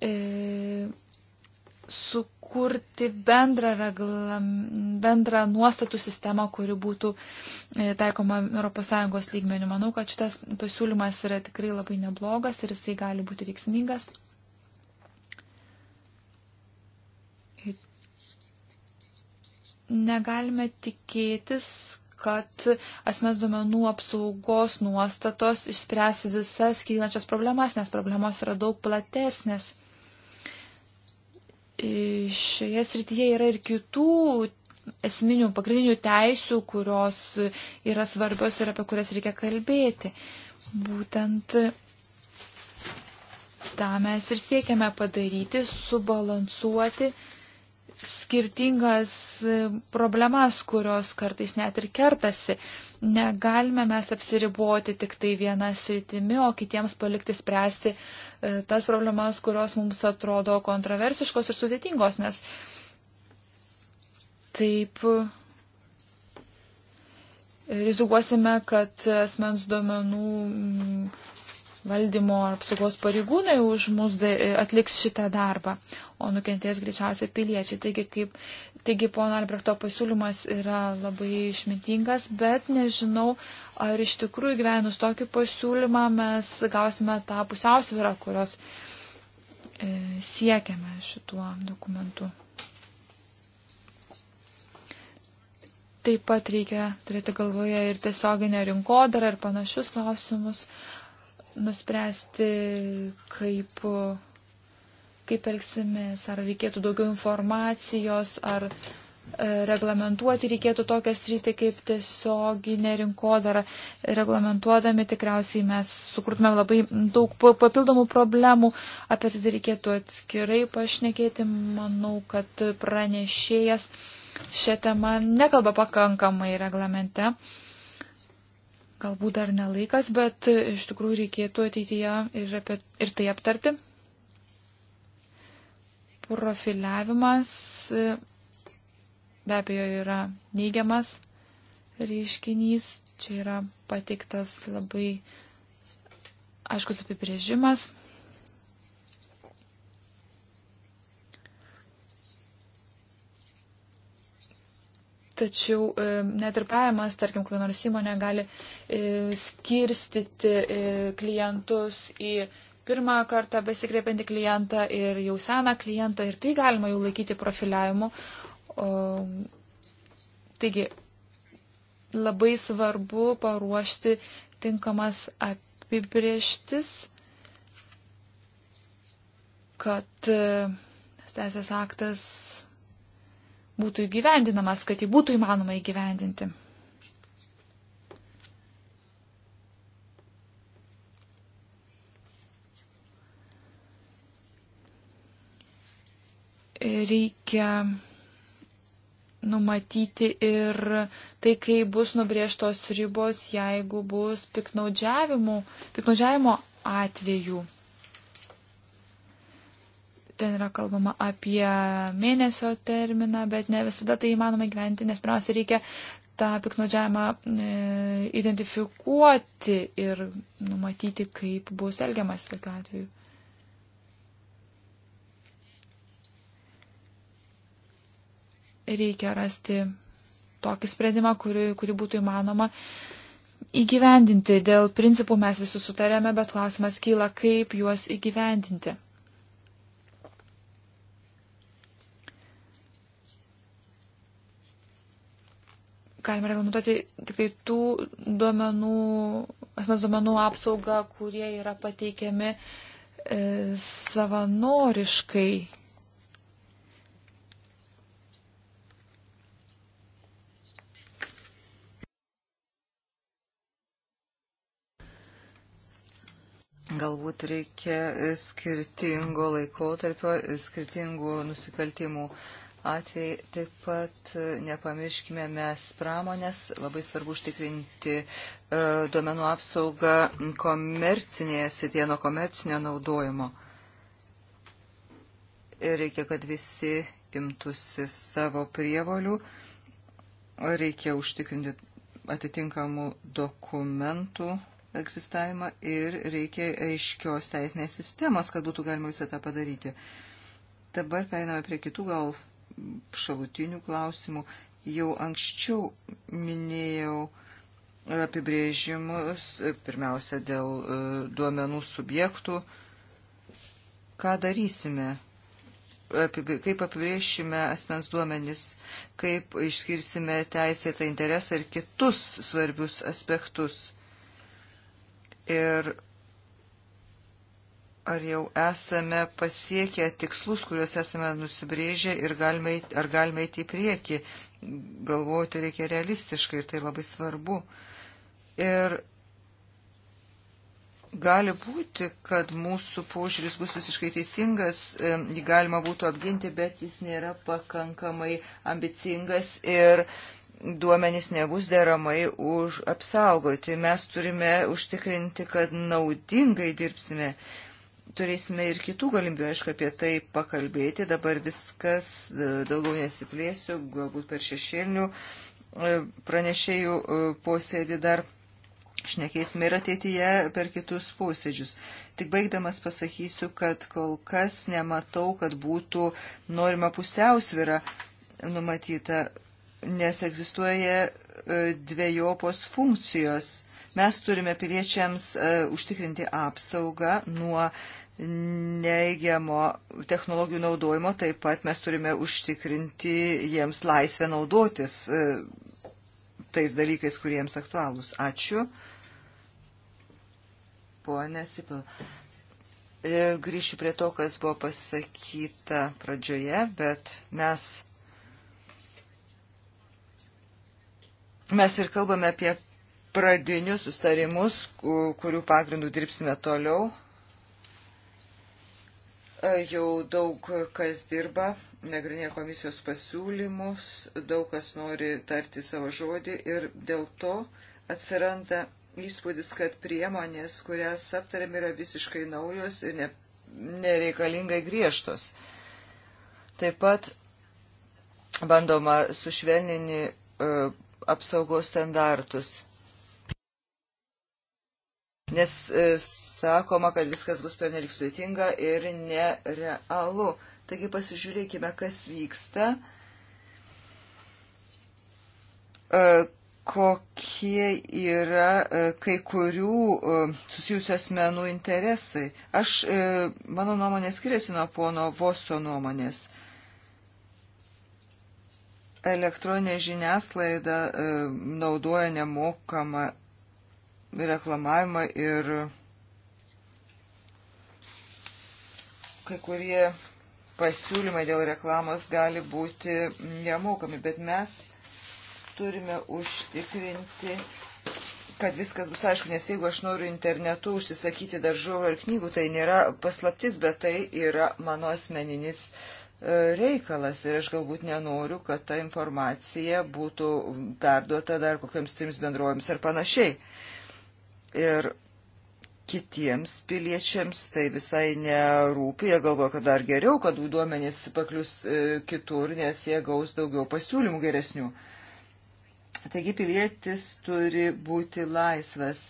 e, sukurti bendrą, reglam, bendrą nuostatų sistemą, kuri būtų e, taikoma ES lygmenių. Manau, kad šitas pasiūlymas yra tikrai labai neblogas ir jisai gali būti veiksmingas. Negalime tikėtis, kad asmens duomenų apsaugos nuostatos išspręs visas kylančias problemas, nes problemos yra daug platesnės šioje srityje yra ir kitų esminių pagrindinių teisių, kurios yra svarbios ir apie kurias reikia kalbėti. Būtent tą mes ir siekiame padaryti, subalansuoti skirtingas problemas, kurios kartais net ir kertasi. Negalime mes apsiriboti tik tai vieną sritimi, o kitiems palikti spręsti e, tas problemas, kurios mums atrodo kontroversiškos ir sudėtingos, nes taip e, rizikuosime, kad asmens duomenų valdymo ar apsaugos pareigūnai už mus e, atliks šitą darbą, o nukentės greičiausiai piliečiai. Taigi, kaip, taigi pono Albrechto pasiūlymas yra labai išmintingas, bet nežinau, ar iš tikrųjų gyvenus tokį pasiūlymą mes gausime tą pusiausvyrą, kurios e, siekiame šituo dokumentu. Taip pat reikia turėti galvoje ir tiesioginę rinkodarą ir panašius klausimus. E, nuspręsti, kaip, kaip elgsimės, ar reikėtų daugiau informacijos, ar e, reglamentuoti reikėtų tokią sritį kaip tiesioginė rinkodara. Reglamentuodami tikriausiai mes sukurtume labai daug papildomų problemų, apie tai reikėtų atskirai pašnekėti. Manau, kad pranešėjas šią temą nekalba pakankamai reglamente. Uh, Galbūt dar nelaikas, bet iš tikrųjų reikėtų ateityje ir, apie, ir tai aptarti. Profiliavimas be abejo yra neigiamas reiškinys. Čia yra pateiktas labai aiškus apibrėžimas. Tačiau e, netarpiavimas, tarkim, kokia nors įmonė gali e, skirstyti e, klientus į pirmą kartą besikreipiantį klientą ir jau seną klientą ir tai galima jau laikyti profiliavimu. O, taigi, labai svarbu paruošti tinkamas apibrieštis, kad teisės aktas būtų įgyvendinamas, kad jį būtų įmanoma įgyvendinti. Reikia numatyti ir tai, kai bus nubriežtos ribos, jeigu bus piknaudžiavimo atvejų. Ten yra kalbama apie mėnesio terminą, bet ne visada tai įmanoma gyventi, nes pirmiausia reikia tą piknaudžiavimą e, identifikuoti ir numatyti, kaip bus elgiamas tokiu atveju. Reikia rasti tokį sprendimą, kurį, kurį būtų įmanoma įgyvendinti. Dėl principų mes visi sutarėme, bet klausimas kyla, kaip juos įgyvendinti. galime reglamentuoti tik tai tų duomenų, asmens duomenų apsaugą, kurie yra pateikiami e, savanoriškai. Galbūt reikia skirtingo laiko tarp skirtingų nusikaltimų. E, atvejai. Taip pat e, nepamirškime mes pramonės, labai svarbu užtikrinti e, duomenų apsaugą komercinėje srityje nuo komercinio naudojimo. Ir reikia, kad visi imtųsi savo prievolių, reikia užtikrinti atitinkamų dokumentų egzistavimą ir reikia aiškios teisinės sistemos, kad būtų galima visą tą padaryti. Dabar pereiname prie kitų gal šalutinių klausimų. Jau anksčiau minėjau apibrėžimus, pirmiausia, dėl e, duomenų subjektų. Ką darysime? Kaip apibrėšime asmens duomenis, kaip išskirsime teisėtą interesą ir kitus svarbius aspektus. Ir ar jau esame pasiekę tikslus, kuriuos esame nusibrėžę ir galime, ar galime eiti į priekį. Galvoti reikia realistiškai ir tai labai svarbu. Ir gali būti, kad mūsų požiūris bus visiškai teisingas, jį galima būtų apginti, bet jis nėra pakankamai ambicingas ir duomenys nebus deramai už apsaugoti. Mes turime užtikrinti, kad naudingai dirbsime. Uh, turėsime ir kitų galimybių, aišku, apie tai pakalbėti. Dabar viskas, e, daugiau nesiplėsiu, galbūt per šešėlinių e, pranešėjų e, posėdį dar šnekėsime ir ateityje per kitus posėdžius. Tik baigdamas pasakysiu, kad kol kas nematau, kad būtų norima pusiausvyrą numatyta, nes egzistuoja dviejopos funkcijos mes turime piliečiams užtikrinti apsaugą nuo neigiamo technologijų naudojimo, taip pat mes turime užtikrinti jiems laisvę naudotis e, tais dalykais, kuriems aktualūs. Ačiū. Pone Sipil. E, grįšiu prie to, kas buvo pasakyta pradžioje, bet mes, mes ir kalbame apie pradinius sustarimus, kurių pagrindų dirbsime toliau. E, jau daug kas dirba, nagrinėja komisijos pasiūlymus, daug kas nori tarti savo žodį ir dėl to atsiranda įspūdis, kad priemonės, kurias aptarėm, yra visiškai naujos ir ne, nereikalingai griežtos. Taip pat bandoma sušvelninti uh, apsaugos standartus nes e, sakoma, kad viskas bus pernelik sudėtinga ir nerealu. Taigi pasižiūrėkime, kas vyksta, e, kokie yra e, kai kurių susijusių asmenų interesai. Aš, mano nuomonė skiriasi nuo pono Voso nuomonės. Elektroninė žiniasklaida naudoja nemokamą reklamavimą ir kai kurie pasiūlymai dėl reklamos gali būti nemokami, bet mes turime užtikrinti, kad viskas bus aišku, nes jeigu aš noriu internetu užsisakyti daržovę ir knygų, tai nėra paslaptis, bet tai yra mano asmeninis e, reikalas ir aš galbūt nenoriu, kad ta informacija būtų perduota dar kokiams trims bendrovėms ar panašiai. Uh, ir kitiems piliečiams tai visai nerūpi, jie galvoja, kad dar geriau, kad duomenys paklius e, kitur, nes jie gaus daugiau pasiūlymų geresnių. Taigi pilietis turi būti laisvas.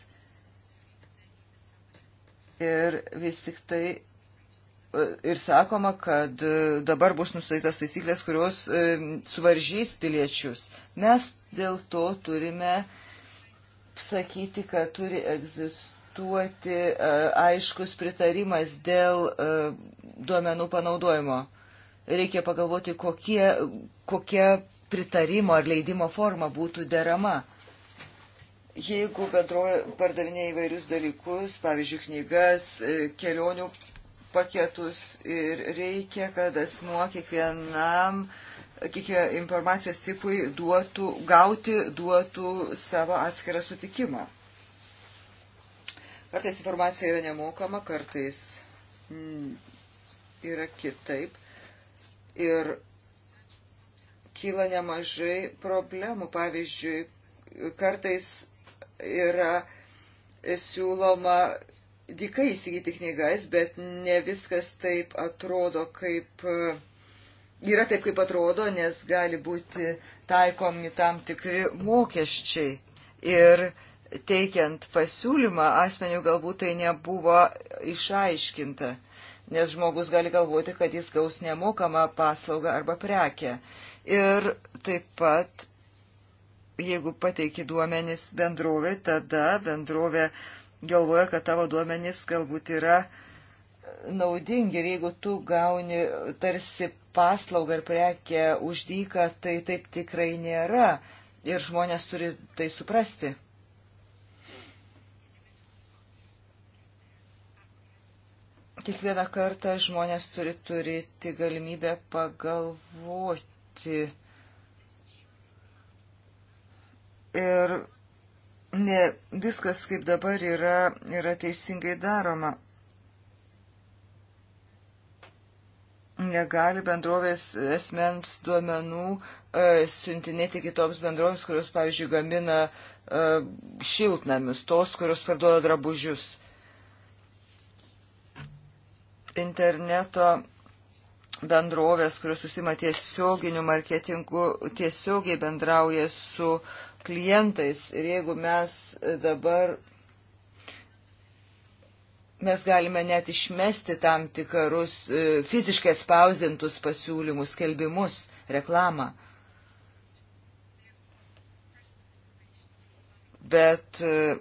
Ir vis tik tai e, ir sakoma, kad e, dabar bus nustatytas taisyklės, kurios suvaržys piliečius. Mes dėl to turime uh, sakyti, kad turi egzistuoti e, aiškus pritarimas dėl e, duomenų panaudojimo. Reikia pagalvoti, kokie, kokia pritarimo ar leidimo forma būtų derama. Jeigu bendrovė pardavinėja įvairius dalykus, pavyzdžiui, knygas, e, kelionių paketus ir reikia, kad asmuo kiekvienam uh, kiekvieną informacijos tipui duotų, gauti duotų savo atskirą sutikimą. Kartais informacija yra nemokama, kartais mm, yra kitaip. Ir kyla nemažai problemų. Pavyzdžiui, kartais yra siūloma dikai įsigyti knygas, bet ne viskas taip atrodo, kaip uh, yra taip, kaip atrodo, nes gali būti taikomi tam tikri mokesčiai. Ir teikiant pasiūlymą asmeniu galbūt tai nebuvo išaiškinta, nes žmogus gali galvoti, kad jis gaus nemokamą paslaugą arba prekę. Ir taip pat, jeigu pateiki duomenis bendrovė, tada bendrovė galvoja, kad tavo duomenis galbūt yra uh, naudingi ir jeigu tu gauni tarsi paslaugą ir prekę uždyką, tai taip tikrai nėra ir žmonės turi tai suprasti. Kiekvieną kartą žmonės turi turėti galimybę pagalvoti ir ne viskas kaip dabar yra, yra teisingai daroma. negali bendrovės esmens duomenų e, siuntinėti kitoms bendrovėms, kurios, pavyzdžiui, gamina e, šiltnamius, tos, kurios parduoda drabužius. Interneto bendrovės, kurios susima tiesioginiu marketingu, tiesiogiai bendrauja su klientais. Ir jeigu mes dabar mes galime net išmesti tam tikrus e, fiziškai atspausdintus pasiūlymus, skelbimus, reklamą. Bet e,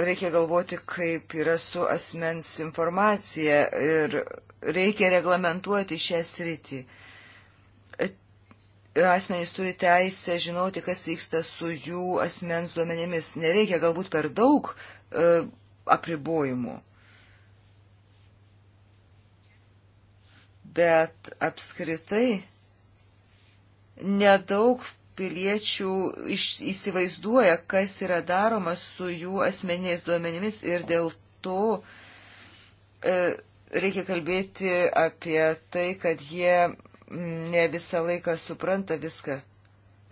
reikia galvoti, kaip yra su asmens informacija ir reikia reglamentuoti šią sritį. E, asmenys turi teisę žinoti, kas vyksta su jų asmens duomenimis. Nereikia galbūt per daug apribojimų. Bet apskritai nedaug piliečių iš, įsivaizduoja, kas yra daroma su jų asmeniais duomenimis ir dėl to e, reikia kalbėti apie tai, kad jie mm, ne visą laiką supranta viską.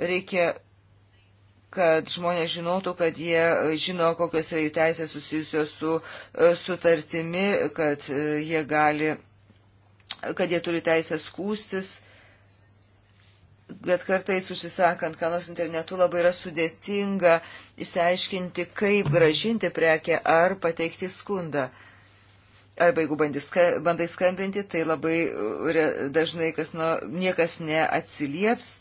Reikia kad žmonės žinotų, kad jie e, žino, kokios yra jų teisės susijusios su e, sutartimi, kad e, jie gali, kad jie turi teisę skūstis. Bet kartais užsisakant, ką nors internetu labai yra sudėtinga išsiaiškinti, kaip gražinti prekę ar pateikti skundą. Arba jeigu bandai skambinti, tai labai dažnai kas nuo, niekas neatsilieps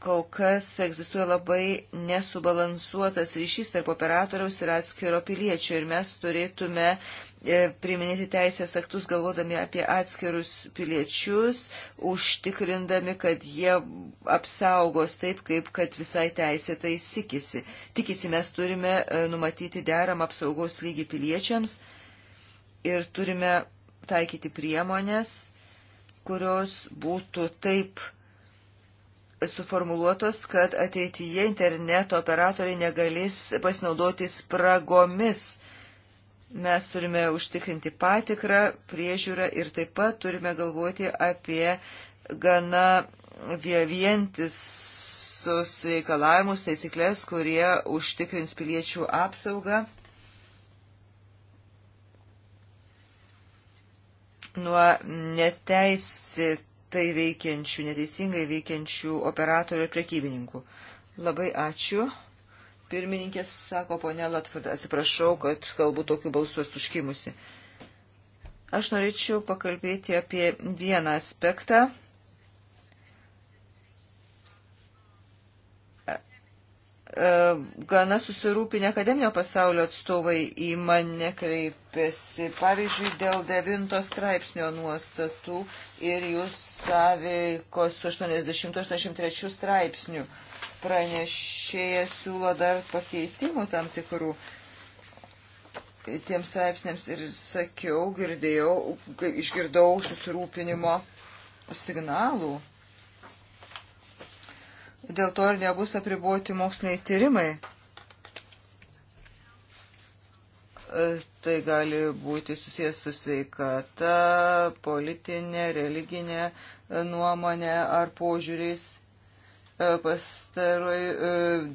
kol kas egzistuoja labai nesubalansuotas ryšys tarp operatoriaus ir atskiro piliečio ir mes turėtume e, priminėti teisės aktus galvodami apie atskirus piliečius, užtikrindami, kad jie apsaugos taip, kaip kad visai teisė tai sikisi. Tikisi, mes turime e, numatyti deramą apsaugos lygį piliečiams ir turime taikyti priemonės, kurios būtų taip suformuluotos, kad ateityje interneto operatoriai negalės pasinaudoti spragomis. Mes turime užtikrinti patikrą, priežiūrą ir taip pat turime galvoti apie gana vientisus reikalavimus, taisyklės, kurie užtikrins piliečių apsaugą. nuo neteisėt prastai veikiančių, neteisingai veikiančių operatorių ir prekybininkų. Labai ačiū. Pirmininkės sako, ponė Latvard, atsiprašau, kad kalbu tokiu balsu suškimusi. Aš norėčiau pakalbėti apie vieną aspektą E, gana susirūpinę akademinio pasaulio atstovai į mane kreipėsi, pavyzdžiui, dėl devinto straipsnio nuostatų ir jų sąveikos 80-83 straipsnių. Pranešėjas siūlo dar pakeitimų tam tikrų tiems straipsniams ir sakiau, girdėjau, išgirdau susirūpinimo signalų dėl to ir nebus apriboti moksliniai tyrimai. E, tai gali būti susijęs su sveikata, politinė, religinė e, nuomonė ar požiūris. E, Pastarai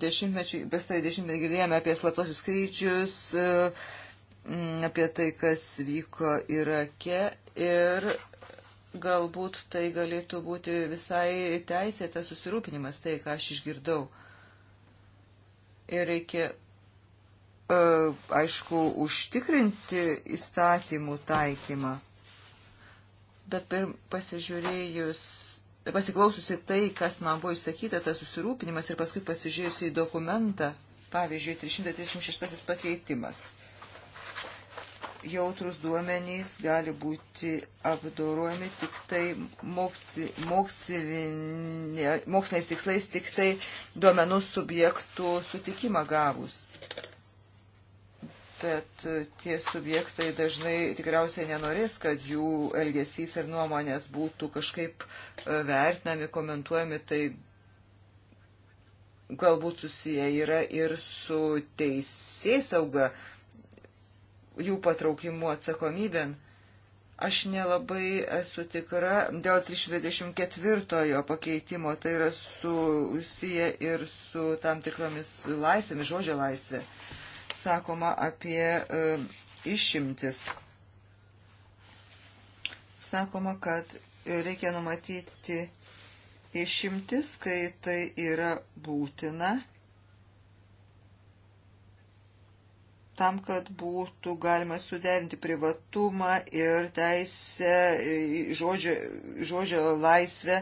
dešimtmečiai girdėjome apie slaptosius skaičius, apie tai, kas vyko Irake ir Galbūt tai galėtų būti visai teisėtas susirūpinimas, tai ką aš išgirdau. Ir reikia, e, aišku, užtikrinti įstatymų taikymą. Bet pasižiūrėjus pasiklaususi tai, kas man buvo išsakyta, tas susirūpinimas ir paskui pasižiūrėjusi į dokumentą, pavyzdžiui, 336 pakeitimas jautrus duomenys gali būti apdorojami tik tai moksli, moksliniais tikslais, tik tai duomenų subjektų sutikimą gavus. Bet e, tie subjektai dažnai tikriausiai nenorės, kad jų elgesys ir nuomonės būtų kažkaip e, vertinami, komentuojami, tai galbūt susiję yra ir su teisėsauga sauga jų patraukimu atsakomybėn. Aš nelabai esu tikra dėl 324 pakeitimo, tai yra susiję ir su tam tikromis laisvėmis, žodžio laisvė. Sakoma apie e, išimtis. Sakoma, kad reikia numatyti išimtis, kai tai yra būtina tam, kad būtų galima suderinti privatumą ir teisę žodžio, žodžio laisvę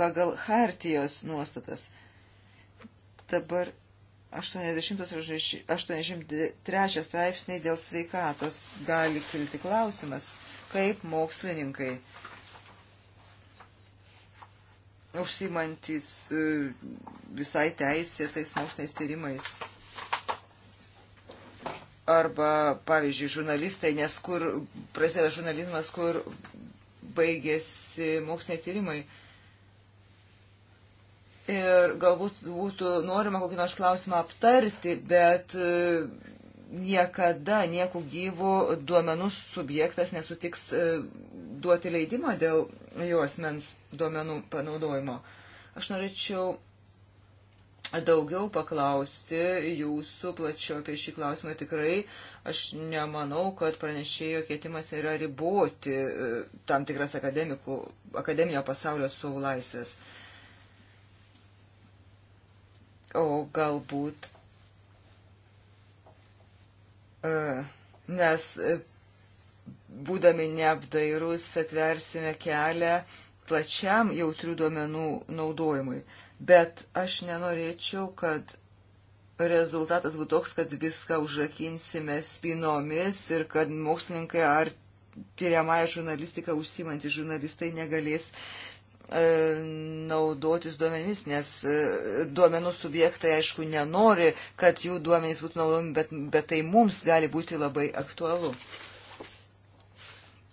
pagal hartijos nuostatas. Dabar 83 straipsniai dėl sveikatos gali kilti klausimas, kaip mokslininkai užsimantis e, visai teisėtais moksliniais tyrimais arba, pavyzdžiui, žurnalistai, nes kur prasideda žurnalizmas, kur baigėsi moksliniai tyrimai. Ir galbūt būtų norima kokį nors klausimą aptarti, bet e, niekada nieku gyvų duomenų subjektas nesutiks e, duoti leidimą dėl jo asmens duomenų panaudojimo. Aš norėčiau daugiau paklausti jūsų plačiau apie šį klausimą. Tikrai aš nemanau, kad pranešėjo kėtimas yra riboti e, tam tikras akademinio pasaulio stovų laisvės. O galbūt e, mes, e, būdami neapdairus, atversime kelią plačiam jautrių duomenų naudojimui bet aš nenorėčiau, kad rezultatas būtų toks, kad viską užrakinsime spinomis ir kad mokslininkai ar tyriamąją žurnalistiką užsimantys žurnalistai negalės e, naudotis duomenimis, nes e, duomenų subjektai, aišku, nenori, kad jų duomenys būtų naudojami, bet, bet tai mums gali būti labai aktualu.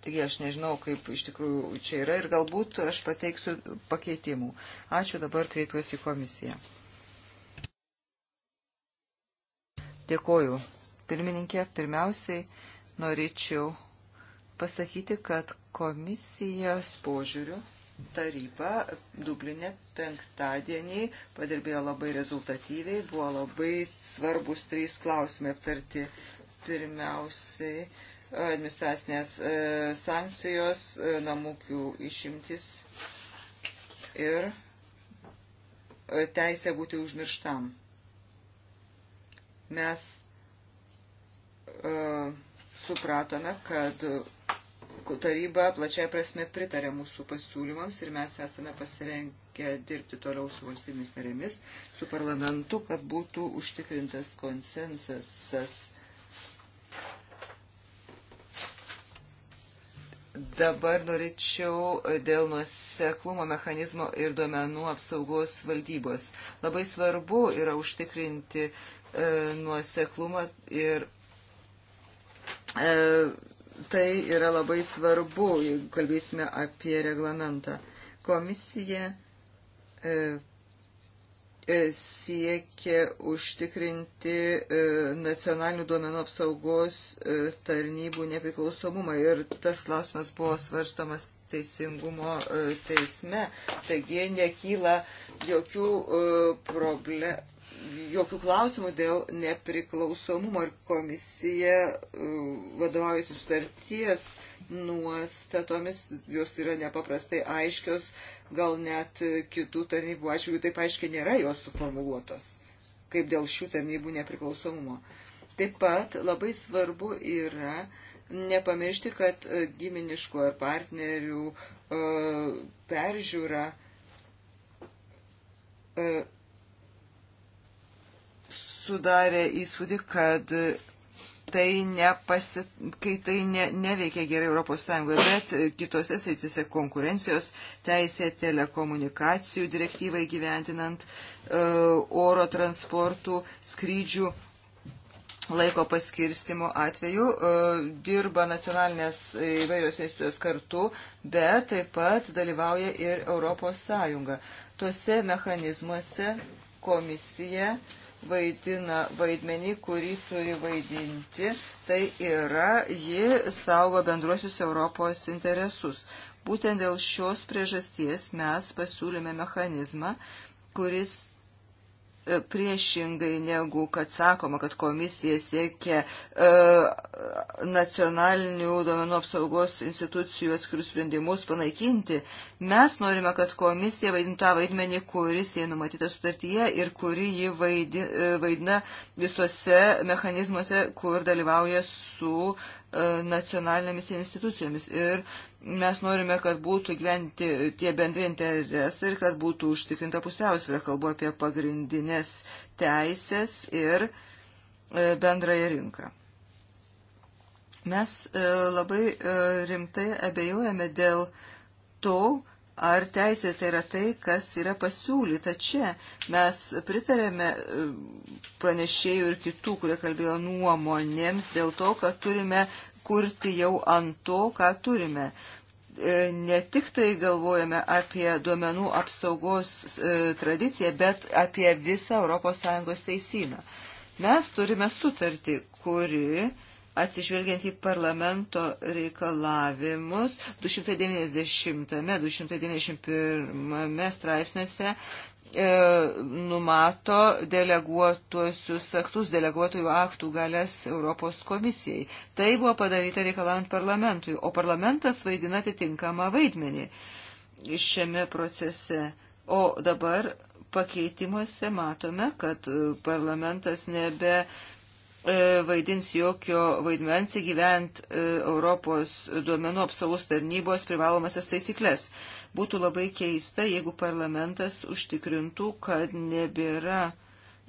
Taigi aš nežinau, kaip iš tikrųjų čia yra ir galbūt aš pateiksiu pakeitimų. Ačiū, dabar kreipiuosi į komisiją. Dėkoju. Pirmininkė, pirmiausiai norėčiau pasakyti, kad komisijos požiūriu taryba Dublinė penktadienį padirbėjo labai rezultatyviai, buvo labai svarbus trys klausimai aptarti. Pirmiausiai, administracinės e, sankcijos, e, namūkių išimtis ir e, teisė būti užmirštam. Mes supratome, kad taryba plačiai prasme pritarė mūsų pasiūlymams ir mes esame pasirengę dirbti toliau su valstybėmis narėmis, su parlamentu, kad būtų užtikrintas konsensas Dabar norėčiau e, dėl nuoseklumo mechanizmo ir duomenų apsaugos valdybos. Labai svarbu yra užtikrinti e, nuoseklumą ir e, tai yra labai svarbu, jeigu kalbėsime apie reglamentą. Komisija e, E, siekia užtikrinti e, nacionalinių duomenų apsaugos e, tarnybų nepriklausomumą. Ir tas klausimas buvo svarstomas teisingumo teisme. Taigi nekyla jokių problemų jokių klausimų dėl nepriklausomumo ir komisija e, vadovaujasi sutarties nuostatomis, jos yra nepaprastai aiškios, gal net kitų tarnybų atžvilgių taip aiškiai nėra jos suformuluotos, kaip dėl šių tarnybų nepriklausomumo. Taip pat labai svarbu yra nepamiršti, kad e, giminiško ar partnerių e, peržiūra sudarė įspūdį, kad tai nepasi, kai tai ne, neveikia gerai ES, bet kitose srityse konkurencijos teisė, telekomunikacijų direktyvai gyventinant, e, oro transportų, skrydžių laiko paskirstimo atveju e, dirba nacionalinės įvairios institucijos kartu, bet taip pat dalyvauja ir Europos Sąjunga. Tuose mechanizmuose komisija uh, vaidina vaidmenį, kurį turi vaidinti, tai yra ji saugo bendruosius Europos interesus. Būtent dėl šios priežasties mes pasiūlėme mechanizmą, kuris priešingai negu kad sakoma, kad komisija siekia e, nacionalinių duomenų apsaugos institucijų atskirus sprendimus panaikinti. Mes norime, kad komisija vaidintų tą vaidmenį, kuris jie numatyta sutartyje ir kuri jį vaidi, e, vaidina visuose mechanizmuose, kur dalyvauja su nacionalinėmis institucijomis. Ir mes norime, kad būtų gyventi tie bendri interesai ir kad būtų užtikrinta pusiausvė. Kalbu apie pagrindinės teisės ir e, bendrąją rinką. Mes e, labai e, rimtai abejojame dėl to, Ar teisė tai yra tai, kas yra pasiūlyta čia? Mes pritarėme e, pranešėjų ir kitų, kurie kalbėjo nuomonėms dėl to, kad turime kurti jau ant to, ką turime. E, ne tik tai galvojame apie duomenų apsaugos e, tradiciją, bet apie visą ES teisyną. Mes turime sutartį, kuri atsižvelgiant į parlamento reikalavimus 290-291 straipsniuose e, numato deleguotuosius aktus, deleguotojų aktų galės Europos komisijai. Tai buvo padaryta reikalavant parlamentui, o parlamentas vaidina atitinkamą vaidmenį šiame procese. O dabar pakeitimuose matome, kad e, parlamentas nebe uh, E, vaidins jokio vaidmens įgyvent e, Europos duomenų apsaugos tarnybos privalomasias taisyklės. Būtų labai keista, jeigu parlamentas užtikrintų, kad nebėra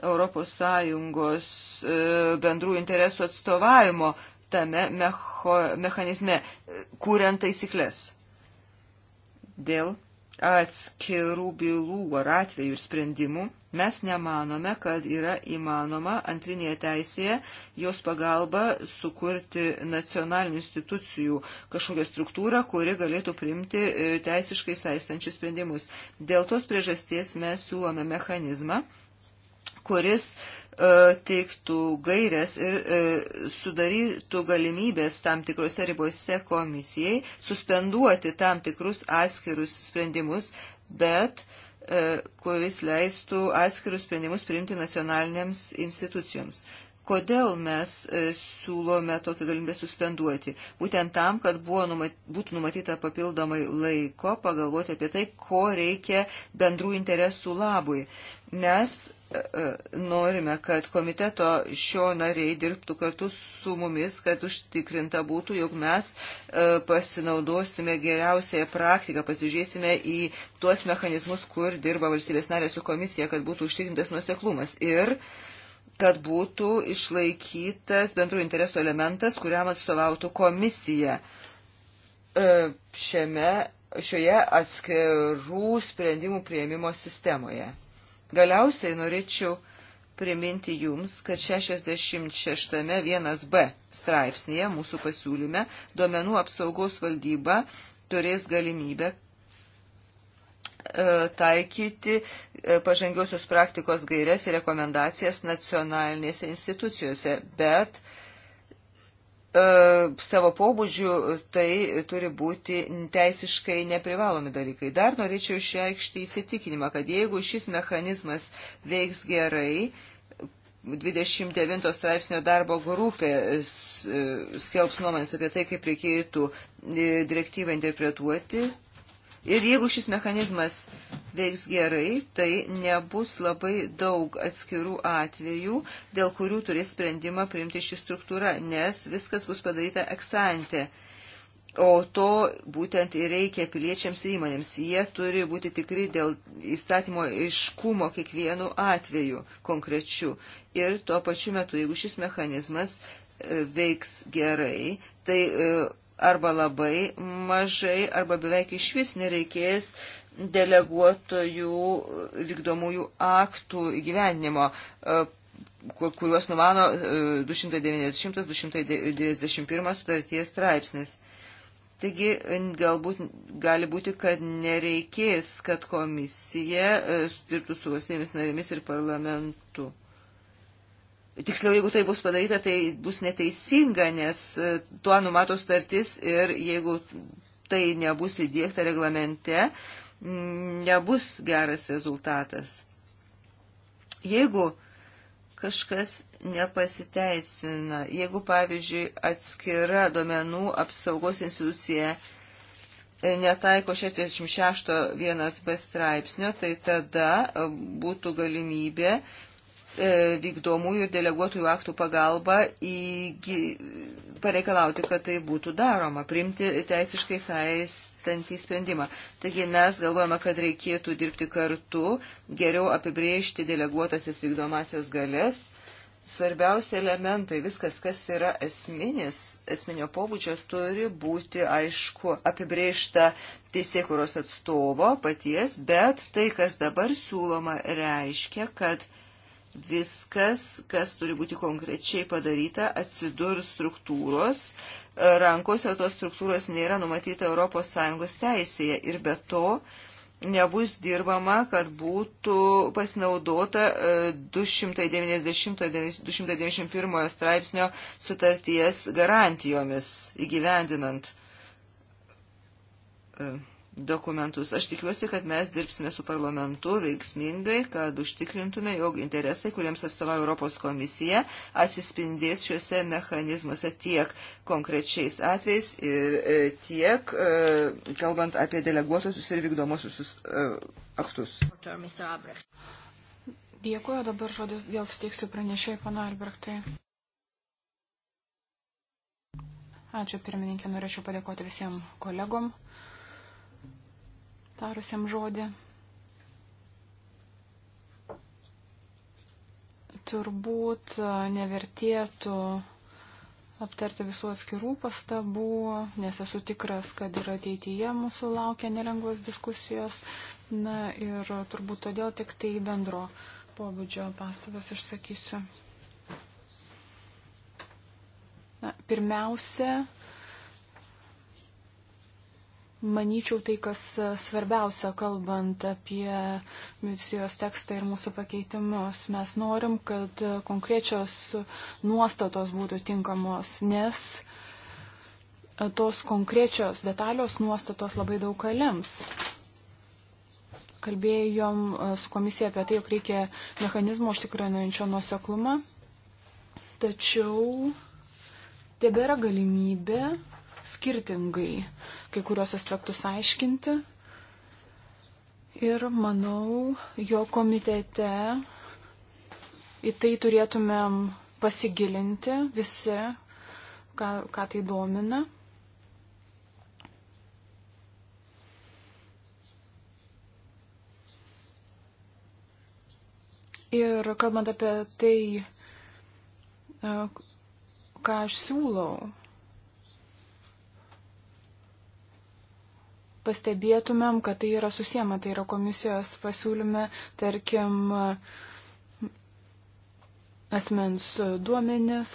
ES e, bendrų interesų atstovavimo tame mecho, mechanizme, kuriant taisyklės. Dėl atskirų bylų ar atvejų ir sprendimų, mes nemanome, kad yra įmanoma antrinėje teisėje jos pagalba sukurti nacionalinių institucijų kažkokią struktūrą, kuri galėtų priimti e, teisiškai saistančius sprendimus. Dėl tos priežasties mes siūlome mechanizmą, kuris uh, E, teiktų gairias ir e, sudarytų galimybės tam tikrose ribose komisijai suspenduoti tam tikrus atskirus sprendimus, bet e, kuris leistų atskirus sprendimus priimti nacionalinėms institucijoms. Kodėl mes siūlome tokią galimybę suspenduoti? Būtent tam, kad buvo numat, būtų numatyta papildomai laiko pagalvoti apie tai, ko reikia bendrų interesų labui. Nes norime, kad komiteto šio nariai dirbtų kartu su mumis, kad užtikrinta būtų, jog mes e, pasinaudosime geriausiąją praktiką, pasižiūrėsime į tuos mechanizmus, kur dirba valstybės narė su komisija, kad būtų užtikrintas nuoseklumas ir kad būtų išlaikytas bendrų interesų elementas, kuriam atstovautų komisija e, šiame, šioje atskirų sprendimų prieimimo sistemoje. Galiausiai norėčiau priminti jums, kad 66.1b straipsnėje mūsų pasiūlyme duomenų apsaugos valdyba turės galimybę e, taikyti e, pažangiosios praktikos gairias ir rekomendacijas nacionalinėse institucijose, bet uh, E, savo pobūdžių tai turi būti teisiškai neprivalomi dalykai. Dar norėčiau išreikšti įsitikinimą, kad jeigu šis mechanizmas veiks gerai, 29 straipsnio darbo grupė e, skelbs nuomonės apie tai, kaip reikėtų e, direktyvą interpretuoti, Ir jeigu šis mechanizmas veiks gerai, tai nebus labai daug atskirų atvejų, dėl kurių turės sprendimą priimti šį struktūrą, nes viskas bus padaryta eksante. O to būtent ir reikia piliečiams ir įmonėms. Jie turi būti tikri dėl įstatymo iškumo kiekvienu atveju konkrečiu. Ir tuo pačiu metu, jeigu šis mechanizmas e, veiks gerai, tai e, arba labai mažai, arba beveik iš vis nereikės deleguotojų vykdomųjų aktų įgyvendinimo, e, kuriuos numano 290-291 e, sutarties straipsnis. Taigi galbūt gali būti, kad nereikės, kad komisija e, dirbtų su valstybėmis narėmis ir parlamentu. Tiksliau, jeigu tai bus padaryta, tai bus neteisinga, nes e, tuo numato startis ir jeigu tai nebus įdėkta reglamente, mm, nebus geras rezultatas. Jeigu kažkas nepasiteisina, jeigu, pavyzdžiui, atskira duomenų apsaugos institucija e, netaiko 66.1b straipsnio, tai tada e, būtų galimybė E, vykdomųjų ir deleguotųjų aktų pagalba įgy... pareikalauti, kad tai būtų daroma, priimti teisiškai saistantį sprendimą. Taigi mes galvojame, kad reikėtų dirbti kartu, geriau apibriežti deleguotasias vykdomasias galės. Svarbiausia elementai, viskas, kas yra esminis, esminio pobūdžio, turi būti, aišku, apibriežta teisėkuros atstovo paties, bet tai, kas dabar siūloma, reiškia, kad viskas, kas turi būti konkrečiai padaryta, atsidurs struktūros. Rankose tos struktūros nėra numatyta ES teisėje ir be to nebus dirbama, kad būtų pasinaudota 290-291 e, straipsnio sutarties garantijomis įgyvendinant e, dokumentus. Aš tikiuosi, kad mes dirbsime su parlamentu veiksmingai, kad užtikrintume, jog interesai, kuriems atstovauja Europos komisija, atsispindės šiuose mechanizmuose tiek konkrečiais atvejais ir e, tiek e, kalbant apie deleguotusius ir vykdomosius e, aktus. Dėkuoju, dabar žodį vėl suteiksiu pranešėjai pana Albrechtai. Ačiū pirmininkė, norėčiau padėkoti visiems kolegom tarusiam žodį. Turbūt e, nevertėtų aptarti visų atskirų pastabų, nes esu tikras, kad ir ateityje mūsų laukia nelengvos diskusijos. Na ir turbūt todėl tik tai bendro pobūdžio pastabas išsakysiu. Na, pirmiausia, manyčiau, tai, kas e, svarbiausia, kalbant apie misijos tekstą ir mūsų pakeitimus. Mes norim, kad e, konkrečios nuostatos būtų tinkamos, nes e, tos konkrečios detalios nuostatos labai daug kaliams. Kalbėjom su komisija apie tai, jog reikia mechanizmo užtikrinančio nuoseklumą, tačiau tebėra galimybė skirtingai kai kurios aspektus aiškinti. Ir manau, jo komitete į tai turėtumėm pasigilinti visi, ką, ką tai domina. Ir kalbant apie tai, e, ką aš siūlau, pastebėtumėm, kad tai yra susiema, tai yra komisijos pasiūlyme, tarkim, asmens duomenis,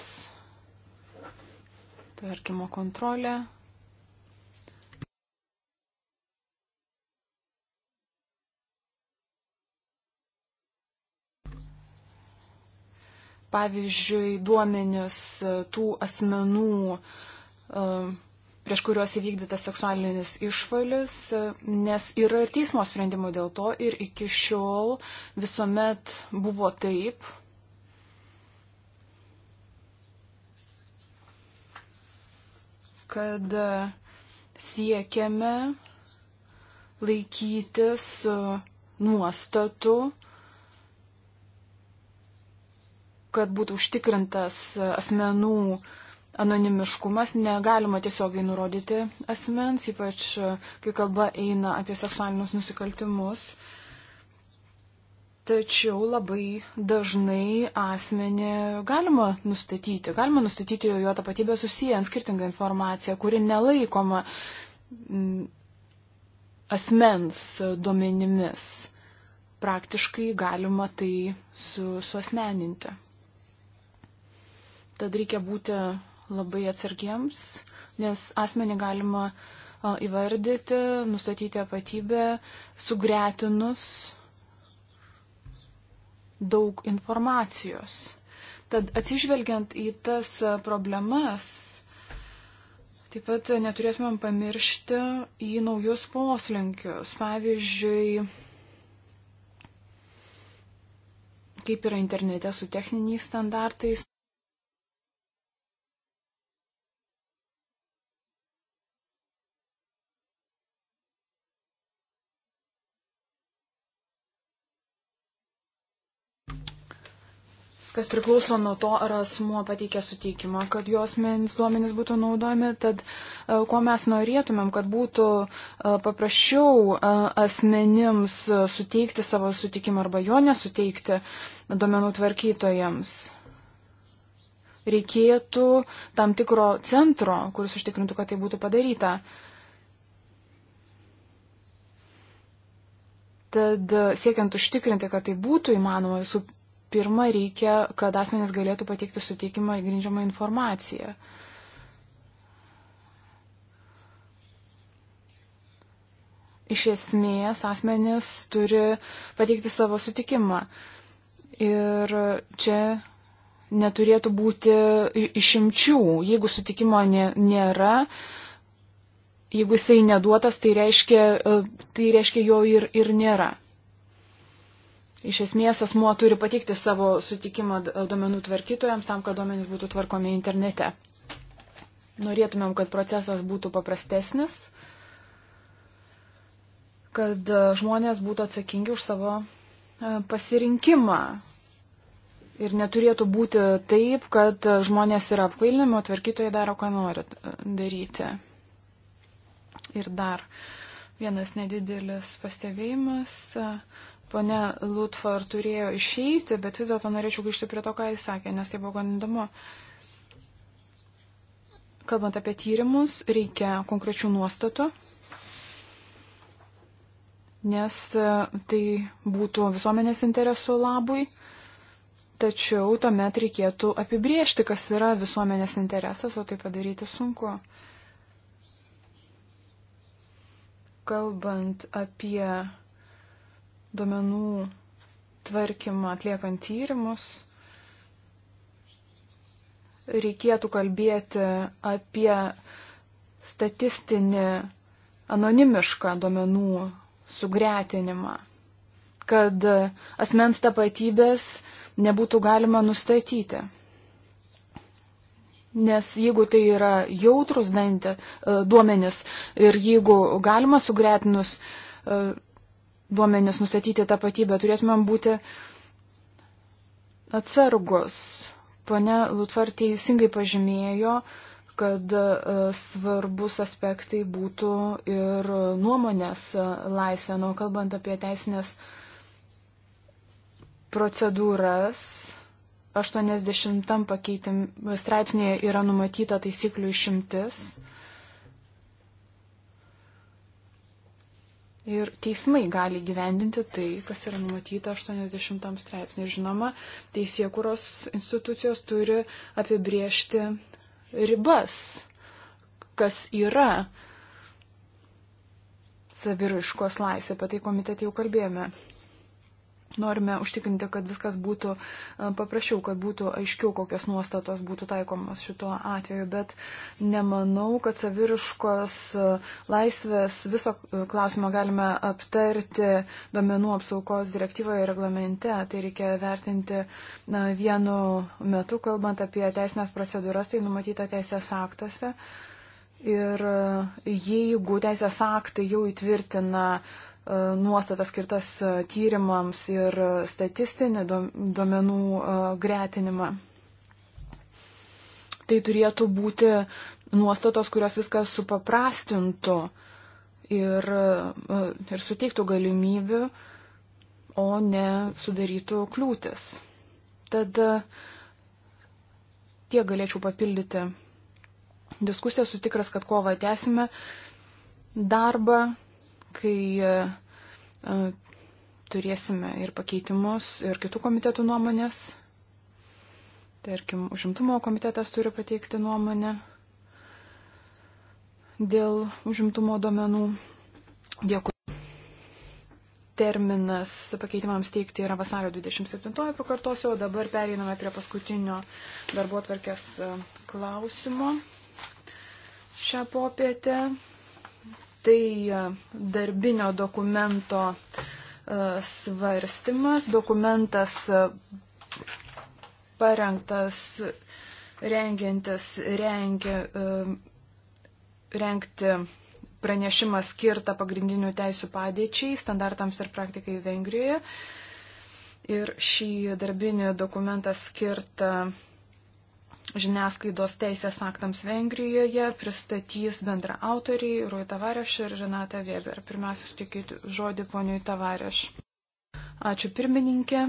tvarkymo kontrolė. Pavyzdžiui, duomenis tų asmenų uh, prieš kuriuos įvykdytas seksualinis išvalis, nes yra ir teismo sprendimų dėl to ir iki šiol visuomet buvo taip. kad siekiame laikytis nuostatų, kad būtų užtikrintas asmenų anonimiškumas, negalima tiesiogiai nurodyti asmens, ypač e, kai kalba eina apie seksualinius nusikaltimus. Tačiau labai dažnai asmenį galima nustatyti, galima nustatyti jo tapatybę susijęs skirtingą informaciją, kuri nelaikoma asmens duomenimis. Praktiškai galima tai su, suosmeninti. Tad reikia būti labai atsargiems, nes asmenį galima įvardyti, nustatyti apatybę, sugretinus daug informacijos. Tad atsižvelgiant į tas problemas, taip pat neturėtumėm pamiršti į naujus poslinkius. Pavyzdžiui, kaip yra internete su techniniais standartais. kas priklauso nuo to, ar asmuo pateikė sutikimą, kad jo asmenys duomenys būtų naudojami, tad e, ko mes norėtumėm, kad būtų e, paprasčiau e, asmenims suteikti savo sutikimą arba jo nesuteikti duomenų tvarkytojams. Reikėtų tam tikro centro, kuris užtikrintų, kad tai būtų padaryta. Tad siekiant užtikrinti, kad tai būtų įmanoma, visų pirmą reikia, kad asmenys galėtų pateikti sutikimą grindžiamą informaciją. Iš esmės asmenys turi pateikti savo sutikimą. Ir čia neturėtų būti išimčių. Jeigu sutikimo nėra, jeigu jisai neduotas, tai reiškia, e, tai reiškia jo ir, ir nėra. Iš esmės asmuo turi pateikti savo sutikimą duomenų tvarkytojams tam, kad duomenys būtų tvarkomi internete. Norėtumėm, kad procesas būtų paprastesnis, kad e, žmonės būtų atsakingi už savo e, pasirinkimą. Ir neturėtų būti taip, kad e, žmonės yra apkvailinami, o tvarkytojai daro, ką nori daryti. Ir dar vienas nedidelis pastebėjimas. Uh, Pone Lutfar turėjo išeiti, bet vis dėlto norėčiau grįžti prie to, ką jis sakė, nes tai buvo gan įdomu. Kalbant apie tyrimus, reikia konkrečių nuostatų, nes e, tai būtų visuomenės interesų labui, tačiau tuomet reikėtų apibriežti, kas yra visuomenės interesas, o tai padaryti sunku. Kalbant apie duomenų tvarkymą atliekant tyrimus, reikėtų kalbėti apie statistinį anonimišką duomenų sugretinimą, kad asmens tapatybės nebūtų galima nustatyti. Nes jeigu tai yra jautrus dantė, e, duomenis ir jeigu galima sugretinus e, duomenis nustatyti tapatybę, turėtumėm būti atsargus. Pane Lutvar teisingai pažymėjo, kad e, svarbus aspektai būtų ir nuomonės e, laisvė, nu, kalbant apie teisinės procedūras. 80 pakeitim straipsnėje yra numatyta taisyklių išimtis. Mhm. ir teismai gali gyvendinti tai, kas yra numatyta 80 straipsnį. Žinoma, teisėkuros institucijos turi apibriežti ribas, kas yra saviraiškos laisvė, apie tai komitete jau kalbėjome. Norime užtikrinti, kad viskas būtų e, paprasčiau, kad būtų aiškiau, kokios nuostatos būtų taikomos šituo atveju, bet nemanau, kad saviriškos e, laisvės viso e, klausimo galime aptarti domenų apsaugos direktyvoje ir reglamente. Tai reikia vertinti na, vienu metu, kalbant apie teisinės procedūras, tai numatyta teisės aktuose. Ir jeigu teisės aktai jau įtvirtina uh, E, nuostatas skirtas e, tyrimams ir statistinį duomenų e, gretinimą. Tai turėtų būti nuostatos, kurios viskas supaprastintų ir, ir suteiktų galimybių, o ne sudarytų kliūtis. Tad tiek galėčiau papildyti diskusiją, sutikras, kad kovą tęsime darbą kai e, turėsime ir pakeitimus, ir kitų komitetų nuomonės. Tarkim, užimtumo komitetas turi pateikti nuomonę dėl užimtumo duomenų. Dėkui. Terminas pakeitimams teikti yra vasario 27-oji pakartosiu, o dabar pereiname prie paskutinio darbo atvarkės e, klausimo šią popietę tai e, darbinio dokumento e, svarstymas. Dokumentas e, parengtas rengiantis rengia, rengti pranešimą skirtą pagrindinių teisų padėčiai, standartams ir praktikai Vengrijoje. Ir šį darbinį dokumentą skirtą žiniasklaidos teisės aktams Vengrijoje pristatys bendra autoriai Rui Tavareš ir Renata Weber. Pirmiausia, sutikit žodį poniui Tavareš. Ačiū pirmininkė.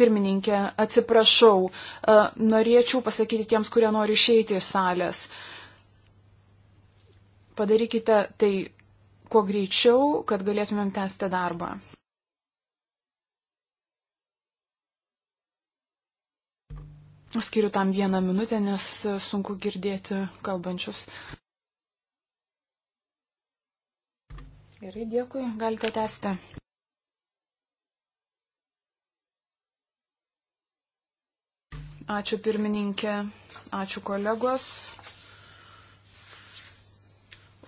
Pirmininkė, atsiprašau, e, norėčiau pasakyti tiems, kurie nori išeiti iš salės. Padarykite tai kuo greičiau, kad galėtumėm tęsti darbą. Skiriu tam vieną minutę, nes e, sunku girdėti kalbančius. Gerai, dėkui, galite tęsti. Ačiū pirmininkė, ačiū kolegos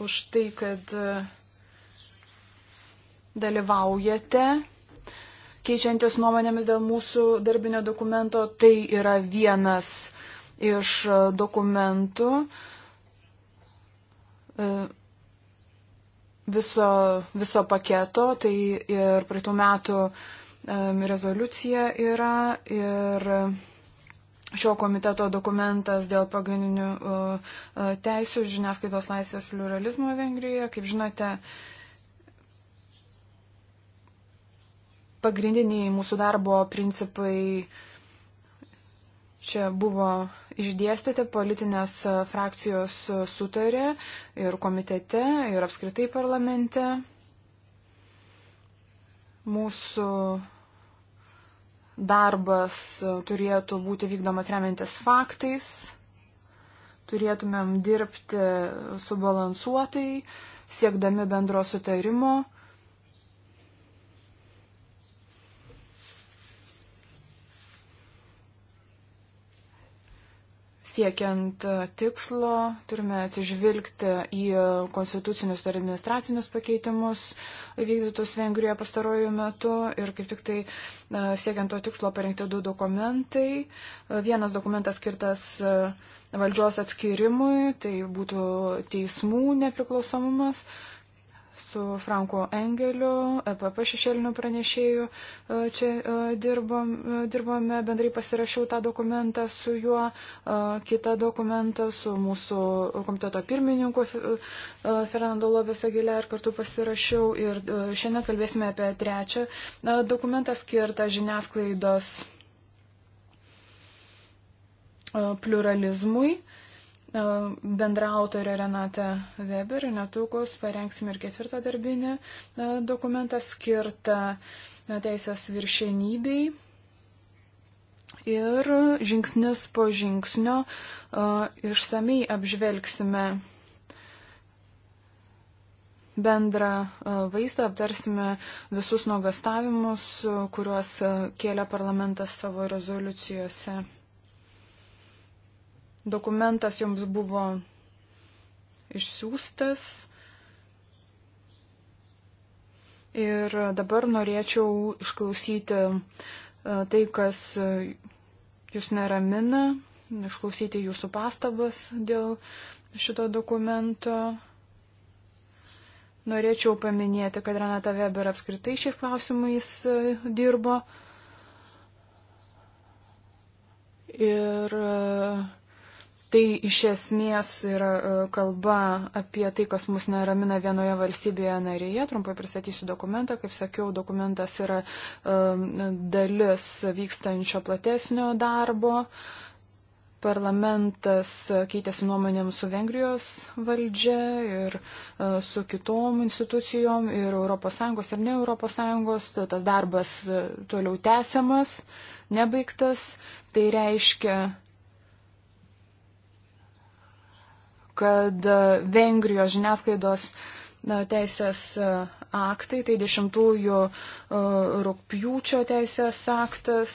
už tai, kad e, dalyvaujate keičiantis nuomonėmis dėl mūsų darbinio dokumento. Tai yra vienas iš e, dokumentų e, viso, viso paketo. Tai ir praeitų metų e, rezoliucija yra ir šio komiteto dokumentas dėl pagrindinių teisų žiniasklaidos laisvės pluralizmo Vengrijoje. Kaip žinote, uh, pagrindiniai mūsų darbo principai čia buvo išdėstyti, politinės frakcijos sutarė ir komitete, ir apskritai parlamente. Mūsų darbas turėtų būti vykdomas remiantis faktais, turėtumėm dirbti subalansuotai, siekdami bendro sutarimo Siekiant e, tikslo, turime atsižvilgti į konstitucinius ir administracinius pakeitimus vykdytus Vengrijoje pastarojų metų ir kaip tik tai e, siekiant to tikslo parengti du dokumentai. E, vienas dokumentas skirtas valdžios atskirimui, tai būtų teismų nepriklausomumas su Franku Engeliu, EPP šešėliniu pranešėju. E, čia e, dirbom, e, dirbome, bendrai pasirašiau tą dokumentą su juo, kitą dokumentą su mūsų komiteto pirmininku Fernando Lobės Agilė ir kartu pasirašiau. Ir šiandien kalbėsime apie trečią dokumentą skirtą žiniasklaidos pluralizmui bendrautorė Renata Weber. Netrukus parengsime ir ketvirtą darbinį dokumentą skirtą teisės viršenybei. Ir žingsnis po žingsnio išsamei apžvelgsime bendrą vaizdą, aptarsime visus nuogastavimus, kuriuos kėlė parlamentas savo rezoliucijose. Dokumentas jums buvo išsiųstas. Ir dabar norėčiau išklausyti e, tai, kas e, jūs neramina, išklausyti jūsų pastabas dėl šito dokumento. Norėčiau paminėti, kad Renata Weber apskritai šiais klausimais e, dirbo. Ir uh, Tai iš esmės yra e, kalba apie tai, kas mus neramina vienoje valstybėje narėje. Trumpai pristatysiu dokumentą. Kaip sakiau, dokumentas yra e, dalis vykstančio platesnio darbo. Parlamentas keitėsi nuomonėm su Vengrijos valdžia ir e, su kitom institucijom ir ES ir ne ES. Tas darbas toliau tęsiamas, nebaigtas. Tai reiškia, kad e, Vengrijos žiniasklaidos e, teisės e, aktai, tai dešimtųjų rūpjūčio teisės aktas,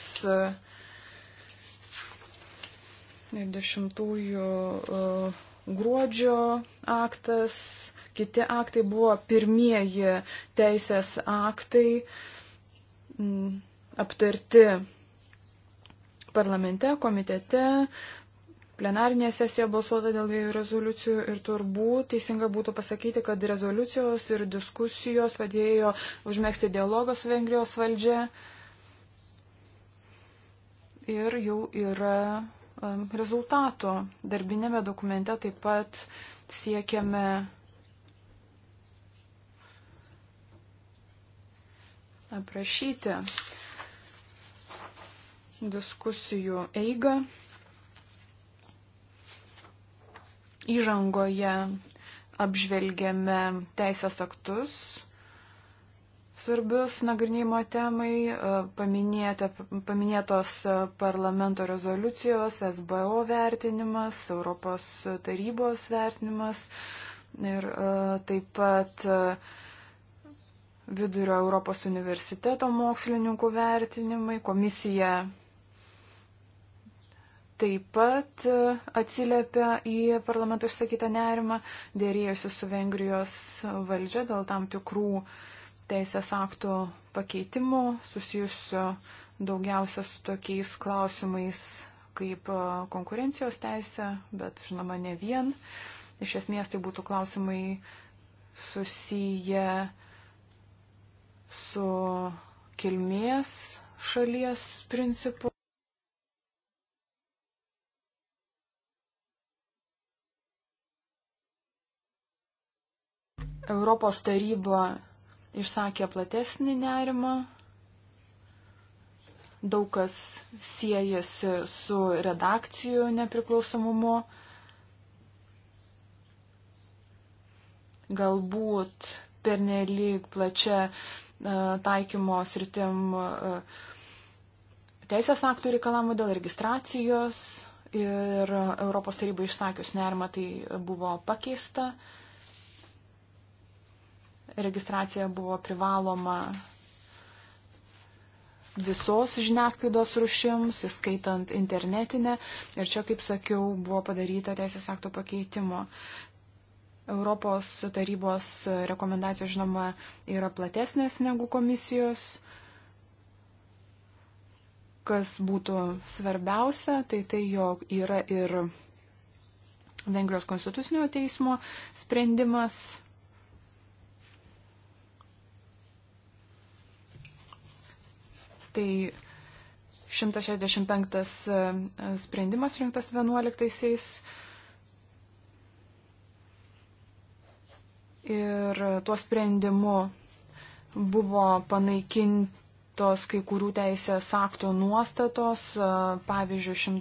dešimtųjų gruodžio aktas, kiti aktai buvo pirmieji teisės aktai aptarti parlamente, komitete, plenarinėje sesijoje balsuota dėl dviejų rezoliucijų ir turbūt teisinga būtų pasakyti, kad rezoliucijos ir diskusijos padėjo užmėgsti dialogą su Vengrijos valdžia. Ir jau yra um, rezultatų. Darbinėme dokumente taip pat siekiame aprašyti diskusijų eigą įžangoje apžvelgėme teisės aktus svarbius nagrinėjimo temai, e, paminėta, paminėtos parlamento rezoliucijos, SBO vertinimas, Europos tarybos vertinimas ir e, taip pat e, Vidurio Europos universiteto mokslininkų vertinimai, komisija taip pat e, atsiliepia į parlamento išsakytą nerimą, dėrėjusi su Vengrijos valdžia dėl tam tikrų teisės aktų pakeitimų, susijusiu daugiausia su tokiais klausimais kaip e, konkurencijos teisė, bet žinoma ne vien. Iš esmės tai būtų klausimai susiję su kilmės šalies principu. Europos taryba išsakė platesnį nerimą. Daug kas siejasi su redakcijų nepriklausomumu. Galbūt pernelyg plačia e, taikymo sritim e, teisės aktų reikalavimų dėl registracijos ir Europos tarybai išsakius nerimą tai buvo pakeista. Uh, registracija buvo privaloma visos žiniasklaidos rušims, įskaitant internetinę. Ir čia, kaip sakiau, buvo padaryta teisės akto pakeitimo. Europos tarybos rekomendacijos, žinoma, yra platesnės negu komisijos. Kas būtų svarbiausia, tai tai, jog yra ir Vengrijos konstitucinio teismo sprendimas Tai 165 e, sprendimas rimtas 11-aisiais. Ir tuo sprendimu buvo panaikintos kai kurių teisės akto nuostatos, e, pavyzdžiui,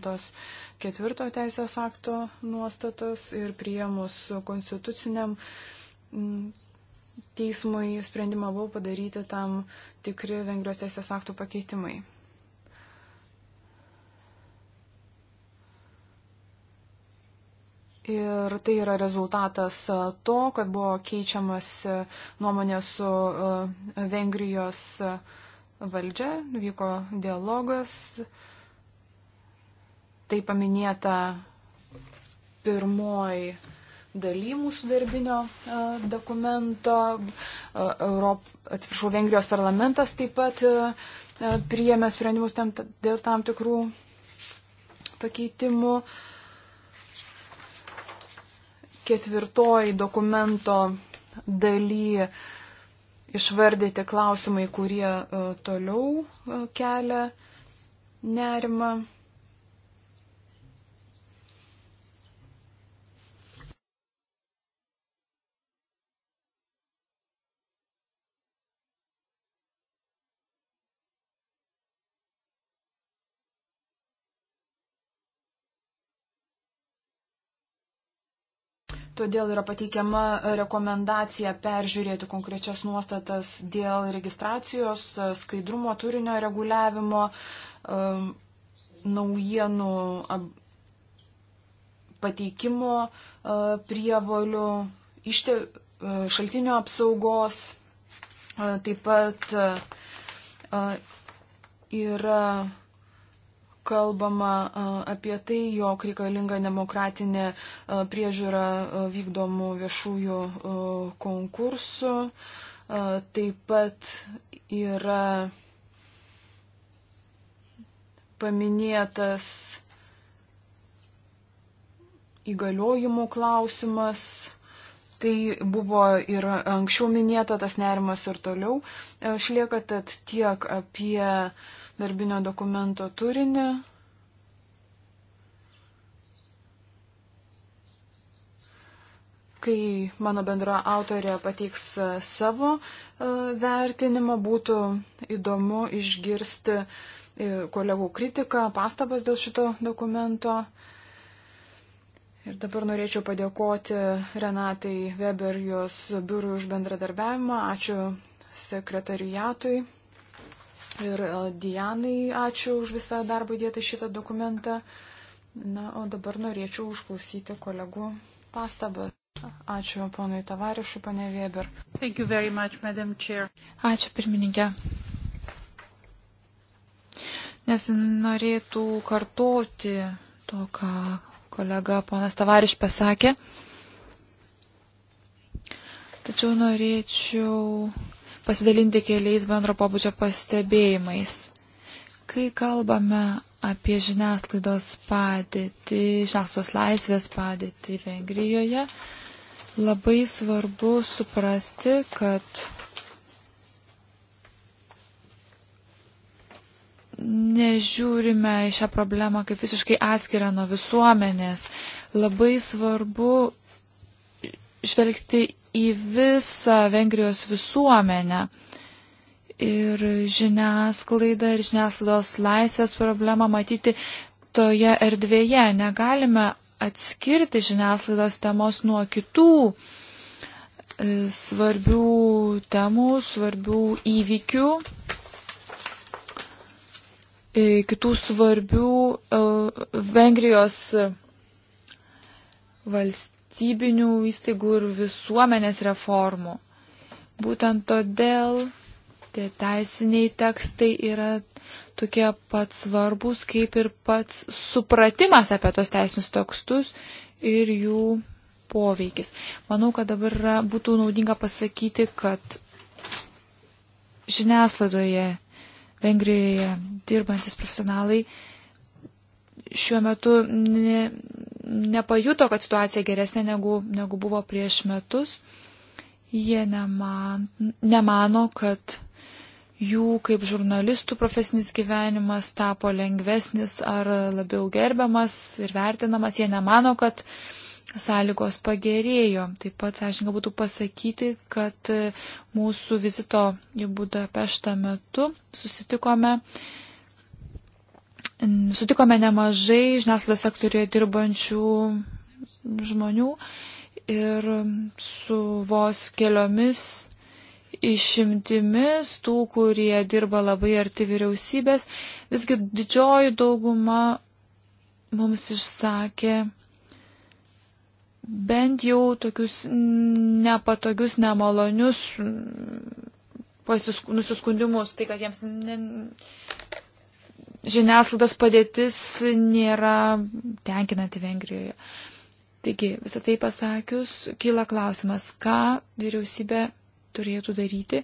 104 teisės akto nuostatos ir priemus konstituciniam teismui sprendimą buvo padaryti tam tikri Vengrijos teisės aktų pakeitimai. Ir tai yra rezultatas e, to, kad buvo keičiamas e, nuomonė su e, Vengrijos valdžia, vyko dialogas. Tai paminėta pirmoji daly mūsų darbinio e, dokumento. E, Europ, atsiprašau, Vengrijos parlamentas taip pat e, priėmė sprendimus tam, dėl tam tikrų pakeitimų. Ketvirtoji dokumento daly išvardyti klausimai, kurie toliau kelia nerimą. Todėl yra pateikiama rekomendacija peržiūrėti konkrečias nuostatas dėl registracijos, skaidrumo turinio reguliavimo, um, naujienų pateikimo uh, prievolių, ište, uh, šaltinio apsaugos. Uh, taip pat yra kalbama apie tai, jog reikalinga demokratinė priežiūra vykdomų viešųjų konkursų. Taip pat yra paminėtas įgaliojimų klausimas. Tai buvo ir anksčiau minėta, tas nerimas ir toliau išlieka, tad tiek apie uh, darbinio dokumento turinį. Kai mano bendra autorė pateiks e, savo e, vertinimą, būtų įdomu išgirsti e, kolegų kritiką, pastabas dėl šito dokumento. Ir dabar norėčiau padėkoti Renatai Weber jos biurui už bendradarbiavimą. Ačiū sekretariatui. Ir e, Dianai ačiū už visą darbą įdėtą šitą dokumentą. Na, o dabar norėčiau užklausyti kolegų pastabą. Ačiū ponui Tavarišui, pane Weber. Much, Ačiū pirmininkė. Nes norėtų kartoti to, ką kolega ponas Tavariš pasakė. Tačiau norėčiau pasidalinti keliais bendro pobūdžio pastebėjimais. Kai kalbame apie žiniasklaidos padėtį, žiniasklaidos laisvės padėtį Vengrijoje, labai svarbu suprasti, kad nežiūrime į šią problemą kaip visiškai atskirą nuo visuomenės. Labai svarbu žvelgti į visą Vengrijos visuomenę. Ir žiniasklaida ir žiniasklaidos laisvės problema matyti toje erdvėje. Negalime atskirti žiniasklaidos temos nuo kitų e, svarbių temų, svarbių įvykių, e, kitų svarbių e, Vengrijos valstybių valstybinių įstaigų ir visuomenės reformų. Būtent todėl tie teisiniai tekstai yra tokie pat svarbus, kaip ir pats supratimas apie tos teisinius tekstus ir jų poveikis. Manau, kad dabar yra, būtų naudinga pasakyti, kad žiniaslaidoje Vengrijoje dirbantis profesionalai šiuo metu ne, nepajuto, kad situacija geresnė negu, negu buvo prieš metus. Jie neman, nemano, kad jų kaip žurnalistų profesinis gyvenimas tapo lengvesnis ar labiau gerbiamas ir vertinamas. Jie nemano, kad sąlygos pagerėjo. Taip pat sąžininkai būtų pasakyti, kad mūsų vizito į Budapeštą metu susitikome uh, sutikome nemažai žiniasklaidos sektoriuje dirbančių žmonių ir su vos keliomis išimtimis tų, kurie dirba labai arti vyriausybės, visgi didžioji dauguma mums išsakė bent jau tokius nepatogius, nemalonius pasisk... nusiskundimus, tai kad jiems ne, žiniasklaidos padėtis nėra tenkinanti Vengrijoje. Taigi, visą tai pasakius, kyla klausimas, ką vyriausybė turėtų daryti,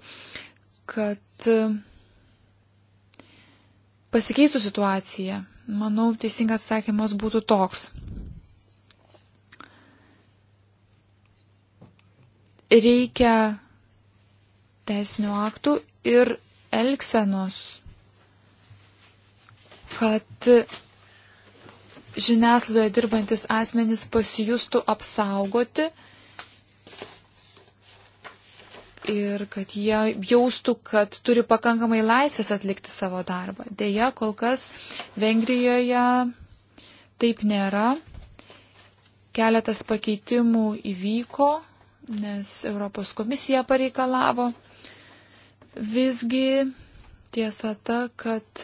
kad e, pasikeistų situacija. Manau, teisingas atsakymas būtų toks. Reikia teisinių aktų ir elksenos kad žiniaslaidoje dirbantis asmenys pasijustų apsaugoti ir kad jie jaustų, kad turi pakankamai laisvės atlikti savo darbą. Deja, kol kas Vengrijoje taip nėra. Keletas pakeitimų įvyko, nes Europos komisija pareikalavo. Visgi tiesa ta, kad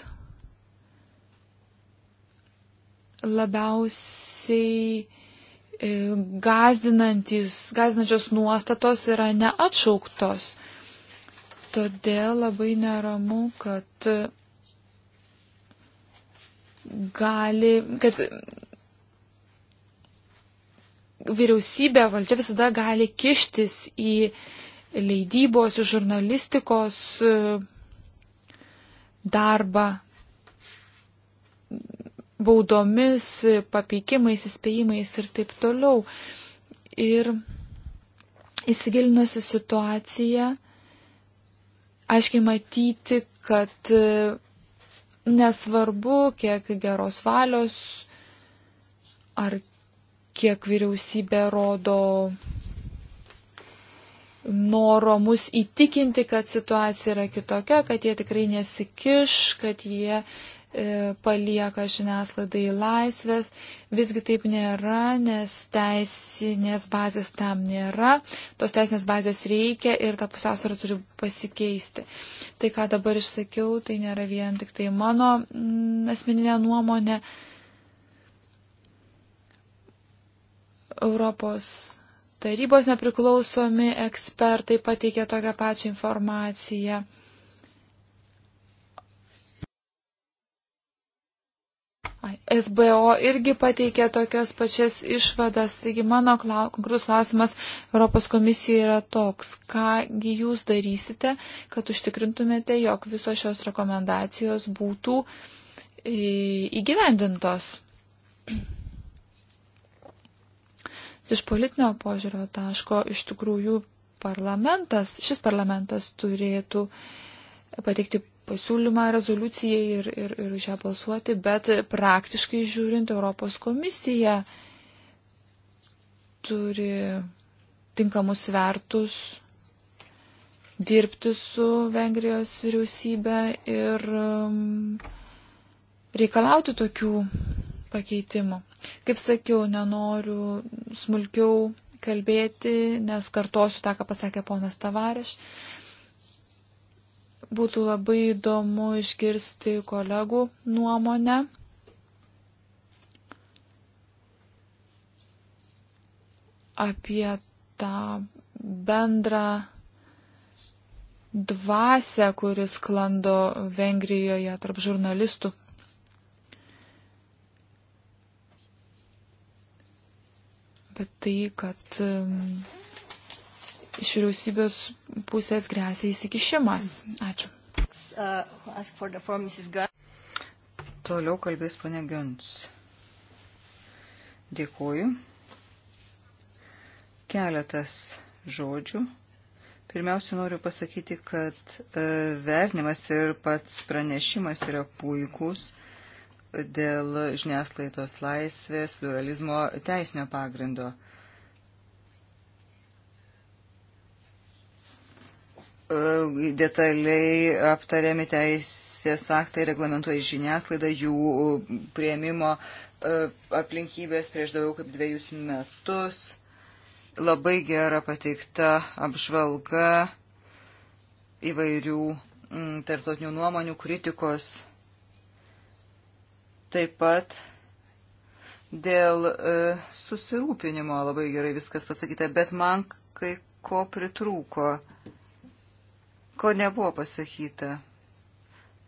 labiausiai e, gazdinančios nuostatos yra neatšauktos. Todėl labai neramu, kad gali, kad vyriausybė, valdžia visada gali kištis į leidybos, į žurnalistikos e, darbą, baudomis, papeikimais, įspėjimais ir taip toliau. Ir įsigilinusi situaciją, aiškiai matyti, kad e, nesvarbu, kiek geros valios ar kiek vyriausybė rodo noro mus įtikinti, kad situacija yra kitokia, kad jie tikrai nesikiš, kad jie E, palieka žiniaslaidai laisvės. Visgi taip nėra, nes teisinės bazės tam nėra. Tos teisinės bazės reikia ir ta pusiausvara turi pasikeisti. Tai, ką dabar išsakiau, tai nėra vien tik tai mano mm, asmeninė nuomonė. Europos tarybos nepriklausomi ekspertai pateikė tokią pačią informaciją. SBO irgi pateikė tokias pačias išvadas. Taigi mano konkrus klausimas Europos komisijai yra toks, kągi jūs darysite, kad užtikrintumėte, jog visos šios rekomendacijos būtų įgyvendintos. Iš politinio požiūrio taško iš tikrųjų parlamentas, šis parlamentas turėtų pateikti pasiūlymą rezoliucijai ir, ir, ir už ją balsuoti, bet praktiškai žiūrint, Europos komisija turi tinkamus svertus dirbti su Vengrijos vyriausybė ir um, reikalauti tokių pakeitimų. Kaip sakiau, nenoriu smulkiau kalbėti, nes kartosiu tą, ką pasakė ponas Tavariš. Būtų labai įdomu išgirsti kolegų nuomonę. apie tą bendrą dvasę, kuris klando Vengrijoje tarp žurnalistų. Bet tai, kad iš vyriausybės pusės grėsia įsikišimas. Ačiū. Toliau kalbės ponia Gönts. Dėkuoju. Keletas žodžių. Pirmiausia, noriu pasakyti, kad e, vertinimas ir pats pranešimas yra puikus dėl žiniasklaidos laisvės, pluralizmo teisinio pagrindo. E, detaliai aptariami teisės aktai reglamentuoja žiniasklaidą, jų prieimimo e, aplinkybės prieš daugiau kaip dviejus metus. Labai gera pateikta apžvalga įvairių mm, tarptautinių nuomonių, kritikos. Taip pat dėl e, susirūpinimo labai gerai viskas pasakyta, bet man kai ko pritrūko ko nebuvo pasakyta.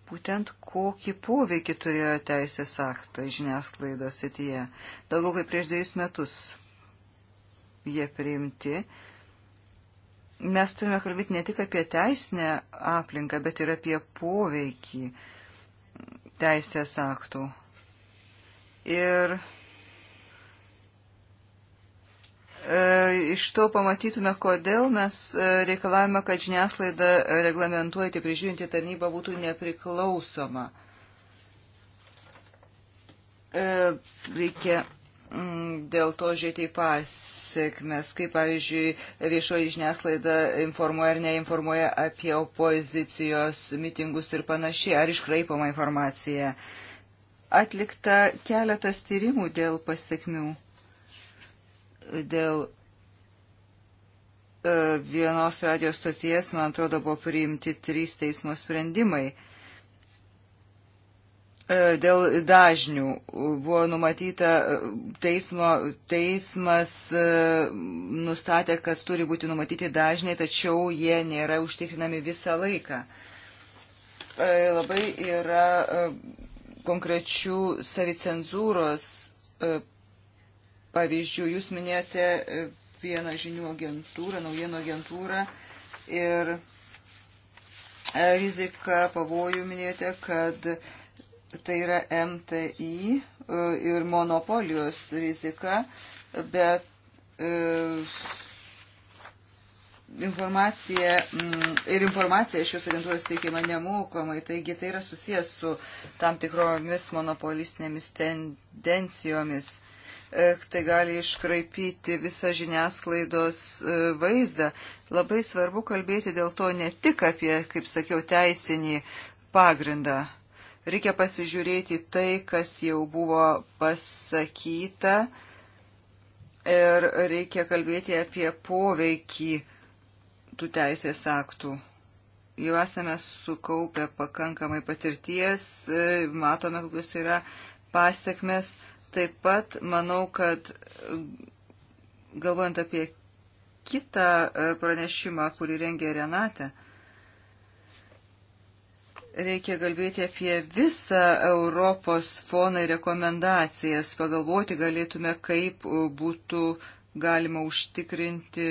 Būtent kokį poveikį turėjo teisės aktą žiniasklaidos sityje. Daugiau kaip prieš dviejus metus jie priimti. Mes turime kalbėti ne tik apie teisinę aplinką, bet ir apie poveikį teisės aktų. Ir E, iš to pamatytume, kodėl mes e, reikalavome, kad žiniasklaida reglamentuoti prižiūrinti tarnybą būtų nepriklausoma. E, reikia mm, dėl to žiūrėti į pasiekmes, kaip pavyzdžiui viešoji žiniasklaida informuoja ar neinformuoja apie opozicijos mitingus ir panašiai, ar iškraipama informacija. Atlikta keletas tyrimų dėl pasiekmių dėl e, vienos radijos stoties, man atrodo, buvo priimti trys teismo sprendimai. E, dėl dažnių buvo numatyta e, teismo, teismas nustatė, kad turi būti numatyti dažniai, tačiau jie nėra užtikrinami visą laiką. Labai yra konkrečių savicenzūros pavyzdžių. Jūs minėjote e, vieną žinių agentūrą, naujienų agentūrą ir e, riziką, pavojų minėjote, kad tai yra MTI e, ir monopolijos rizika, bet informacija ir informacija iš šios agentūros teikiama nemokamai, taigi tai yra susijęs su tam tikromis monopolistinėmis tendencijomis. E, tai gali iškraipyti visą žiniasklaidos e, vaizdą. Labai svarbu kalbėti dėl to ne tik apie, kaip sakiau, teisinį pagrindą. Reikia pasižiūrėti tai, kas jau buvo pasakyta ir reikia kalbėti apie poveikį tų teisės aktų. Jau esame sukaupę pakankamai patirties, e, matome, kokius yra pasiekmes, Taip pat manau, kad galvojant apie kitą e, pranešimą, kurį rengė Renate, reikia kalbėti apie visą Europos foną ir rekomendacijas. Pagalvoti galėtume, kaip e, būtų galima užtikrinti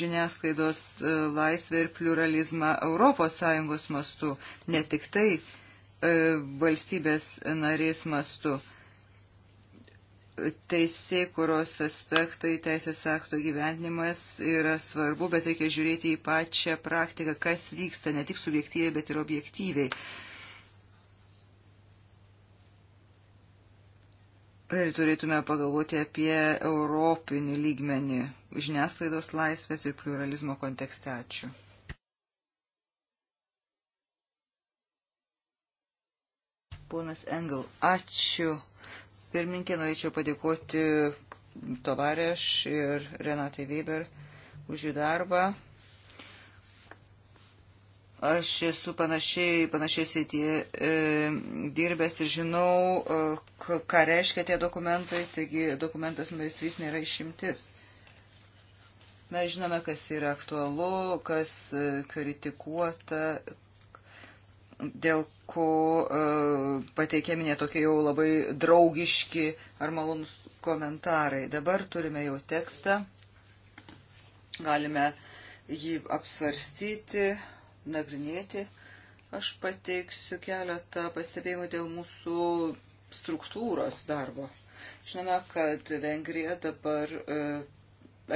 žiniasklaidos e, laisvę ir pluralizmą ES mastu, ne tik tai valstybės narės mastu teisėjai, kurios aspektai teisės akto gyvenimas yra svarbu, bet reikia žiūrėti į pačią praktiką, kas vyksta ne tik subjektyviai, bet ir objektyviai. Ir turėtume pagalvoti apie europinį lygmenį žiniasklaidos laisvės ir pluralizmo kontekste. Ačiū. Ponas Engel, ačiū. Pirminkė, norėčiau padėkoti Tovareš ir Renatai Weber už jų darbą. Aš esu panašiai, panašiai sėtie e, dirbęs ir žinau, e, ką reiškia tie dokumentai, taigi dokumentas numeris 3 nėra išimtis. Mes žinome, kas yra aktualu, kas e, kritikuota, dėl ko e, pateikiami netokie jau labai draugiški ar malonus komentarai. Dabar turime jau tekstą, galime jį apsvarstyti, nagrinėti. Aš pateiksiu keletą pastebėjimų dėl mūsų struktūros darbo. Žinome, kad Vengrija dabar e,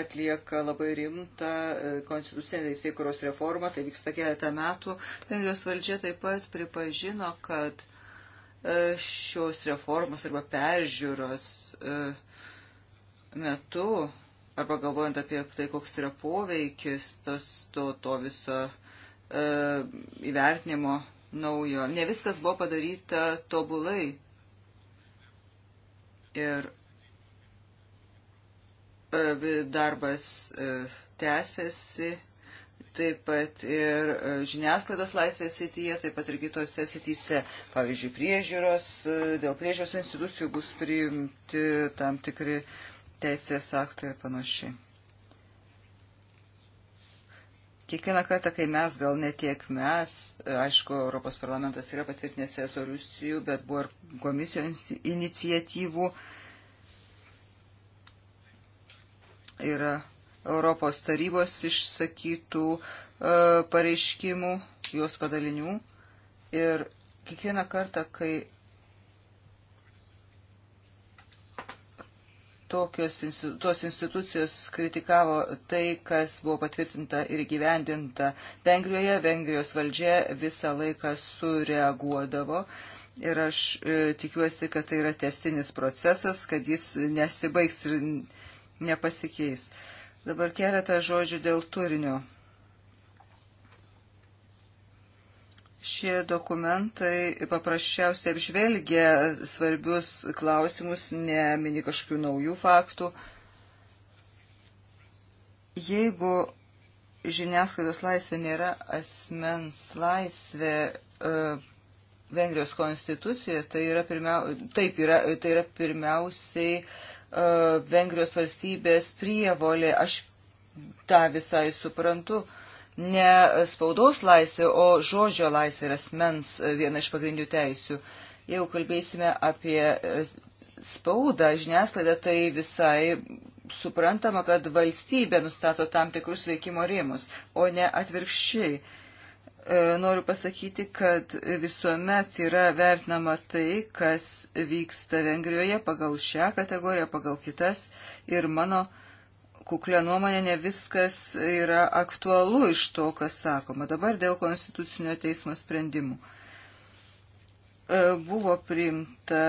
atlieka labai rimtą e, konstitucinę teisėkuros reformą, tai vyksta keletą metų. Vengrijos valdžia taip pat pripažino, kad e, šios reformos arba peržiūros e, metu, arba galvojant apie tai, koks yra poveikis tos, to, to viso įvertinimo naujo, ne viskas buvo padaryta tobulai. Ir E, darbas e, tęsiasi, taip pat ir e, žiniasklaidos laisvės sityje, taip pat ir kitose sityse, pavyzdžiui, priežiūros, dėl priežiūros institucijų bus priimti tam tikri teisės aktai ir panašiai. Kiekvieną kartą, kai mes, gal ne tiek mes, aišku, Europos parlamentas yra patvirtinęs rezoliucijų, bet buvo ir komisijos iniciatyvų, uh, yra Europos tarybos išsakytų e, pareiškimų, jos padalinių. Ir kiekvieną kartą, kai tokios, tos institucijos kritikavo tai, kas buvo patvirtinta ir gyvendinta Vengrijoje, Vengrijos valdžia visą laiką sureaguodavo. Ir aš e, tikiuosi, kad tai yra testinis procesas, kad jis nesibaigs ir nepasikeis. Dabar keletą žodžių dėl turinio. Šie dokumentai paprasčiausiai apžvelgia svarbius klausimus, nemini kažkokių naujų faktų. Jeigu žiniasklaidos laisvė nėra asmens laisvė, e, Vengrijos konstitucijoje, tai yra, pirmiau, taip, yra, tai yra pirmiausiai E, Vengrijos valstybės prievolė. Aš tą visai suprantu. Ne spaudos laisvė, o žodžio laisvė yra asmens e, viena iš pagrindinių teisių. Jeigu kalbėsime apie e, spaudą, žiniasklaidą, tai visai suprantama, kad valstybė nustato tam tikrus veikimo rėmus, o ne atvirkščiai. E, noriu pasakyti, kad visuomet yra vertinama tai, kas vyksta Vengrijoje pagal šią kategoriją, pagal kitas. Ir mano kuklė nuomonė ne viskas yra aktualu iš to, kas sakoma. Dabar dėl Konstitucinio teismo sprendimų. E, buvo priimta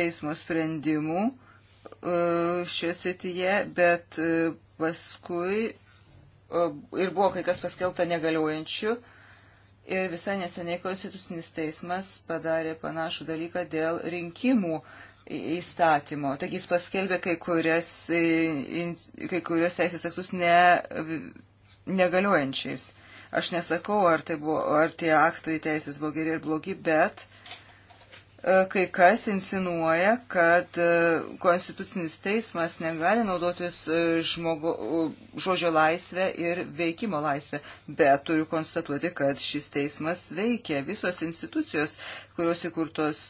teismo sprendimų e, šioje srityje, bet paskui E, ir buvo kai kas paskelbta negaliojančiu. Ir visai neseniai Konstitucinis teismas padarė panašų dalyką dėl rinkimų įstatymo. Taigi jis paskelbė kai kurias, e, kai kurias teisės aktus ne, negaliojančiais. Aš nesakau, ar, tai buvo, ar tie aktai teisės buvo geri ar blogi, bet uh, E, kai kas insinuoja, kad e, konstitucinis teismas negali naudotis e, žmogu, žodžio laisvę ir veikimo laisvę, bet turiu konstatuoti, kad šis teismas veikia. Visos institucijos, kurios įkurtos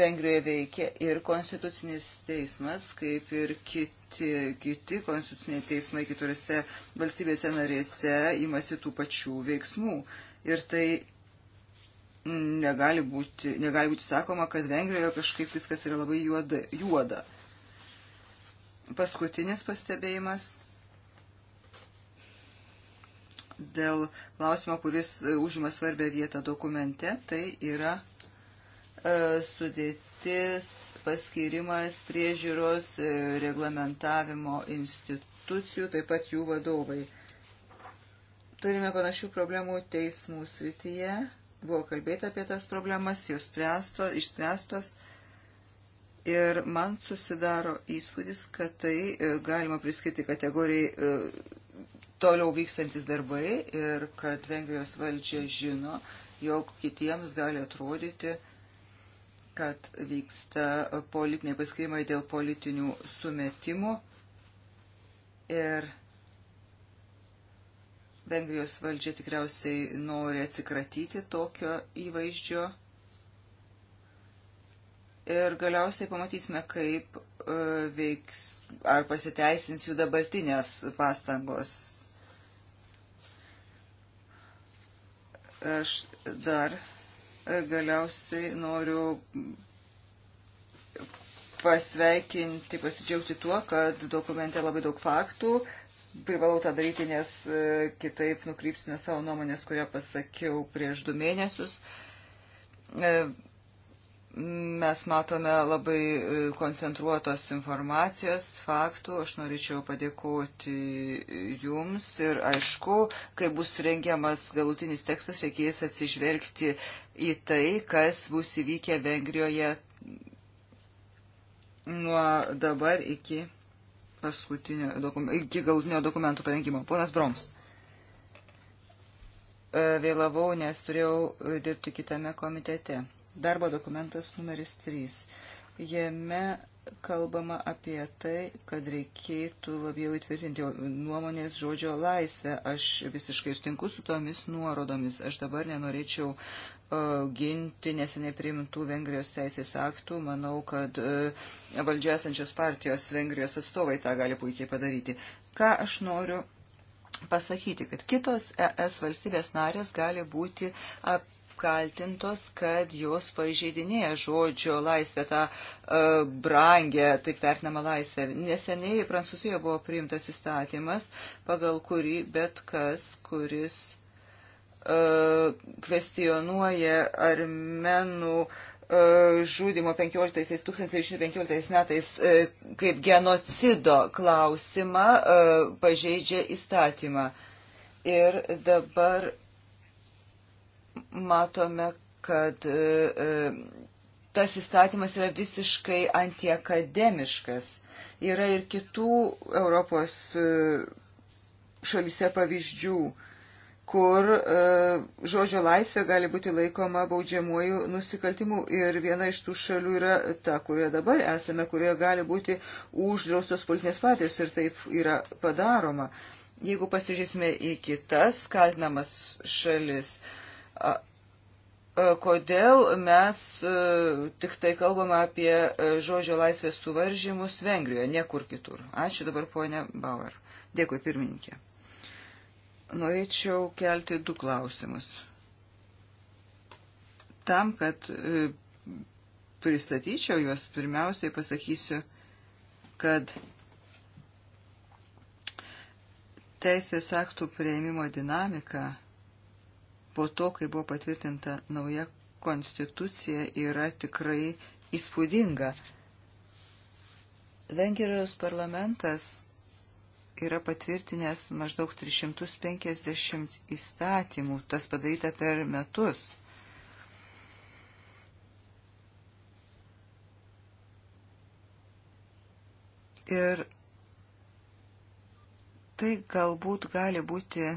Vengrijoje veikia ir konstitucinis teismas, kaip ir kiti, kiti konstituciniai teismai kitose valstybėse narėse imasi tų pačių veiksmų. Ir tai negali būti, negali būti sakoma, kad Vengrijoje kažkaip viskas yra labai juoda. juoda. Paskutinis pastebėjimas dėl klausimo, kuris e, užima svarbę vietą dokumente, tai yra e, sudėtis, paskirimas, priežiūros, e, reglamentavimo institucijų, taip pat jų vadovai. Turime panašių problemų teismų srityje Buvo kalbėta apie tas problemas, jos spręsto, išspręstos. Ir man susidaro įspūdis, kad tai e, galima priskirti kategorijai e, toliau vykstantis darbai ir kad Vengrijos valdžia žino, jog kitiems gali atrodyti, kad vyksta politiniai paskirimai dėl politinių sumetimų ir Vengrijos valdžia tikriausiai nori atsikratyti tokio įvaizdžio. Ir galiausiai pamatysime, kaip e, veiks ar pasiteisins jų dabartinės pastangos. Aš dar e, galiausiai noriu pasveikinti, pasidžiaugti tuo, kad dokumente labai daug faktų, privalau tą daryti, nes e, kitaip nukrypsime savo nuomonės, kurią pasakiau prieš du mėnesius. E, mes matome labai e, koncentruotos informacijos, faktų. Aš norėčiau padėkoti Jums ir aišku, kai bus rengiamas galutinis tekstas, reikės atsižvelgti į tai, kas bus įvykę Vengrijoje nuo dabar iki paskutinio dokumento, iki galutinio dokumento parengimo. Ponas Broms. E, vėlavau, nes turėjau e, dirbti kitame komitete. Darbo dokumentas numeris 3. Jame kalbama apie tai, kad reikėtų labiau įtvirtinti nuomonės žodžio laisvę. Aš visiškai sutinku su tomis nuorodomis. Aš dabar nenorėčiau ginti neseniai priimtų Vengrijos teisės aktų. Manau, kad e, valdžia esančios partijos Vengrijos atstovai tą gali puikiai padaryti. Ką aš noriu pasakyti, kad kitos ES valstybės narės gali būti apkaltintos, kad jos pažeidinėja žodžio laisvę, tą e, brangę, taip vertinamą laisvę. Neseniai Prancūzijoje buvo priimtas įstatymas, pagal kurį bet kas, kuris E, kvestionuoja armenų e, žudimo 15-1915 metais e, kaip genocido klausimą pažeidžia įstatymą. Ir dabar matome, kad tas įstatymas yra visiškai antiakademiškas. Yra ir kitų Europos šalyse pavyzdžių kur e, žodžio laisvė gali būti laikoma baudžiamuoju nusikaltimu. Ir viena iš tų šalių yra ta, kurioje dabar esame, kurioje gali būti uždraustos politinės partijos ir taip yra padaroma. Jeigu pasižiūrėsime į kitas kaltinamas šalis, kodėl mes e, tik tai kalbame apie e, žodžio laisvės suvaržymus Vengrijoje, niekur kitur. Ačiū dabar, ponė Bauer. Dėkui, pirmininkė norėčiau kelti du klausimus. Tam, kad e, pristatyčiau juos, pirmiausiai pasakysiu, kad teisės aktų prieimimo dinamika po to, kai buvo patvirtinta nauja konstitucija, yra tikrai įspūdinga. Vengrijos parlamentas yra patvirtinęs maždaug 350 įstatymų, tas padaryta per metus. Ir tai galbūt gali būti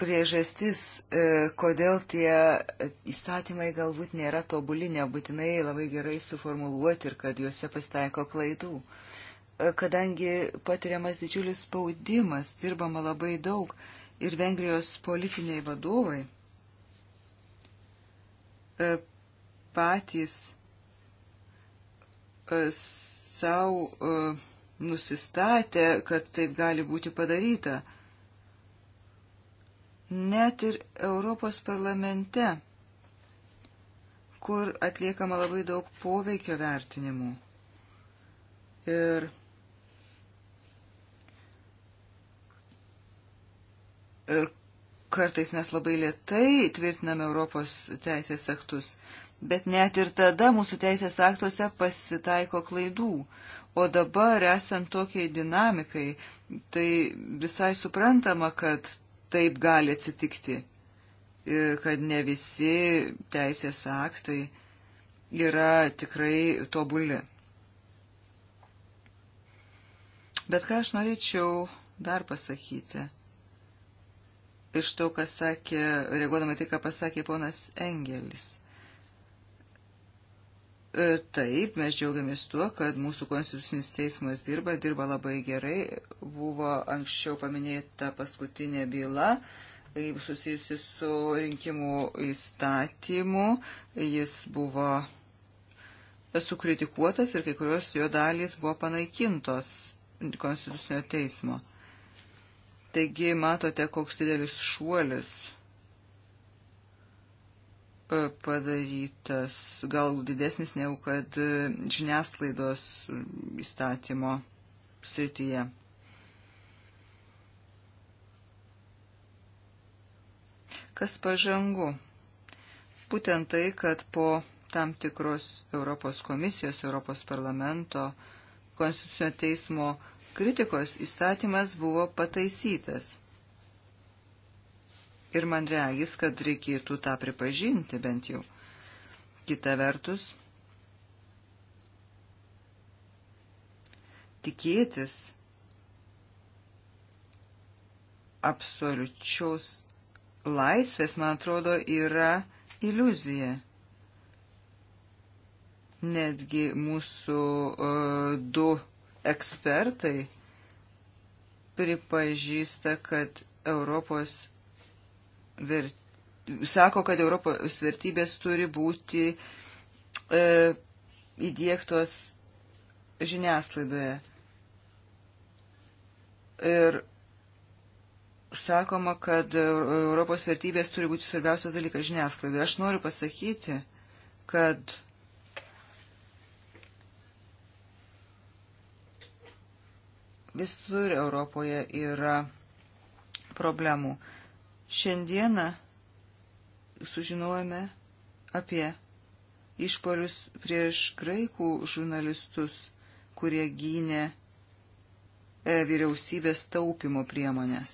priežastis, e, kodėl tie įstatymai galbūt nėra tobuli, nebūtinai labai gerai suformuluoti ir kad juose pasitaiko klaidų. E, kadangi patiriamas didžiulis spaudimas, dirbama labai daug ir Vengrijos politiniai vadovai e, patys savo nusistatė, kad taip gali būti padaryta. Net ir Europos parlamente, kur atliekama labai daug poveikio vertinimų. Ir kartais mes labai lietai tvirtiname Europos teisės aktus, bet net ir tada mūsų teisės aktuose pasitaiko klaidų. O dabar, esant tokiai dinamikai, tai visai suprantama, kad taip gali atsitikti, e, kad ne visi teisės aktai yra tikrai tobuli. Bet ką aš norėčiau dar pasakyti? Iš to, ką sakė, reaguodama tai, ką pasakė ponas Engelis. E, taip, mes džiaugiamės tuo, kad mūsų konstitucinis teismas dirba, dirba labai gerai. Buvo anksčiau paminėta paskutinė byla e, susijusi su rinkimų įstatymu. Jis buvo sukritikuotas ir kai kurios jo dalys buvo panaikintos konstitucinio teismo. Taigi matote, koks didelis šuolis padarytas gal didesnis negu kad žiniasklaidos įstatymo srityje. Kas pažangu? Būtent tai, kad po tam tikros Europos komisijos, Europos parlamento, Konstitucinio teismo kritikos įstatymas buvo pataisytas. Ir man reagis, kad reikėtų tą pripažinti bent jau. Kita vertus, tikėtis absoliučios laisvės, man atrodo, yra iliuzija. Netgi mūsų uh, du ekspertai pripažįsta, kad Europos vert, sako, kad Europos vertybės turi būti e, įdėktos žiniasklaidoje. Ir sakoma, kad Europos vertybės turi būti svarbiausias dalykas žiniasklaidoje. Aš noriu pasakyti, kad visur Europoje yra problemų. E, Šiandieną sužinojame apie išpolius prieš graikų žurnalistus, kurie gynė e, vyriausybės taupimo priemonės.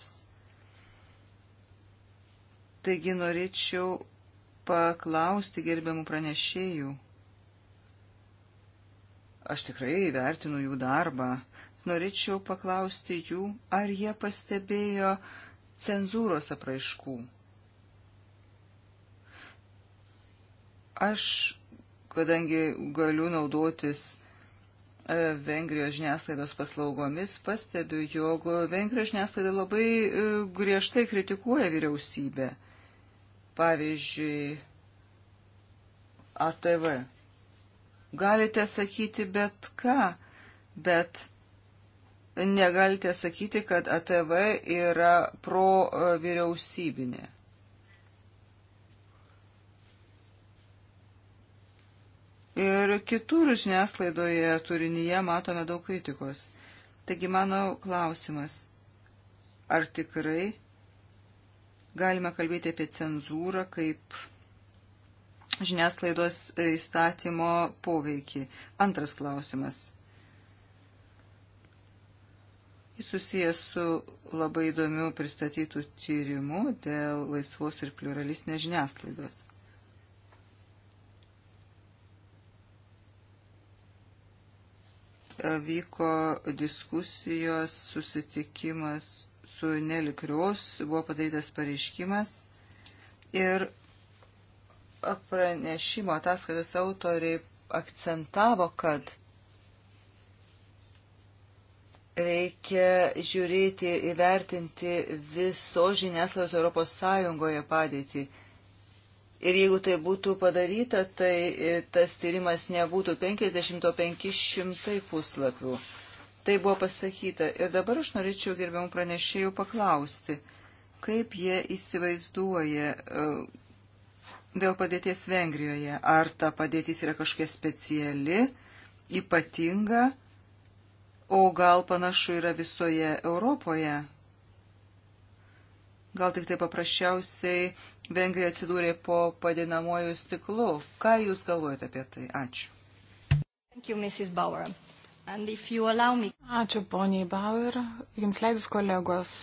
Taigi norėčiau paklausti gerbiamų pranešėjų. Aš tikrai vertinu jų darbą. Norėčiau paklausti jų, ar jie pastebėjo uh, cenzūros apraiškų. Aš, kadangi galiu naudotis e, Vengrijos žiniasklaidos paslaugomis, pastebiu, jog Vengrijos žiniasklaida labai e, griežtai kritikuoja vyriausybę. Pavyzdžiui, ATV. Galite sakyti bet ką, bet negalite sakyti, kad ATV yra pro vyriausybinė. Ir kitur žiniasklaidoje turinyje matome daug kritikos. Taigi mano klausimas, ar tikrai galime kalbėti apie cenzūrą kaip žiniasklaidos įstatymo poveikį? Antras klausimas. Jis susijęs su labai įdomiu pristatytų tyrimu dėl laisvos ir pluralistinės žiniasklaidos. Vyko diskusijos, susitikimas su nelikrios, buvo padarytas pareiškimas ir pranešimo ataskaitos autoriai akcentavo, kad reikia žiūrėti, įvertinti viso žiniasklaidos Europos Sąjungoje padėtį. Ir jeigu tai būtų padaryta, tai e, tas tyrimas nebūtų 50-500 puslapių. Tai buvo pasakyta. Ir dabar aš norėčiau gerbiamų pranešėjų paklausti, kaip jie įsivaizduoja e, dėl padėties Vengrijoje. Ar ta padėtis yra kažkokia speciali, ypatinga? o gal panašu yra visoje Europoje. Gal tik tai paprasčiausiai Vengrija atsidūrė po padinamojų stiklų. Ką Jūs galvojate apie tai? Ačiū. Thank you, Mrs. Bauer. And if you allow me... Ačiū, poniai Bauer. Jums leidus kolegos.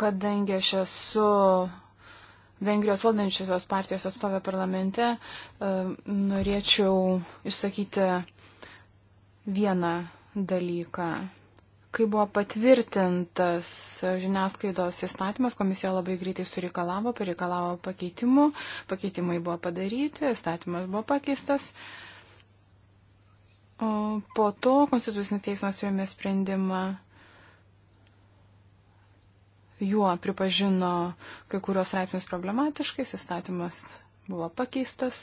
Kadangi aš esu Vengrijos valdančiosios partijos atstovė parlamente, e, norėčiau išsakyti vieną dalyką. Kai buvo patvirtintas žiniasklaidos įstatymas, komisija labai greitai sureikalavo, pareikalavo pakeitimų, pakeitimai buvo padaryti, įstatymas buvo pakeistas. O po to Konstitucinis teismas priėmė sprendimą juo pripažino kai kurios straipsnius problematiškais, įstatymas buvo pakeistas.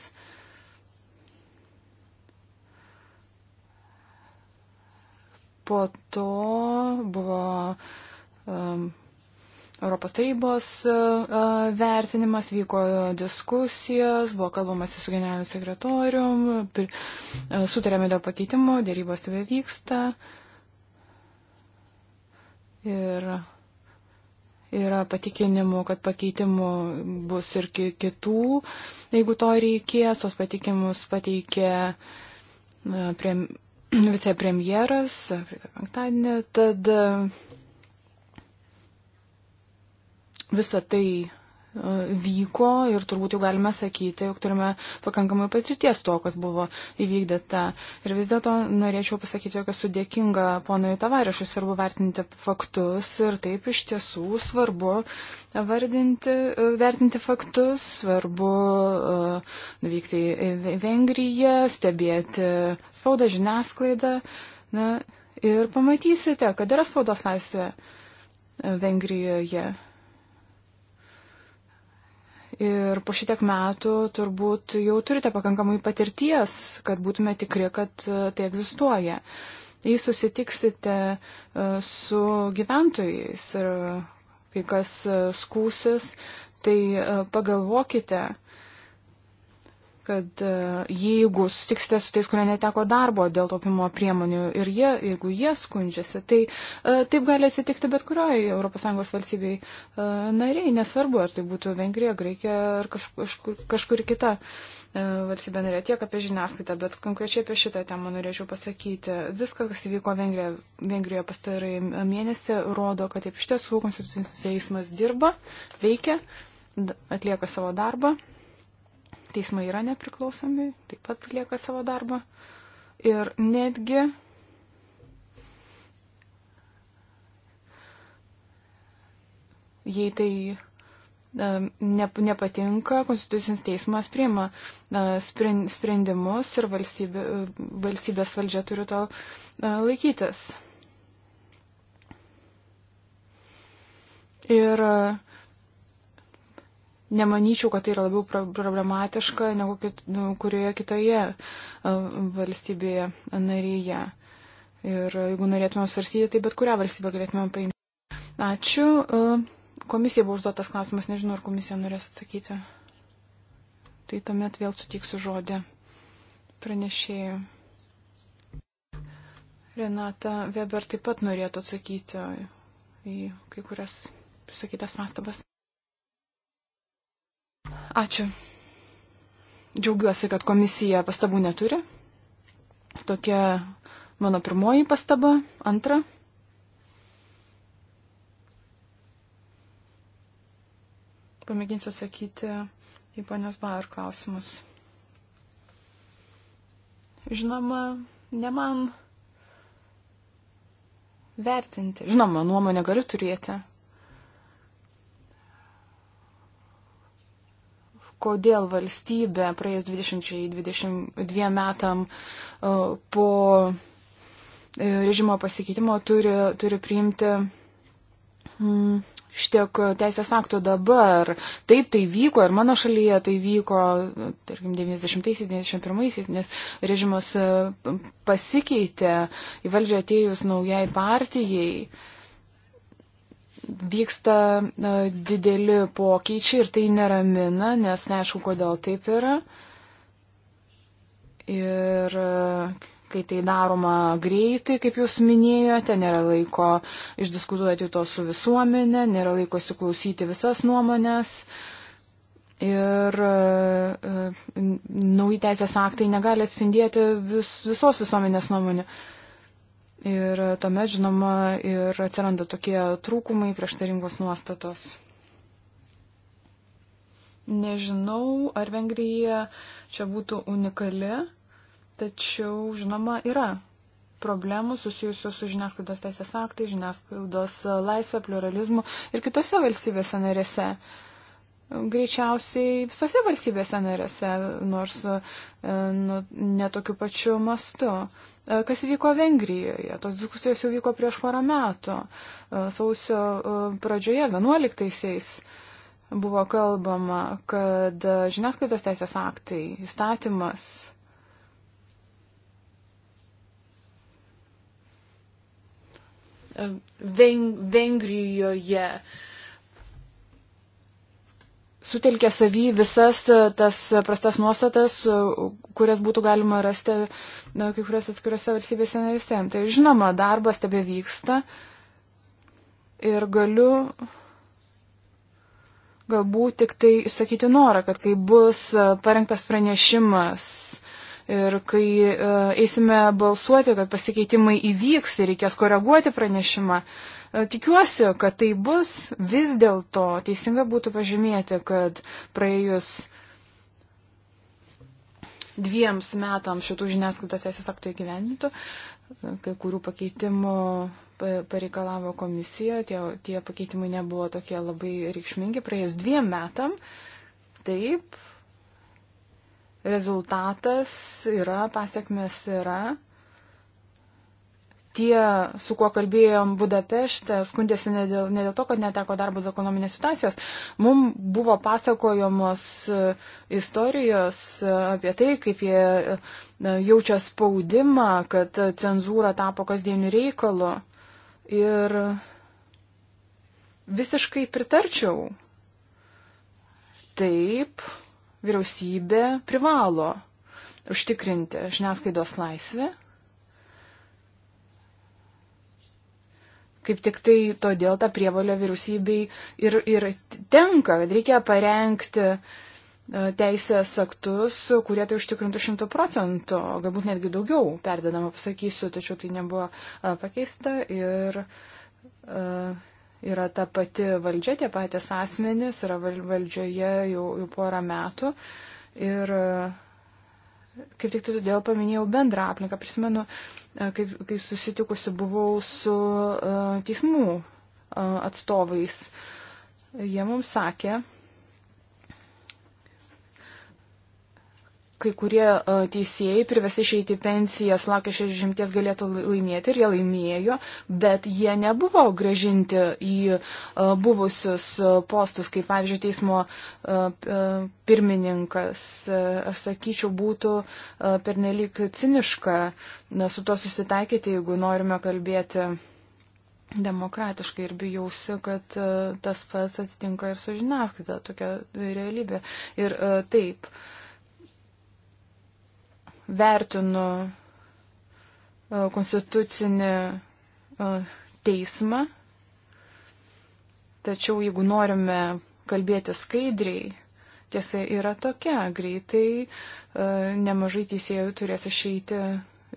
Po to buvo um, Europos tarybos uh, vertinimas, vyko diskusijos, buvo kalbamasi su generaliniu sekretorium, pir, uh, e, sutarėme dėl pakeitimų, dėrybos tebe vyksta. Ir uh, Yra patikinimų, kad pakeitimų bus ir kitų, jeigu to reikės, tos patikimus pateikė prie, vicepremjeras penktadienį. Tad visa tai vyko ir turbūt jau galime sakyti, jog turime pakankamai patirties to, kas buvo įvykdyta. Ir vis dėlto norėčiau pasakyti, jog esu dėkinga ponui Tavarišui, svarbu vertinti faktus ir taip iš tiesų svarbu vardinti, vertinti faktus, svarbu e, nuvykti į Vengriją, stebėti spaudą, žiniasklaidą. Na, ir pamatysite, kad yra spaudos laisvė Vengrijoje. Ir po šitiek metų turbūt jau turite pakankamai patirties, kad būtume tikri, kad e, tai egzistuoja. Jei susitiksite e, su gyventojais ir kai kas e, skūsis, tai pagalvokite, kad e, jeigu susitiksite su tais, kurie neteko darbo dėl taupimo priemonių ir jie, jeigu jie skundžiasi, tai e, taip gali atsitikti bet kurioje ES valstybei e, nariai, nesvarbu, ar tai būtų Vengrija, Graikija ar kažkur, kažkur kita valstybė narė tiek apie žiniasklaidą, bet konkrečiai apie šitą temą norėčiau pasakyti. Viskas, kas įvyko Vengrijoje, Vengrijoje pastarai mėnesį, rodo, kad taip iš tiesų Konstitucinis teismas dirba, veikia, atlieka savo darbą teismai yra nepriklausomi, taip pat lieka savo darbą. Ir netgi jei tai e, ne, nepatinka, Konstitucinis teismas priima e, sprendimus ir valstybė, valstybės valdžia turi to e, laikytis. Ir Nemanyčiau, kad tai yra labiau problematiška negu kit, nu, kurioje kitoje valstybėje narėje. Ir jeigu norėtume svarstyti, tai bet kurią valstybę galėtume paimti. Ačiū. Komisija buvo užduotas klausimas, nežinau, ar komisija norės atsakyti. Tai tuomet vėl sutiksiu žodį pranešėjų. Renata Weber taip pat norėtų atsakyti į kai kurias prisakytas pastabas. Ačiū. Džiaugiuosi, kad komisija pastabų neturi. Tokia mano pirmoji pastaba. Antra. Pamėginsiu atsakyti į ponios Bauer klausimus. Žinoma, ne man vertinti. Žinoma, nuomonę galiu turėti. kodėl valstybė praėjus 20-22 metam e, po e, režimo pasikeitimo turi, turi priimti mm, šitiek teisės aktų dabar. Taip tai vyko ir mano šalyje tai vyko, tarkim, 90-91-aisiais, nes režimas e, pasikeitė į valdžią atėjus naujai partijai. Uh, vyksta dideli pokyčiai ir tai neramina, nes neaišku, kodėl taip yra. Ir e, kai tai daroma greitai, kaip jūs minėjote, nėra laiko išdiskutuoti to su visuomenė, nėra laiko įsiklausyti visas nuomonės. Ir e, e, nauji teisės aktai negali atspindėti vis, visos visuomenės nuomonės. Ir tuomet, žinoma, ir atsiranda tokie trūkumai, prieštaringos nuostatos. Nežinau, ar Vengrija čia būtų unikali, tačiau, žinoma, yra problemų susijusių su žiniasklaidos teisės aktai, žiniasklaidos laisvė, pluralizmu ir kitose valstybėse narėse. Greičiausiai visose valstybėse narėse, nors e, nu, netokiu pačiu mastu. E, kas vyko Vengrijoje. Tos diskusijos jau vyko prieš porą metų. E, sausio e, pradžioje, 11-aisiais, buvo kalbama, kad žiniasklaidos teisės aktai, įstatymas Veng Vengrijoje sutelkė savy visas tas prastas nuostatas, kurias būtų galima rasti na, kai kurias atskiriuose valstybėse narystėje. Tai žinoma, darbas tebe vyksta ir galiu galbūt tik tai išsakyti norą, kad kai bus e, parengtas pranešimas ir kai e, eisime balsuoti, kad pasikeitimai įvyks ir reikės koreguoti pranešimą, e, tikiuosi, kad tai bus vis dėlto teisinga būtų pažymėti, kad praėjus dviems metams šitų žiniasklaidos teisės aktų įgyvendintų. Kai kurių pakeitimų pareikalavo komisija, tie, tie pakeitimai nebuvo tokie labai reikšmingi. Praėjus dviem metam, taip, rezultatas yra, pasiekmes yra tie, su kuo kalbėjom Budapešte, skundėsi ne dėl, ne dėl to, kad neteko darbo dėl ekonominės situacijos. Mums buvo pasakojamos e, istorijos e, apie tai, kaip jie e, jaučia spaudimą, kad cenzūra tapo kasdieniu reikalu. Ir visiškai pritarčiau. Taip, vyriausybė privalo užtikrinti žiniasklaidos laisvę Kaip tik tai todėl ta prievalio vyriausybei ir, ir tenka, kad reikia parengti e, teisės aktus, kurie tai užtikrintų šimtų procentų, galbūt netgi daugiau, perdedama pasakysiu, tačiau tai nebuvo e, pakeista ir e, yra ta pati valdžia, tie patys asmenys yra valdžioje jau, jau porą metų ir kaip tik tai todėl paminėjau bendrą aplinką. Prisimenu, kai, kai susitikusi buvau su teismų atstovais. Jie mums sakė, kai kurie e, teisėjai privesti išeiti į pensiją sulaukę 60 galėtų laimėti ir jie laimėjo, bet jie nebuvo gražinti į e, buvusius postus, kaip pavyzdžiui teismo e, pirmininkas. Aš sakyčiau, būtų pernelyg ciniška su tuo susitaikyti, jeigu norime kalbėti demokratiškai ir bijausi, kad tas pats atsitinka ir su žiniasklaida, tokia realybė. Ir taip. Uh, vertinu e, konstitucinį e, teismą, tačiau jeigu norime kalbėti skaidriai, tiesa yra tokia, greitai e, nemažai teisėjų turės išeiti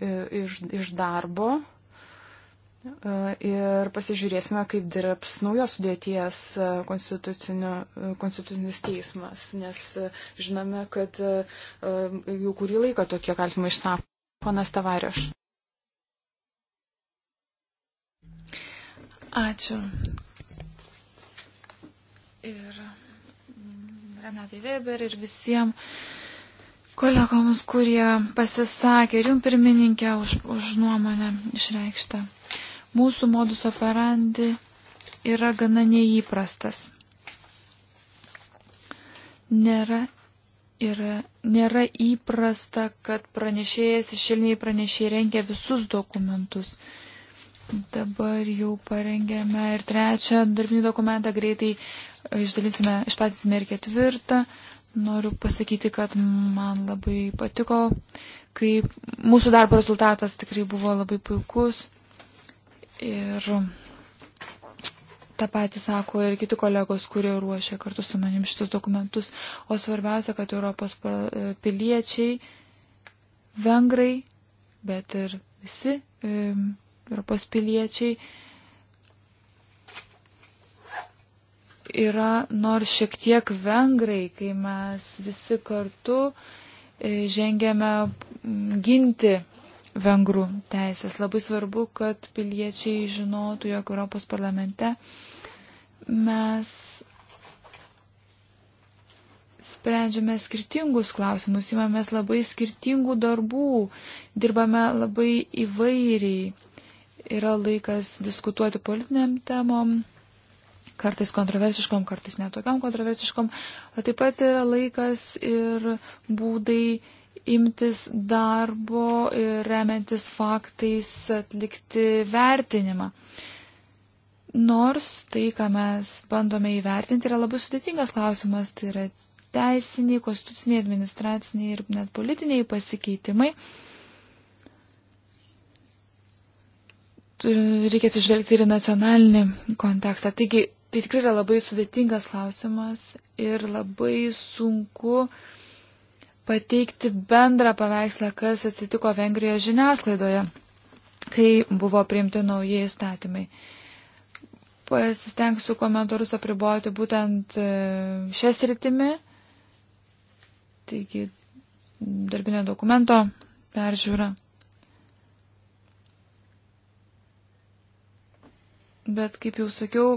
iš, iš darbo E, ir pasižiūrėsime, kaip dirbs naujos sudėties e, e, konstitucinis teismas, nes žinome, kad jau kurį laiką tokie kaltimai išsako. Ponas Tavarėš. Ačiū. Ir mm, Renatai Weber ir visiems kolegoms, kurie pasisakė ir jums pirmininkė už, už nuomonę išreikštą. Mūsų modus operandi yra gana neįprastas. Nėra, yra, nėra įprasta, kad pranešėjas išėliniai pranešėjai rengia visus dokumentus. Dabar jau parengėme ir trečią darbinį dokumentą, greitai išdalinsime, išplatysime ir ketvirtą. Noriu pasakyti, kad man labai patiko, kai mūsų darbo rezultatas tikrai buvo labai puikus. Ir tą patį sako ir kiti kolegos, kurie ruošia kartu su manim šitus dokumentus. O svarbiausia, kad Europos piliečiai, vengrai, bet ir visi e, Europos piliečiai yra nors šiek tiek vengrai, kai mes visi kartu e, žengėme ginti vengrų teisės. Labai svarbu, kad piliečiai žinotų, jog Europos parlamente mes sprendžiame skirtingus klausimus, imamės labai skirtingų darbų, dirbame labai įvairiai. Yra laikas diskutuoti politiniam temom, kartais kontroversiškom, kartais netokiam kontroversiškom, o taip pat yra laikas ir būdai imtis darbo ir remiantis faktais atlikti vertinimą. Nors tai, ką mes bandome įvertinti, yra labai sudėtingas klausimas, tai yra teisiniai, konstituciniai, administraciniai ir net politiniai pasikeitimai. Reikia atsižvelgti ir į nacionalinį kontekstą. Taigi, tai tikrai yra labai sudėtingas klausimas ir labai sunku uh, pateikti bendrą paveikslą, kas atsitiko Vengrijos žiniasklaidoje, kai buvo priimti nauji įstatymai. Pasistengsiu komentarus apriboti būtent e, šias rytimi. Taigi, darbinio dokumento peržiūra. Bet, kaip jau sakiau,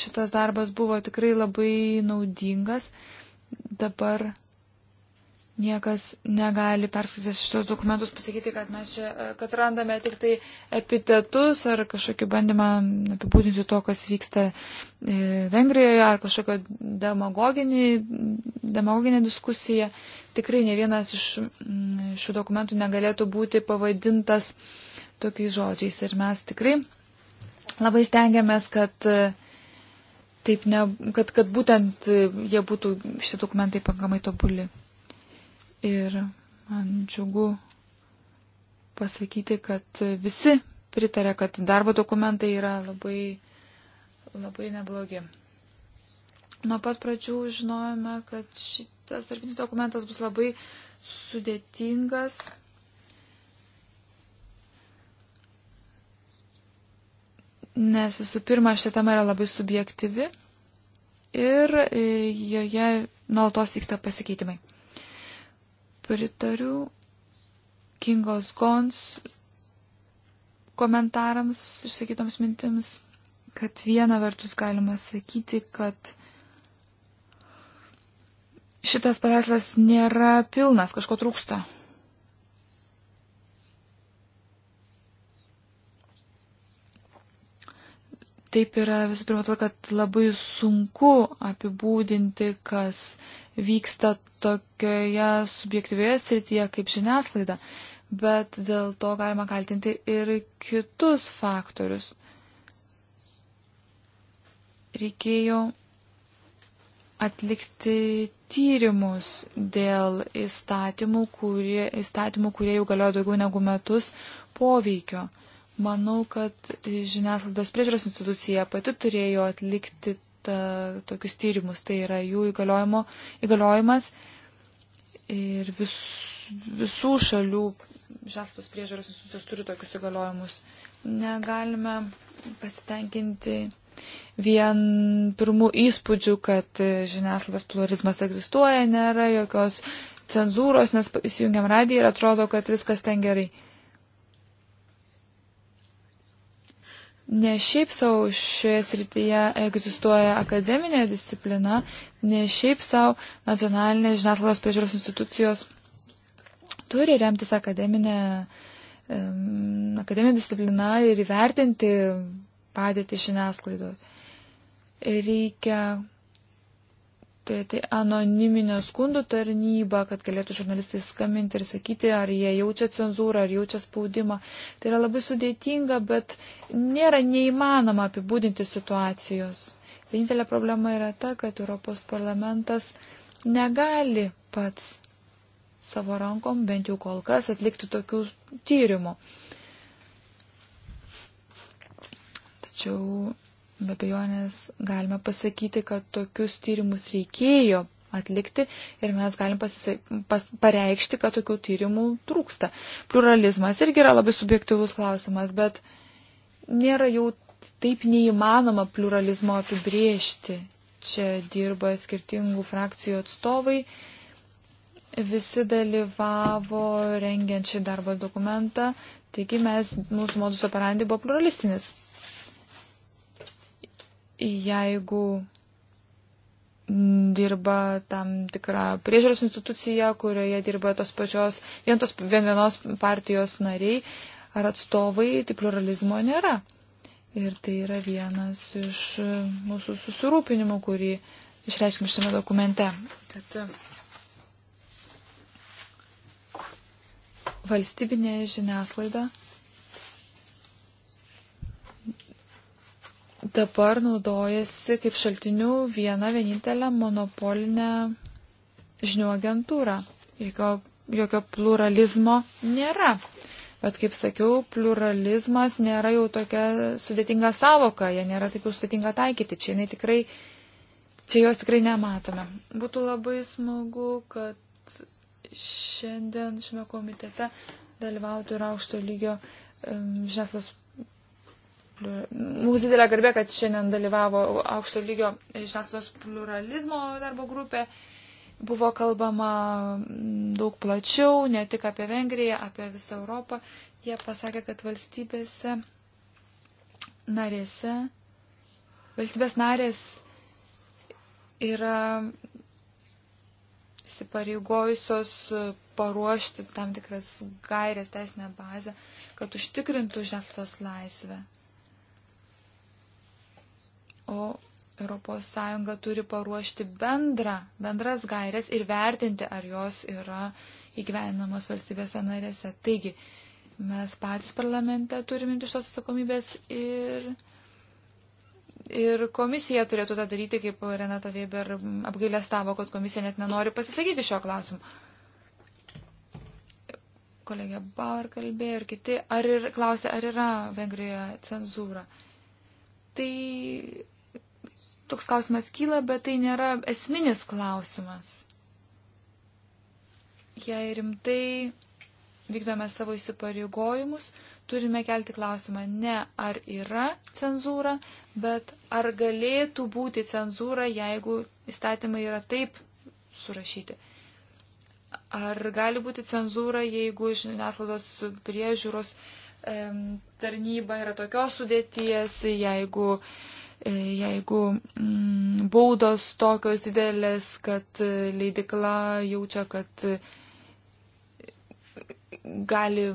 šitas darbas buvo tikrai labai naudingas. Dabar Niekas negali perskaitęs šitos dokumentus pasakyti, kad mes čia, e, kad randame tik tai epitetus ar kažkokį bandymą apibūdinti to, kas vyksta e, Vengrijoje, ar kažkokią demagoginę diskusiją. Tikrai ne vienas iš mm, šių dokumentų negalėtų būti pavadintas tokiais žodžiais. Ir mes tikrai labai stengiamės, kad e, taip ne, kad, kad būtent jie būtų šitie dokumentai pakankamai tobuli. Ir man džiugu pasakyti, kad visi pritarė, kad darbo dokumentai yra labai, labai neblogi. Nuo pat pradžių žinojome, kad šitas darbinis dokumentas bus labai sudėtingas. Nes visų pirma, šitą temą yra labai subjektyvi ir joje nuolatos vyksta pasikeitimai. Pritariu Kingos Gons komentarams išsakytoms mintims, kad viena vertus galima sakyti, kad šitas paveikslas nėra pilnas, kažko trūksta. Taip yra visų pirma, todėl, kad labai sunku apibūdinti, kas vyksta tokioje subjektyvioje srityje kaip žiniasklaida, bet dėl to galima kaltinti ir kitus faktorius. Reikėjo atlikti tyrimus dėl įstatymų, kurie, įstatymų, kurie jau galioja daugiau negu metus poveikio. Manau, kad žiniasklaidos priežiūros institucija pati turėjo atlikti ta, tokius tyrimus. Tai yra jų įgaliojimas ir vis, visų šalių žiniasklaidos priežiūros institucijos turi tokius įgaliojimus. Negalime pasitenkinti vien pirmų įspūdžių, kad žiniasklaidos pluralizmas egzistuoja, nėra jokios cenzūros, nes įsijungiam radiją ir atrodo, kad viskas ten gerai. ne šiaip savo šioje srityje egzistuoja akademinė disciplina, ne šiaip savo nacionalinės žiniasklaidos priežiūros institucijos turi remtis akademinė, um, akademinė disciplina ir įvertinti padėtį žiniasklaidoje. Reikia turėti anoniminę skundų tarnybą, kad galėtų žurnalistai skambinti ir sakyti, ar jie jaučia cenzūrą, ar jaučia spaudimą. Tai yra labai sudėtinga, bet nėra neįmanoma apibūdinti situacijos. Vienintelė problema yra ta, kad Europos parlamentas negali pats savo rankom, bent jau kol kas, atlikti tokių tyrimų. Tačiau Be abejonės galime pasakyti, kad tokius tyrimus reikėjo atlikti ir mes galim pasisa, pas, pareikšti, kad tokių tyrimų trūksta. Pluralizmas irgi yra labai subjektivus klausimas, bet nėra jau taip neįmanoma pluralizmo apibriežti. Čia dirba skirtingų frakcijų atstovai. Visi dalyvavo rengiant šį darbo dokumentą, taigi mes, mūsų modus operandi buvo pluralistinis jeigu dirba tam tikra priežiūros institucija, kurioje dirba tos pačios vien, tos, vien vienos partijos nariai ar atstovai, tai pluralizmo nėra. Ir tai yra vienas iš mūsų susirūpinimų, kurį išreiškim šiame dokumente. Kad valstybinė žiniaslaida dabar naudojasi kaip šaltiniu vieną vienintelę monopolinę žinių agentūrą. Jokio, jokio pluralizmo nėra. Bet kaip sakiau, pluralizmas nėra jau tokia sudėtinga savoka, jie nėra taip jau sudėtinga taikyti. Čia, tikrai, čia jos tikrai nematome. Būtų labai smagu, kad šiandien šiame komitete dalyvautų ir aukšto lygio um, žiniasklaidos Mums didelė garbė, kad šiandien dalyvavo aukšto lygio žiniasklaidos pluralizmo darbo grupė. Buvo kalbama mm, daug plačiau, ne tik apie Vengriją, apie visą Europą. Jie pasakė, kad valstybėse narėse, valstybės narės yra įsipareigojusios paruošti tam tikras gairias teisinę bazę, kad užtikrintų žiniasklaidos laisvę o ES turi paruošti bendrą, bendras gairias ir vertinti, ar jos yra įgyvenamos valstybėse narėse. Taigi, mes patys parlamente turime imti šios atsakomybės ir, ir komisija turėtų tą daryti, kaip Renata Weber apgailę stavo, kad komisija net nenori pasisakyti šio klausimu. Kolegė Bauer kalbėjo ir kiti, ar ir klausė, ar yra Vengrijoje cenzūra. Tai toks klausimas kyla, bet tai nėra esminis klausimas. Jei rimtai vykdome savo įsipareigojimus, turime kelti klausimą ne ar yra cenzūra, bet ar galėtų būti cenzūra, jeigu įstatymai yra taip surašyti. Ar gali būti cenzūra, jeigu žiniasklaidos priežiūros e, tarnyba yra tokios sudėties, jeigu e, E, jeigu mm, baudos tokios didelės, kad e, leidikla jaučia, kad e, gali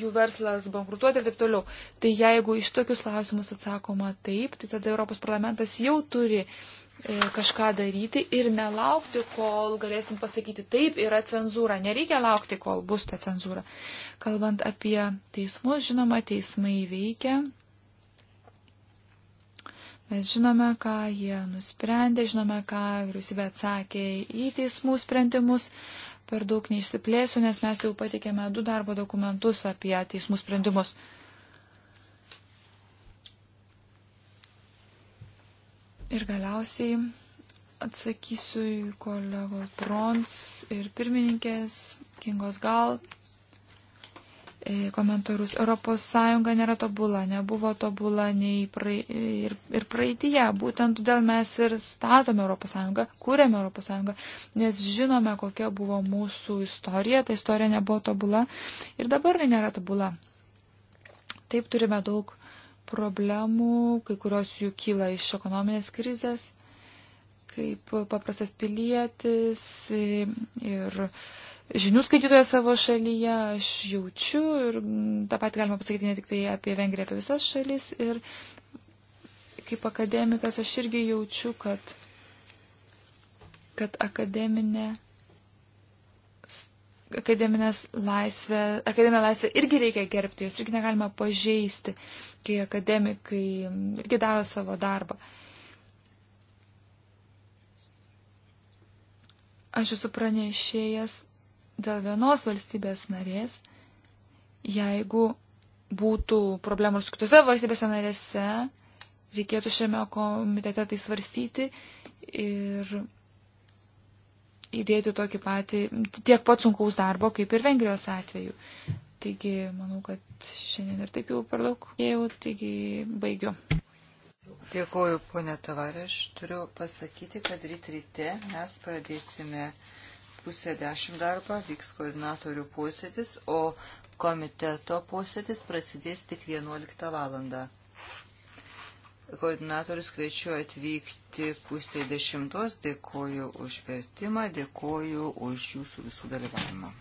jų verslas bankrutuoti ir taip toliau. Tai jeigu iš tokius klausimus atsakoma taip, tai tada Europos parlamentas jau turi kažką daryti ir nelaukti, kol galėsim pasakyti taip yra cenzūra. Nereikia laukti, kol bus ta cenzūra. Kalbant apie teismus, žinoma, teismai veikia. Mes žinome, ką jie nusprendė, žinome, ką vyriausybė atsakė į teismų sprendimus. Per daug neišsiplėsiu, nes mes jau patikėme du darbo dokumentus apie teismų sprendimus. Ir galiausiai atsakysiu į kolego Brons ir pirmininkės Kingos Gal komentarus. Europos Sąjunga nėra tobula, nebuvo tobula nei pra, ir, ir praeitie. Būtent todėl mes ir statome Europos Sąjungą, kūrėme Europos Sąjungą, nes žinome, kokia buvo mūsų istorija. Ta istorija nebuvo tobula ir dabar tai nėra tobula. Taip turime daug problemų, kai kurios jų kyla iš ekonominės krizės, kaip paprastas pilietis ir. ir žinių skaitytoja savo šalyje, aš jaučiu ir mm, tą patį galima pasakyti ne tik tai apie Vengriją, apie visas šalis. Ir kaip akademikas aš irgi jaučiu, kad, kad akademinė, akademinės laisvė, akademinė laisvė irgi reikia gerbti, jos irgi negalima pažeisti, kai akademikai irgi daro savo darbą. Aš esu pranešėjęs dėl vienos valstybės narės, jeigu būtų problemų ir su kitose valstybėse narėse, reikėtų šiame komitete tai svarstyti ir įdėti tokį patį, tiek pat sunkaus darbo, kaip ir Vengrijos atveju. Taigi, manau, kad šiandien ir taip jau per daug jau, taigi baigiu. Dėkuoju, ponė Tavarė, aš turiu pasakyti, kad ryt ryte mes pradėsime pusę dešimt darbą vyks koordinatorių posėdis, o komiteto posėdis prasidės tik 11 valandą. Koordinatorius kviečiu atvykti pusė dešimtos, dėkoju už vertimą, dėkoju už jūsų visų dalyvavimą.